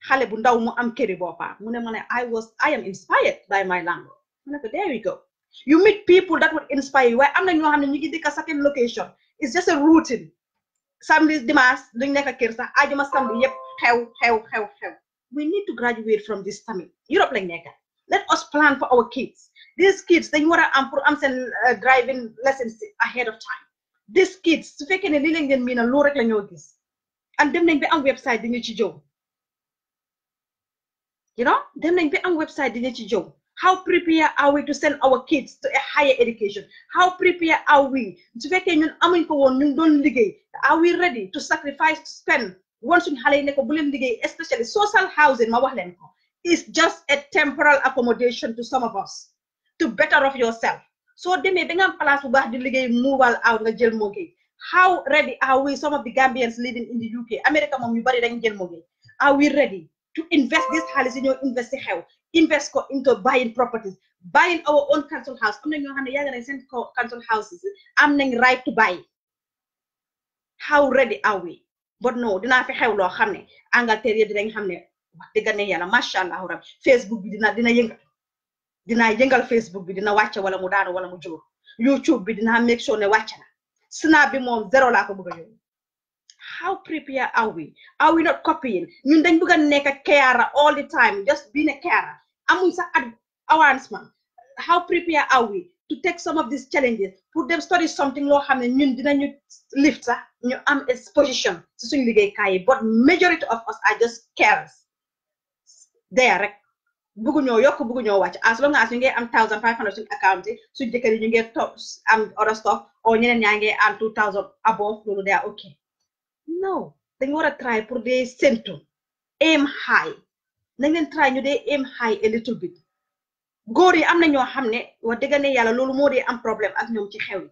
xale bu ndaw mu am këri boppam mu ne ma ne I was I am inspired by my landlord mu ne ko there we go you meet people that would inspire you waaye am na ñoo xam ne ñu ngi certain location it's just a routine samedi dimanche duñ nekk kër sax just samedi to xew xew xew xew we need to graduate from this tamit Europe lañ Nigeria. let us plan for our kids these kids dañ war a am pour am uh, driving lessons ahead of time these kids su fekkee ne li lañ leen miinal loolu rek la gis and dem nañ be am website they need ci jow you know dem nañ be am website they need ci jow how prepared are we to send our kids to a higher education? How prepared are we? are we ready to sacrifice to spend once suñ xale yi especially social housing mawahlenko, is just a temporal accommodation to some of us to better off yourself So demee da nga am place bu baax di how ready are we some of the Gambians living in the UK America are we ready to invest this xaalis in your invest si invest into buying properties buying our own council house i am na ñoo xam ne yàgg council houses i am nañ right to buy how ready are we but no dinaa fi xew loo xam ne Angleterre yi dinañ xam ne wax dëgg ne yàlla macha allah rab Facebook bi dina dina yëngal dinaa yëngal Facebook bi dina wàcce wala mu daanu wala mu jóg YouTube bi dinaa make sure ne wàcce na snap bi moom zero la ko bëgg a how prepared are we? Are we not copying? You need to be a nekk carer all the time just being a carer amuñ sax ad avance man how prepared are we to take some of these challenges Put them, study something loo xam ne ñun dinañu lift sax ñu arm exposition si suñ liggéeykaay but majority of us are just carers there rek bëggu ñoo yokk watch. as long as you get am thousand five hundred suñ account yi suñ jëkkër yi ñu ngi am other stuff or you get, ngi am two thousand above So they are okay no dañ war a try pour the center. aim high nañ leen try ñu dee aim high a little bit góor yi am na ñoo xam ne wax dëgg ne yàlla loolu moo dee am problème ak ñoom ci xew yi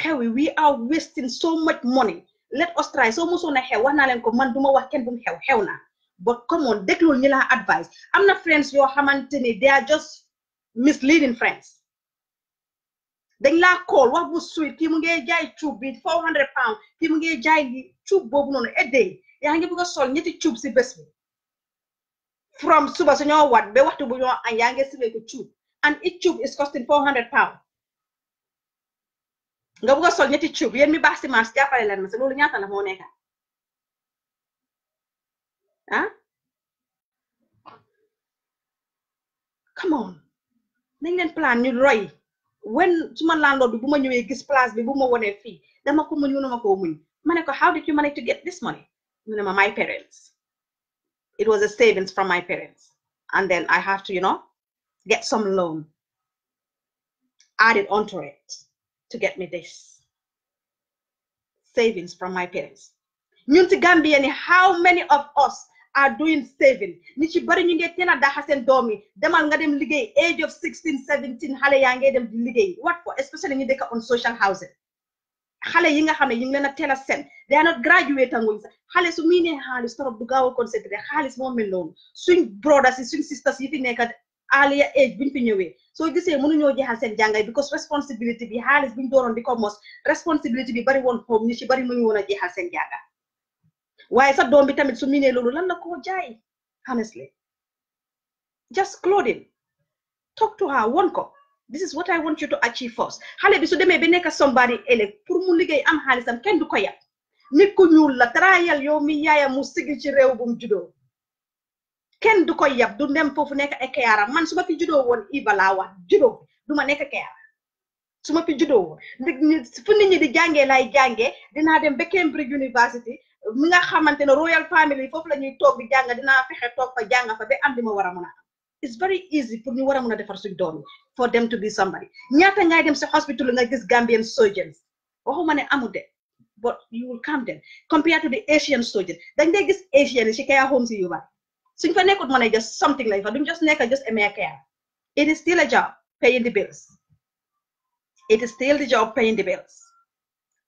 xew yi we are wasting so much money let us try soo mosoon a xew wax naa leen ko man duma wax kenn bu mu xew xew naa but come on déglul ñi laa advice am na friends yoo xamante ni they are just misleading friends dañ laa call wax bu suite kii mu ngi jaay four hundred pound kii mu ngi jaay li a day yaa ngi bëgg a sol ñetti cuub si from suba su ñoo wat ba to bu ñoo añ yaa ngi siwee ko and each cuub is costing four hundred pound nga bëgg a sol ñetti cuub yéen mi baax si marché jàppale leen ma si loolu ñaata la moo come on nañ leen plan you're right when suma landlord bi bu ma ñëwee gis place bi bu ma wonee fii dama ko muñ mënuma koo muñ ma ne ko how did you manage to get this money mu ma my parents it was a savings from my parents and then I have to you know get some loan add it onto it to get me this savings from my parents ñun ci Gambia ni how many of us are doing saving nit ci bari ñu ngee teel a daxa dema doom demal nga dem liggéey age of 16 17 xale ya ngee dem di liggéey what for especially ñu dëkk on social housing xale yi nga xam ne ñu ngi téna sen they are not graduate anguñ sax xale su muy nee xaalis torop du gaaw a concentré xaalis moo mel noonu suñ brothers yi suñ sisters yi fi nekk earlier age buñ fi So soo gisee mënuñoo jeexal sen jàngay because responsibility bi xaalis buñ dooroon di ko mos responsibility bi bari woon home ñu ci bari mënuñu wona a jeexal seen why waaye sa doom bi tamit so miinee loolu lan la koo jaay honestly just clothing talk to her one ko this is what I want you to achieve first xale bi su demee ba nekk somebody ëllëg pour mu liggéey am xaalisam kenn du ko yàq nit ku ñuul la trayal yow mi yaayam mu sigi ci réew bu mu juddoo kenn du ko yab du dem foofu nekk ay keyaara man su ma fi juddoo woon Iba laa wax juddoo du ma nekk keyaara su ma fi fu nit ñi di jàngee lay jàngee dinaa dem ba Cambridge University mi nga xamante ne royal family foofu la ñuy toog di jàng dinaa fexe toog fa jàng fa ba am li ma war a it's very easy pour ñu war a mën a defar suñ doom for them to be somebody ñaata ngay dem si hospital nga gis Gambian surgeons waxuma ne amul de but you will come then compared to the Asian surgeon dañ dee gis Asian si care homes yu bari suñ fa nekkut mën a just something like that, duñ just nekk just a mere care it is still a job paying the bills it is still the job paying the bills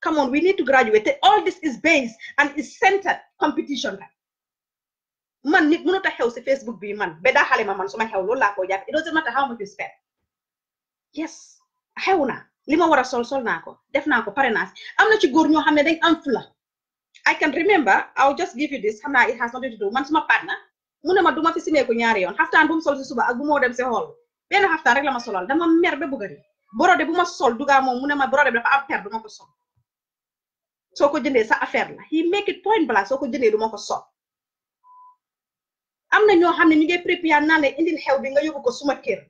Come on, we need to graduate. All this is based and is centered competition. Man, nit mënut a xew si Facebook bi man ba daa xale ma man su ma xew loolu laa ko jàpp it doesn't matter how much you spend. Yes, xew na li ma sol sol naa ko def naa ko pare naa si am na ci góor ñoo xam ne dañ am fula. I can remember I'll just give you this xam it has nothing to do man suma partner mu ne ma duma fi simeeku ñaari yoon xaftaan bu mu sol si suba ak bu moo dem si xool benn xaftaan rek la ma solal dama mer ba bëgg a borode bu ma sol dugaa moom mu ne ma borode dafa am per du sol. So ko sa affaire la he make it point blank soo ko jëndee ko sol am na ñoo ñu prépare naa indil xew bi nga yóbbu ko suma kër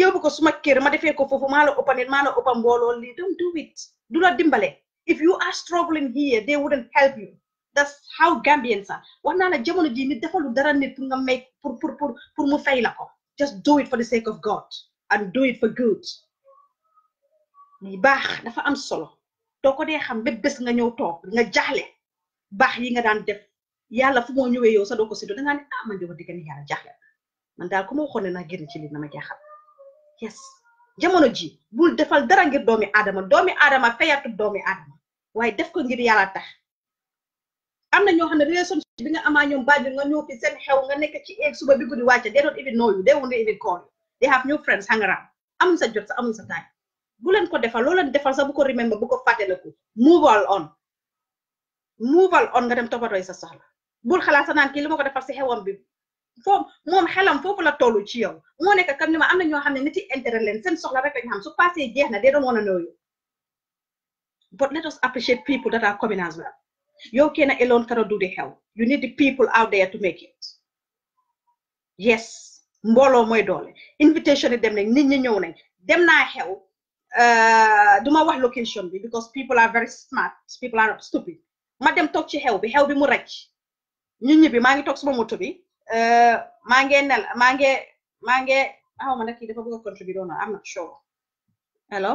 yóbbu ko suma kër ma defee ko foofu maa la ëppa nit la ëppa mbooloo lii don't do it du la dimbale if you are struggling here they wouldn't help you that's how Gambians are wax la jamono jii nit defalu dara nit pour nga may pour pour pour pour mu fay la ko just do it for the sake of God and do it for good li baax dafa am solo doo ko dee xam ba bés nga ñëw toog nga jaaxle baax yi nga daan def yàlla fu moo ñëwee yow sa doo ko si do dangaa ne ah man de wax dëgg yàlla jaaxle man daal ku ma ne naa génn ci lii na ma jaaxal yes jamono ji bul defal dara ngir doomi aadama doomi aadama fayatu doomi aadama waaye def ko ngir yàlla tax am na ñoo xam ne relation bi nga amaa ñoom bàjjo nga ñëw fi seen xew nga nekk ci eeg suba bi guddi wàcce they don't even know you they won't even call you sa jot sa bu leen ko defal loo leen defal sax bu ko remember bu ko fàttaliku move on move on nga dem toppatoo sa soxla bul xalaat sa naan kii li ma ko defal si xewam bi foofu moom xelam foofu la tollu ci yow mo nekk kam ni ma am na ñoo xam ne nit yi intérêt leen seen soxla rek lañ xam su passé jeex na dee doon woon a know you but let us appreciate people that are coming as well you kenn alone cannot do the help you need the people out there to make it yes mbooloo mooy dole invitation yi dem nañ nit ñi ñëw nañ dem na help uh, duma wax location bi because people are very smart people are not stupid ma dem toog ci xew bi xew bi mu rëcc ñun ñi bi maa ngi toog suma moto bi uh, maa ngi nel maa ngi maa ngi xaw ma nag dafa bëgg contribute on I'm not sure hello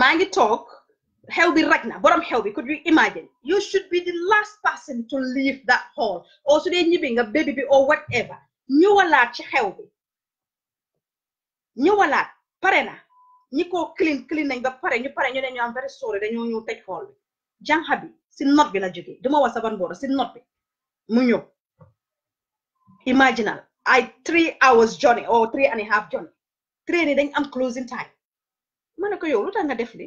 maa ngi toog xew bi raj na borom xew bi could you imagine you should be the last person to leave that hall or su dee ñibbi nga baby bi or whatever ñëwalaat ci xew bi ñëwalaat pare na ñi ko clean clean nañ ba pare ñu pare ñu ne ñu am very sorry dañoo ñëw tëj xool bi jànxa bi si not bi la jógee duma wax saban boora si not bi mu ñëw imaginal ay three hours journey or oh, three and a half journey Three yi dañ am closing time ma ne ko yow lu tax nga def li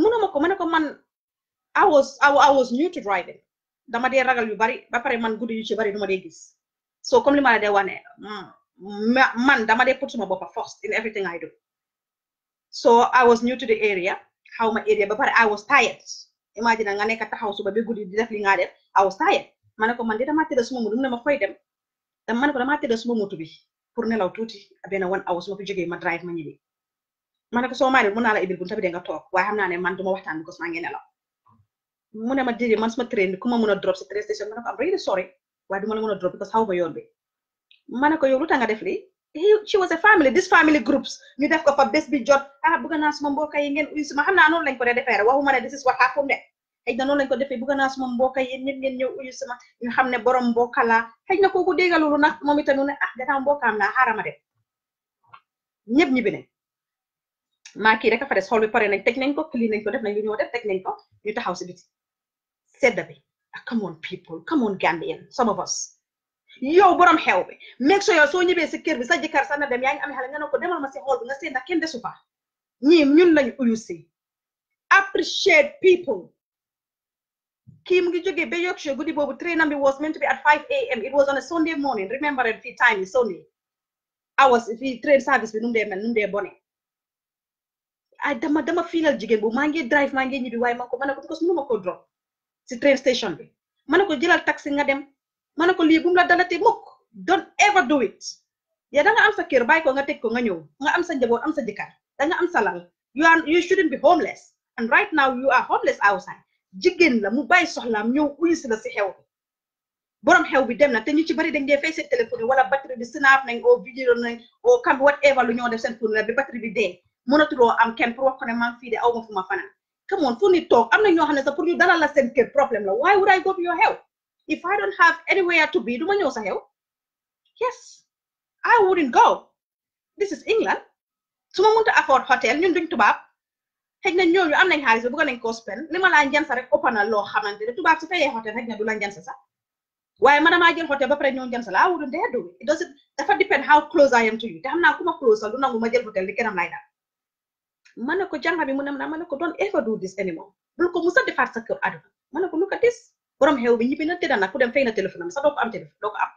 mënuma ko ma ne ko man I was I I was new to driving dama dee ragal yu bari ba pare man guddi yu ci bari duma dee gis so comme li ma la wane man dama dee put suma boppa first in everything I do so I was new to the area How my area ba I was tired imagine nga nekk taxaw suba bi guddi di def li nga def I was tired ma man de damaa tëdd suma mutu mu ne ma fooy dem dama ma ne ko damaa tëdd suma mutu bi pour nelaw tuuti benn one hour su ma fi jógee ma drive ma ñibbi ma ne ko soo maayee mën naa la ibil bunta bi de nga toog waaye xam ne man du ma waxtaan because maa ngi nelaw mu ne ma déedéet man suma train bi ku ma mën a drop si train station ma am really sorry why do ma want to drop Because how xaw ma yoon bi ma ne ko yow lu tax she was a family this family groups ñu def ko fa bés bi jot ah bëgg naa suma mbokk yi ngeen uy suma xam naa noonu ko dee defee rek this is what happened de xëy na noonu lañ ko defee bëgg naa suma mbokk yi ñëpp ngeen ñëw uyu suma ñu xam ne borom mbokk la xëy na kooku dégg loolu nag moom itam ne ah gannaaw mbokkaam laa xaaral ma dem ñëpp ñibbi ne maa kii rek fa des pare na tekniko nañ ko clean nañ ko def nañ lu ñoo def teg nañ ko ñu taxaw si biti sedda Ah, come on people come on Gambian some of us yow borom xew bi make sure yow soo ñëwee si kër bi sa jëkkër sa na dem yaa ngi amee xale nga ne ko demal ma si xool bi nga seen ndax kenn desu fa ñii ñun lañ uyu si appreciate people kii mu ngi jógee ba Yorkshire guddi boobu train am bi was meant to be at 5 a.m. it was on a Sunday morning remember it fii time yi I was fii train service bi nu mu dee mel nu mu dee bone ay dama dama fiilal jigéen bu maa ngi drive maa ngi ñibbi waaye man ko ma ko because mënuma ko drop si train station bi ma ko jëlal taxi nga dem ma ne ko lii bu mu la dalati mukk don't ever do it ya da nga am sa kër bàyyi ko nga tëj ko nga ñëw nga am sa njaboot am sa jëkkër da nga am sa lal you are you shouldn't be homeless and right now you are homeless outside Jigen la mu bàyyi soxlaam ñëw uyu si la si xew bi borom xew bi dem na te ñu ci bari dañ dee fay téléphone wala batterie bi snap nañ oo vidéo nañ oo kam whatever lu ñoo def seen phone la bi batterie bi dee mënatuloo am kenn pour wax ko ne maa fii de aw ma fu ma fanaan come on funny talk. i am not your xam ne sax pour ñu dalal la seen why would I go to your help if I don't have anywhere to be du ma ñëw sa xew yes I wouldn't go this is England su ma to afford hotel You ñun duñ tubaab xëy na i am nañ xaalis bu ko nañ koo spend li ma laa njansa rek ëpp na loo xamante ne tubaab su fayee hotel rek na du la njansa sax waaye man damaa jël hotel ba pare ñoo njansa la I wouldn't dare do it It doesn't dafa depend how close I am to you I'm not ku ma close sax du nangu ma jël hotel li kanam lay daal Manako, na ko na ko doon ever do this anymore bul ko musa defaat sa kër aduna mën na ko lu ko dis borom xew bi ñibbi na tëdda na ku dem fay na téléphone am sax doo ko am téléphone doo ko am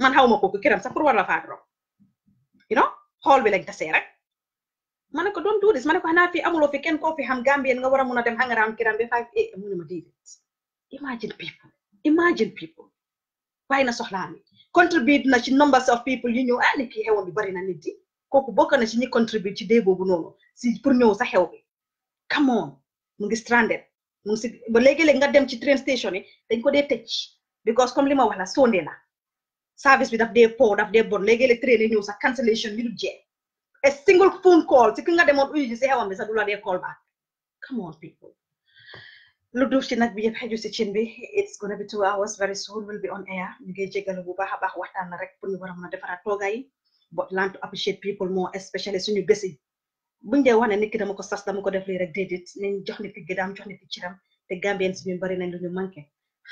man xaw ma kooku këram sax pour war la faa drop you know xool bi lañ tasee rek Manako, ne ko doon do this ma ne ko xanaa fii amuloo fi kenn koo fi xam Gambien nga war a mun a dem hang around këram ba five am mu ne ma déedéet imagine people imagine people bàyyi na soxlaami contribute na ci numbers of people yu ñëw ah li kii xewoon bi bari na nit yi kooku bokk na ci ñi contribute ci dee boobu noonu si pour ñëw sa xew bi come on mu ngi stranded mu ngi si ba léegi-léeg nga dem ci train station yi dañ ko dee tëj because comme li ma wax la sonde la service bi daf dee po daf dee bon léegi-léeg train yi ñëw sa cancellation yi du jeex a single phone call si ki nga demoon uyu ji si xewam bi sa du la dee call back come on people lu duuf ci nag bi yëpp xeju si cin bi it's gonna be two hours very soon will be on air ñu ngi jégalu bu baax a baax waxtaan na rek pour ñu war a mën a defaraat toogaay but learn to appreciate people more especially suñu bési buñ dee wax ne nit ki dama ko sas dama ko def lii rek déedéet nañ jox nit ki gëdaam jox nit ki ciram te Gambien si ñun bari nañ lu ñu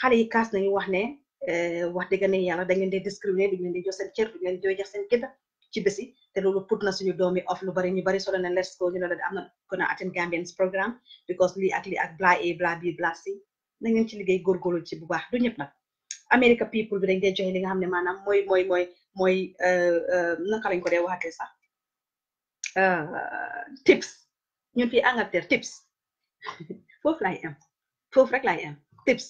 xale yi kaas nañu wax ne eh, wax dëgg ne yàlla dañ leen di discriminer duñ leen di jox seen cër duñ leen di jox seen gëdd ci bési lu bari ñu bari solo na let's go ñu ne la am na gën a attend Gambians a bla b liggéey góorgóorlu ci bu baax du ñëpp nag America people bi dañ dee joxe nga xam ne maanaam mooy mooy mooy mooy eh, eh, naka lañ ko dee waxatee sax uh, tips ñun fii Angleterre tips foofu laay am foofu rek laay am tips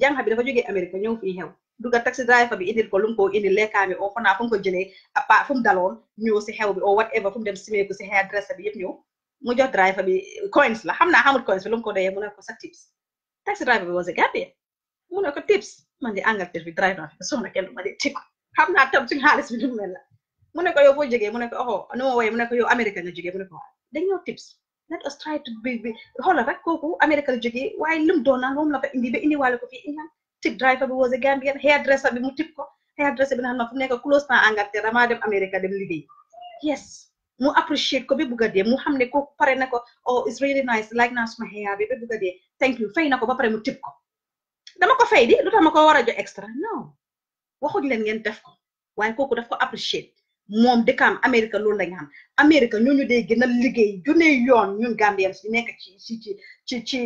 jànxa bi dafa jógee Amérique ñëw fii xew duga taxi driver bi indil ko lu mu ko indil lekkaa bi oo xanaa fu mu ko jëlee apa fu mu daloon ñëw si xew bi oo whatever fu mu dem simee ko si hairdresser bi yëpp ñëw mu jox driver bi coins la xam naa xamul coins bi lu mu ko doyee mu ko sa tips taxi driver bi was a Gambia mu ne ko tips man di Angleterre bi driver bi soxna kenn du ma di tiko xam naa tam suñu xaalis bi lu mu mel la mu ne ko yow foo jógee mu ne ko oh nu ma wooyee mu ne ko yow Amérique la jógee mu ne ko waaw dañoo tips let us try to be be xoolal rek kooku Amérique la jógee waaye lim doon naa moom la ko indi ba indiwaale ko fii England tip driver bi was a Gambian hairdresser bi mu tip ko hairdresser bi nga xam ne fu mu nekk close na Angleterre damaa dem Amérique dem liggéey yes mu appreciate ko ba bugg a dee mu xam ne kooku pare na ko oh it's really nice like naa suma hair bi ba bugg a dee thank you fay na ko ba pare mu tip ko dama ko fay di lu tax ma ko war a jox extra non waxuñ leen ngeen def ko waaye kooku daf ko appreciate moom dëkkaam Amérique loolu la ñu xam Amérique ñooñu day gën a liggéey junne yoon ñun Gambien si nekk ci ci ci ci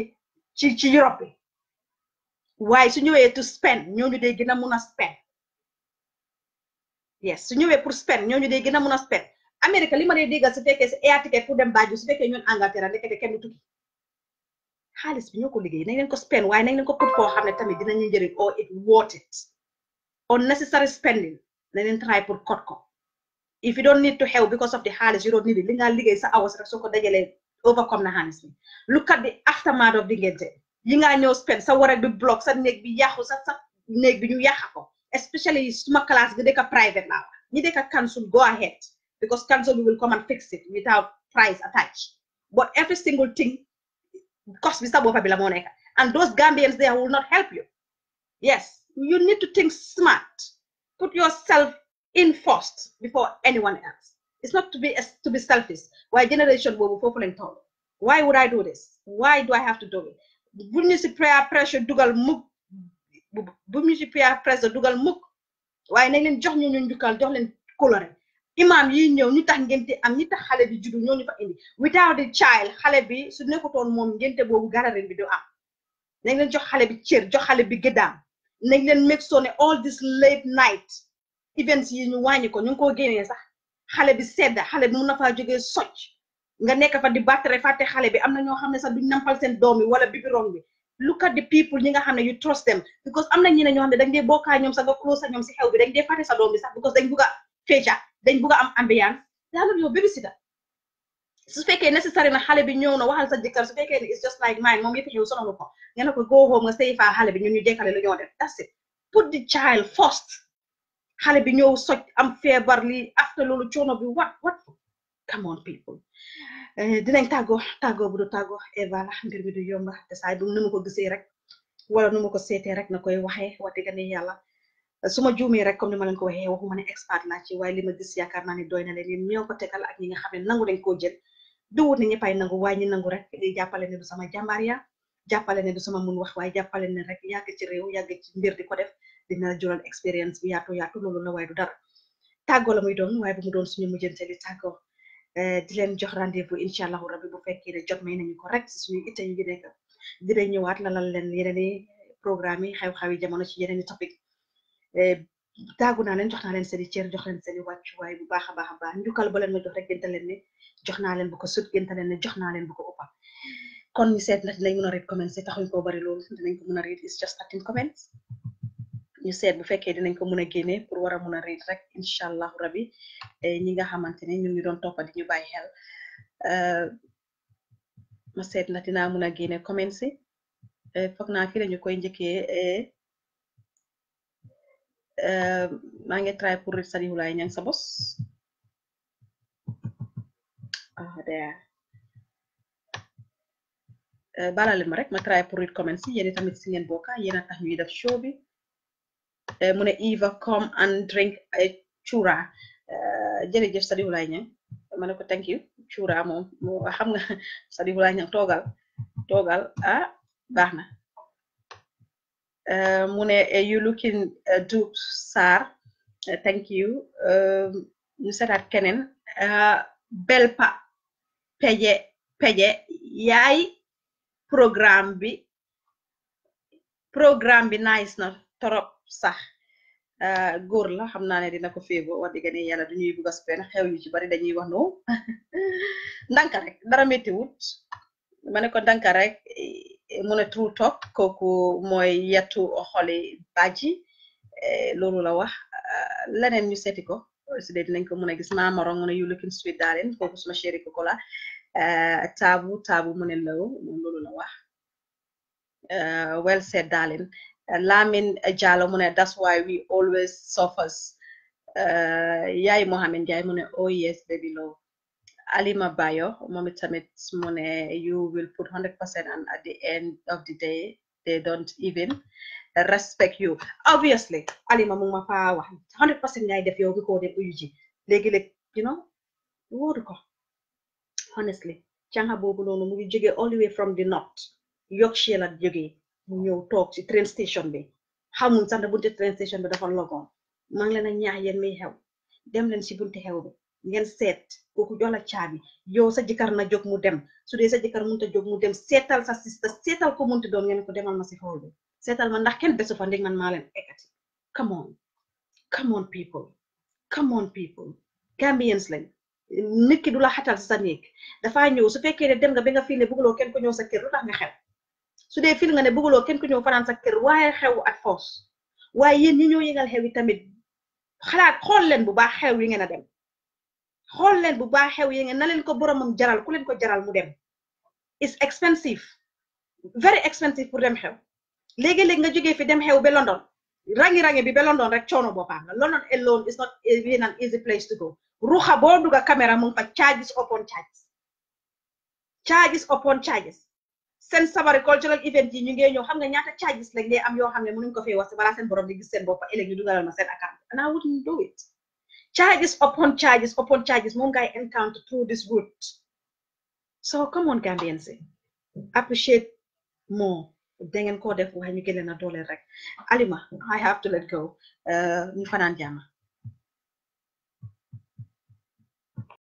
ci ci Europe bi waaye su ñëwee to spend ñooñu day gën a mun a spend yes su ñëwee pour spend ñooñu day gën a mun a spend America, li ma dee déggal su fekkee si air ticket pour dem Banjul su fekkee ñun Angleterre ndekete kenn du tukki xaalis bi ñoo ko liggéey nañ leen ko spend waaye nañ leen ko put koo xam ne tamit dinañu njëriñ or it worth it unnecessary spending nañ leen try pour kot ko if you don't need to help because of the hardness, you don't need it. Linga ligay isa. hours rek soko dajale overcome na hardness ni. Look at the aftermath of the gente. Yi nga spend sa warek bi block sa neeg bi yaxu sa sa neeg bi ñu Especially suma class gi deka private la. Ñi deka council go ahead because council will come and fix it without price attached. But every single thing cost bi sabo bopa bi la mo And those Gambians there will not help you. Yes, you need to think smart. Put yourself in first before anyone else. It's not to be to be selfish. Why generation will be and tall. Why would I do this? Why do I have to do it? buñu ci prayer pressure dugal mukk buñu ci prayer pressure dugal mukk waaye nañ leen jox ñu ñu njukkal jox leen coloré imam yi ñëw ñu tax ngénte am ñi tax xale bi juddu ñoo ñu fa indi without the child xale bi su nekkutoon moom ngénte boobu gararen bi du am nañ leen jox xale bi cër jox xale bi gëddaam nañ leen make sure all this late night events yi ñu wàññi ko ñu ngi koo sax xale bi sedda xale bi mun na faa jógee socc nga nekk fa di battre fàtte xale bi am ñoo xam sax duñ nampal seen doom yi wala bibiron bi look at the people ñi nga you trust them because am ñi ñoo xam dañ dee bokkaa ñoom sax nga close sa ñoom xew bi dañ dee fàtte sa doom bi sax because dañ bugg a dañ bugg am ambiance daaloolu yow babysitter su fekkee necessary na xale bi ñëw na waxal sa jëkkër su fekkee ne it's just like mine moom yëpp ñëw sonalu ko nga ne ko go home nga sey faa xale bi ñun ñu jekkale lu ñoo def that's it put the child first xale bi ñëw soj am feebar li after loolu coono bi what what come on people eh, dinañ tago tago bu du tàggoo Eva la mbir mi du yomba te saa bu nu ma ko gisee rek wala nu ma ko seetee rek na koy waxee wax dëgg ne yàlla rek comme ni ma leen ko waxee waxuma ne expert laa ci waaye li ma gis yaakaar naa ne leen ñoo ko tegal ak ñi nga xam ne nangu dañ koo jël du wut ñëppay nangu waaye ñi nangu rek di jàppale ne du sama jàmbaar ya jàppale ne du sama mun wax waaye jàppale ne rek yàgg ci réew yàgg ci mbir di ko def dina la expérience yaatu yaatu loolu la waaye du dara tàggoo la muy doon waaye bu mu doon suñu mujjanteeli tàggoo eh, di leen jox rendez-vous incha allahu rabi bu fekkee ne jot may nañu ko rek si suñu itte yu nekk dinañ ñëwaat lalal leen yeneen i programme yi xew-xew yi jamono ci yeneen i topic eh, naa leen jox naa leen seeni cër jox leen seeni wàccuwaay bu baax a baax a baax njukkal ba leen ma jox rek gënta leen naa leen bu ko sut gënta leen ne jox naa leen bu ko uppa kon ñu seet nag dinañ mën a read comments taxuñ koo bari lool dinañ ko a read is just acting comments ñu seet bu fekkee dinañ ko mun a génne pour war a mun a read rek incha allahu rabi eh, ñi nga xamante ne ñu ngi doon toppa di ñu bàyyi xel eh, ma seet na dinaa mun a génne comment si eh, foog naa fi lañu koy njëkkee maa ngi try pour read Sadi Wulaay ñang sa bos ah there baalaleen ma rek ma try pour read commencé si yéen tamit si ngeen bokka yéen a tax ñuy def show bi Eh, Mune Eva come and drink eh, chura eh, jërëjëf Sadi Wulaay Ñaŋ ma ko thank you chura mo mo xam nga Sadi Wulaay Ñaŋ toogal toogal ah baax Mune mu you looking du sar. thank you ñu seetaat keneen belpa peye peye yai programme bi programme bi nice na torop sax euh, góor la xam naa ne dina ko féego wax dëgg ne yàlla du ñuy bugg a speen xew ñu ci bari dañuy wax no ndànka rek dara méttiwut ma ne ko ndànka rek eh, mu ne true talk kooku mooy yettu xoli bàjji eh, loolu la wax euh, leneen ñu seeti ko su dee dinañ ko mën a gis naa maroon mu ne you looking sweet darling kooku ko la euh, taabu taabu mu ne loolu la wax well said darling Lamin Jallo mu that's why we always suffers uh, yaay Mohammed, Jaay mu oh yes baby love Alima Bayo moom tamit mu you will put hundred percent and at the end of the day they don't even respect you obviously Alima mu ma hundred percent ngay def yow bi ko de uyu ji leegi you know What? ko honestly cànga boobu noonu mu ngi all the way from the north Yorkshire la Jige. mu ñëw toog ci train station bi xamul sax ne bunte train station bi dafa logoon maa ngi leen a ñaax yen muy xew dem leen si bunte xew bi ngeen seet kooku jox la caabi yow sa jëkkër na jóg mu dem su dee sa jëkkër mënut a jóg mu dem seetal sa sista ko mënut doon ngeen ko demal ma si xool bi seetal ma ndax kenn bésu fa ndeg man maa leen ekati come on come on people come on people Gambians lañ nit ki du la xatal sa néeg dafaa ñëw su fekkee ne dem nga ba nga fi ne bëggloo kenn ko ñëw sa kër lu tax nga su dee fil nga ne bëgguloo kenn ku ñëw fanaan sa kër waaye xew ak force waaye yéen ñi ñoo yëngal xew yi tamit xalaat xool leen bu baax xew yi ngeen a dem xool leen bu baax xew yi ngeen na leen ko boromam jaral ku leen ko jaral mu dem it's expensive very expensive pour dem xew léegi-léegi nga jógee fi dem xew ba London rangi-rangi bi ba London rek coono boppam la London alone is not even an easy place to go ruxa boo dugga caméra mu ngi fa charges upon charges charges upon charges seen sabari cultural event yi ñu ngee ñëw xam nga ñaata charges lañ dee am yoo xam mënuñ ko fee wax si balaa borom di gis seen bopp ëllëg ñu dugalal ma seen account and I wouldn't do it charges upon charges upon charges moom ngay encounter through this route so come on Gambians appreciate more dangeen koo def waaye ñu gën leen a rek Alima I have to let go uh, ñu fanaan jàmm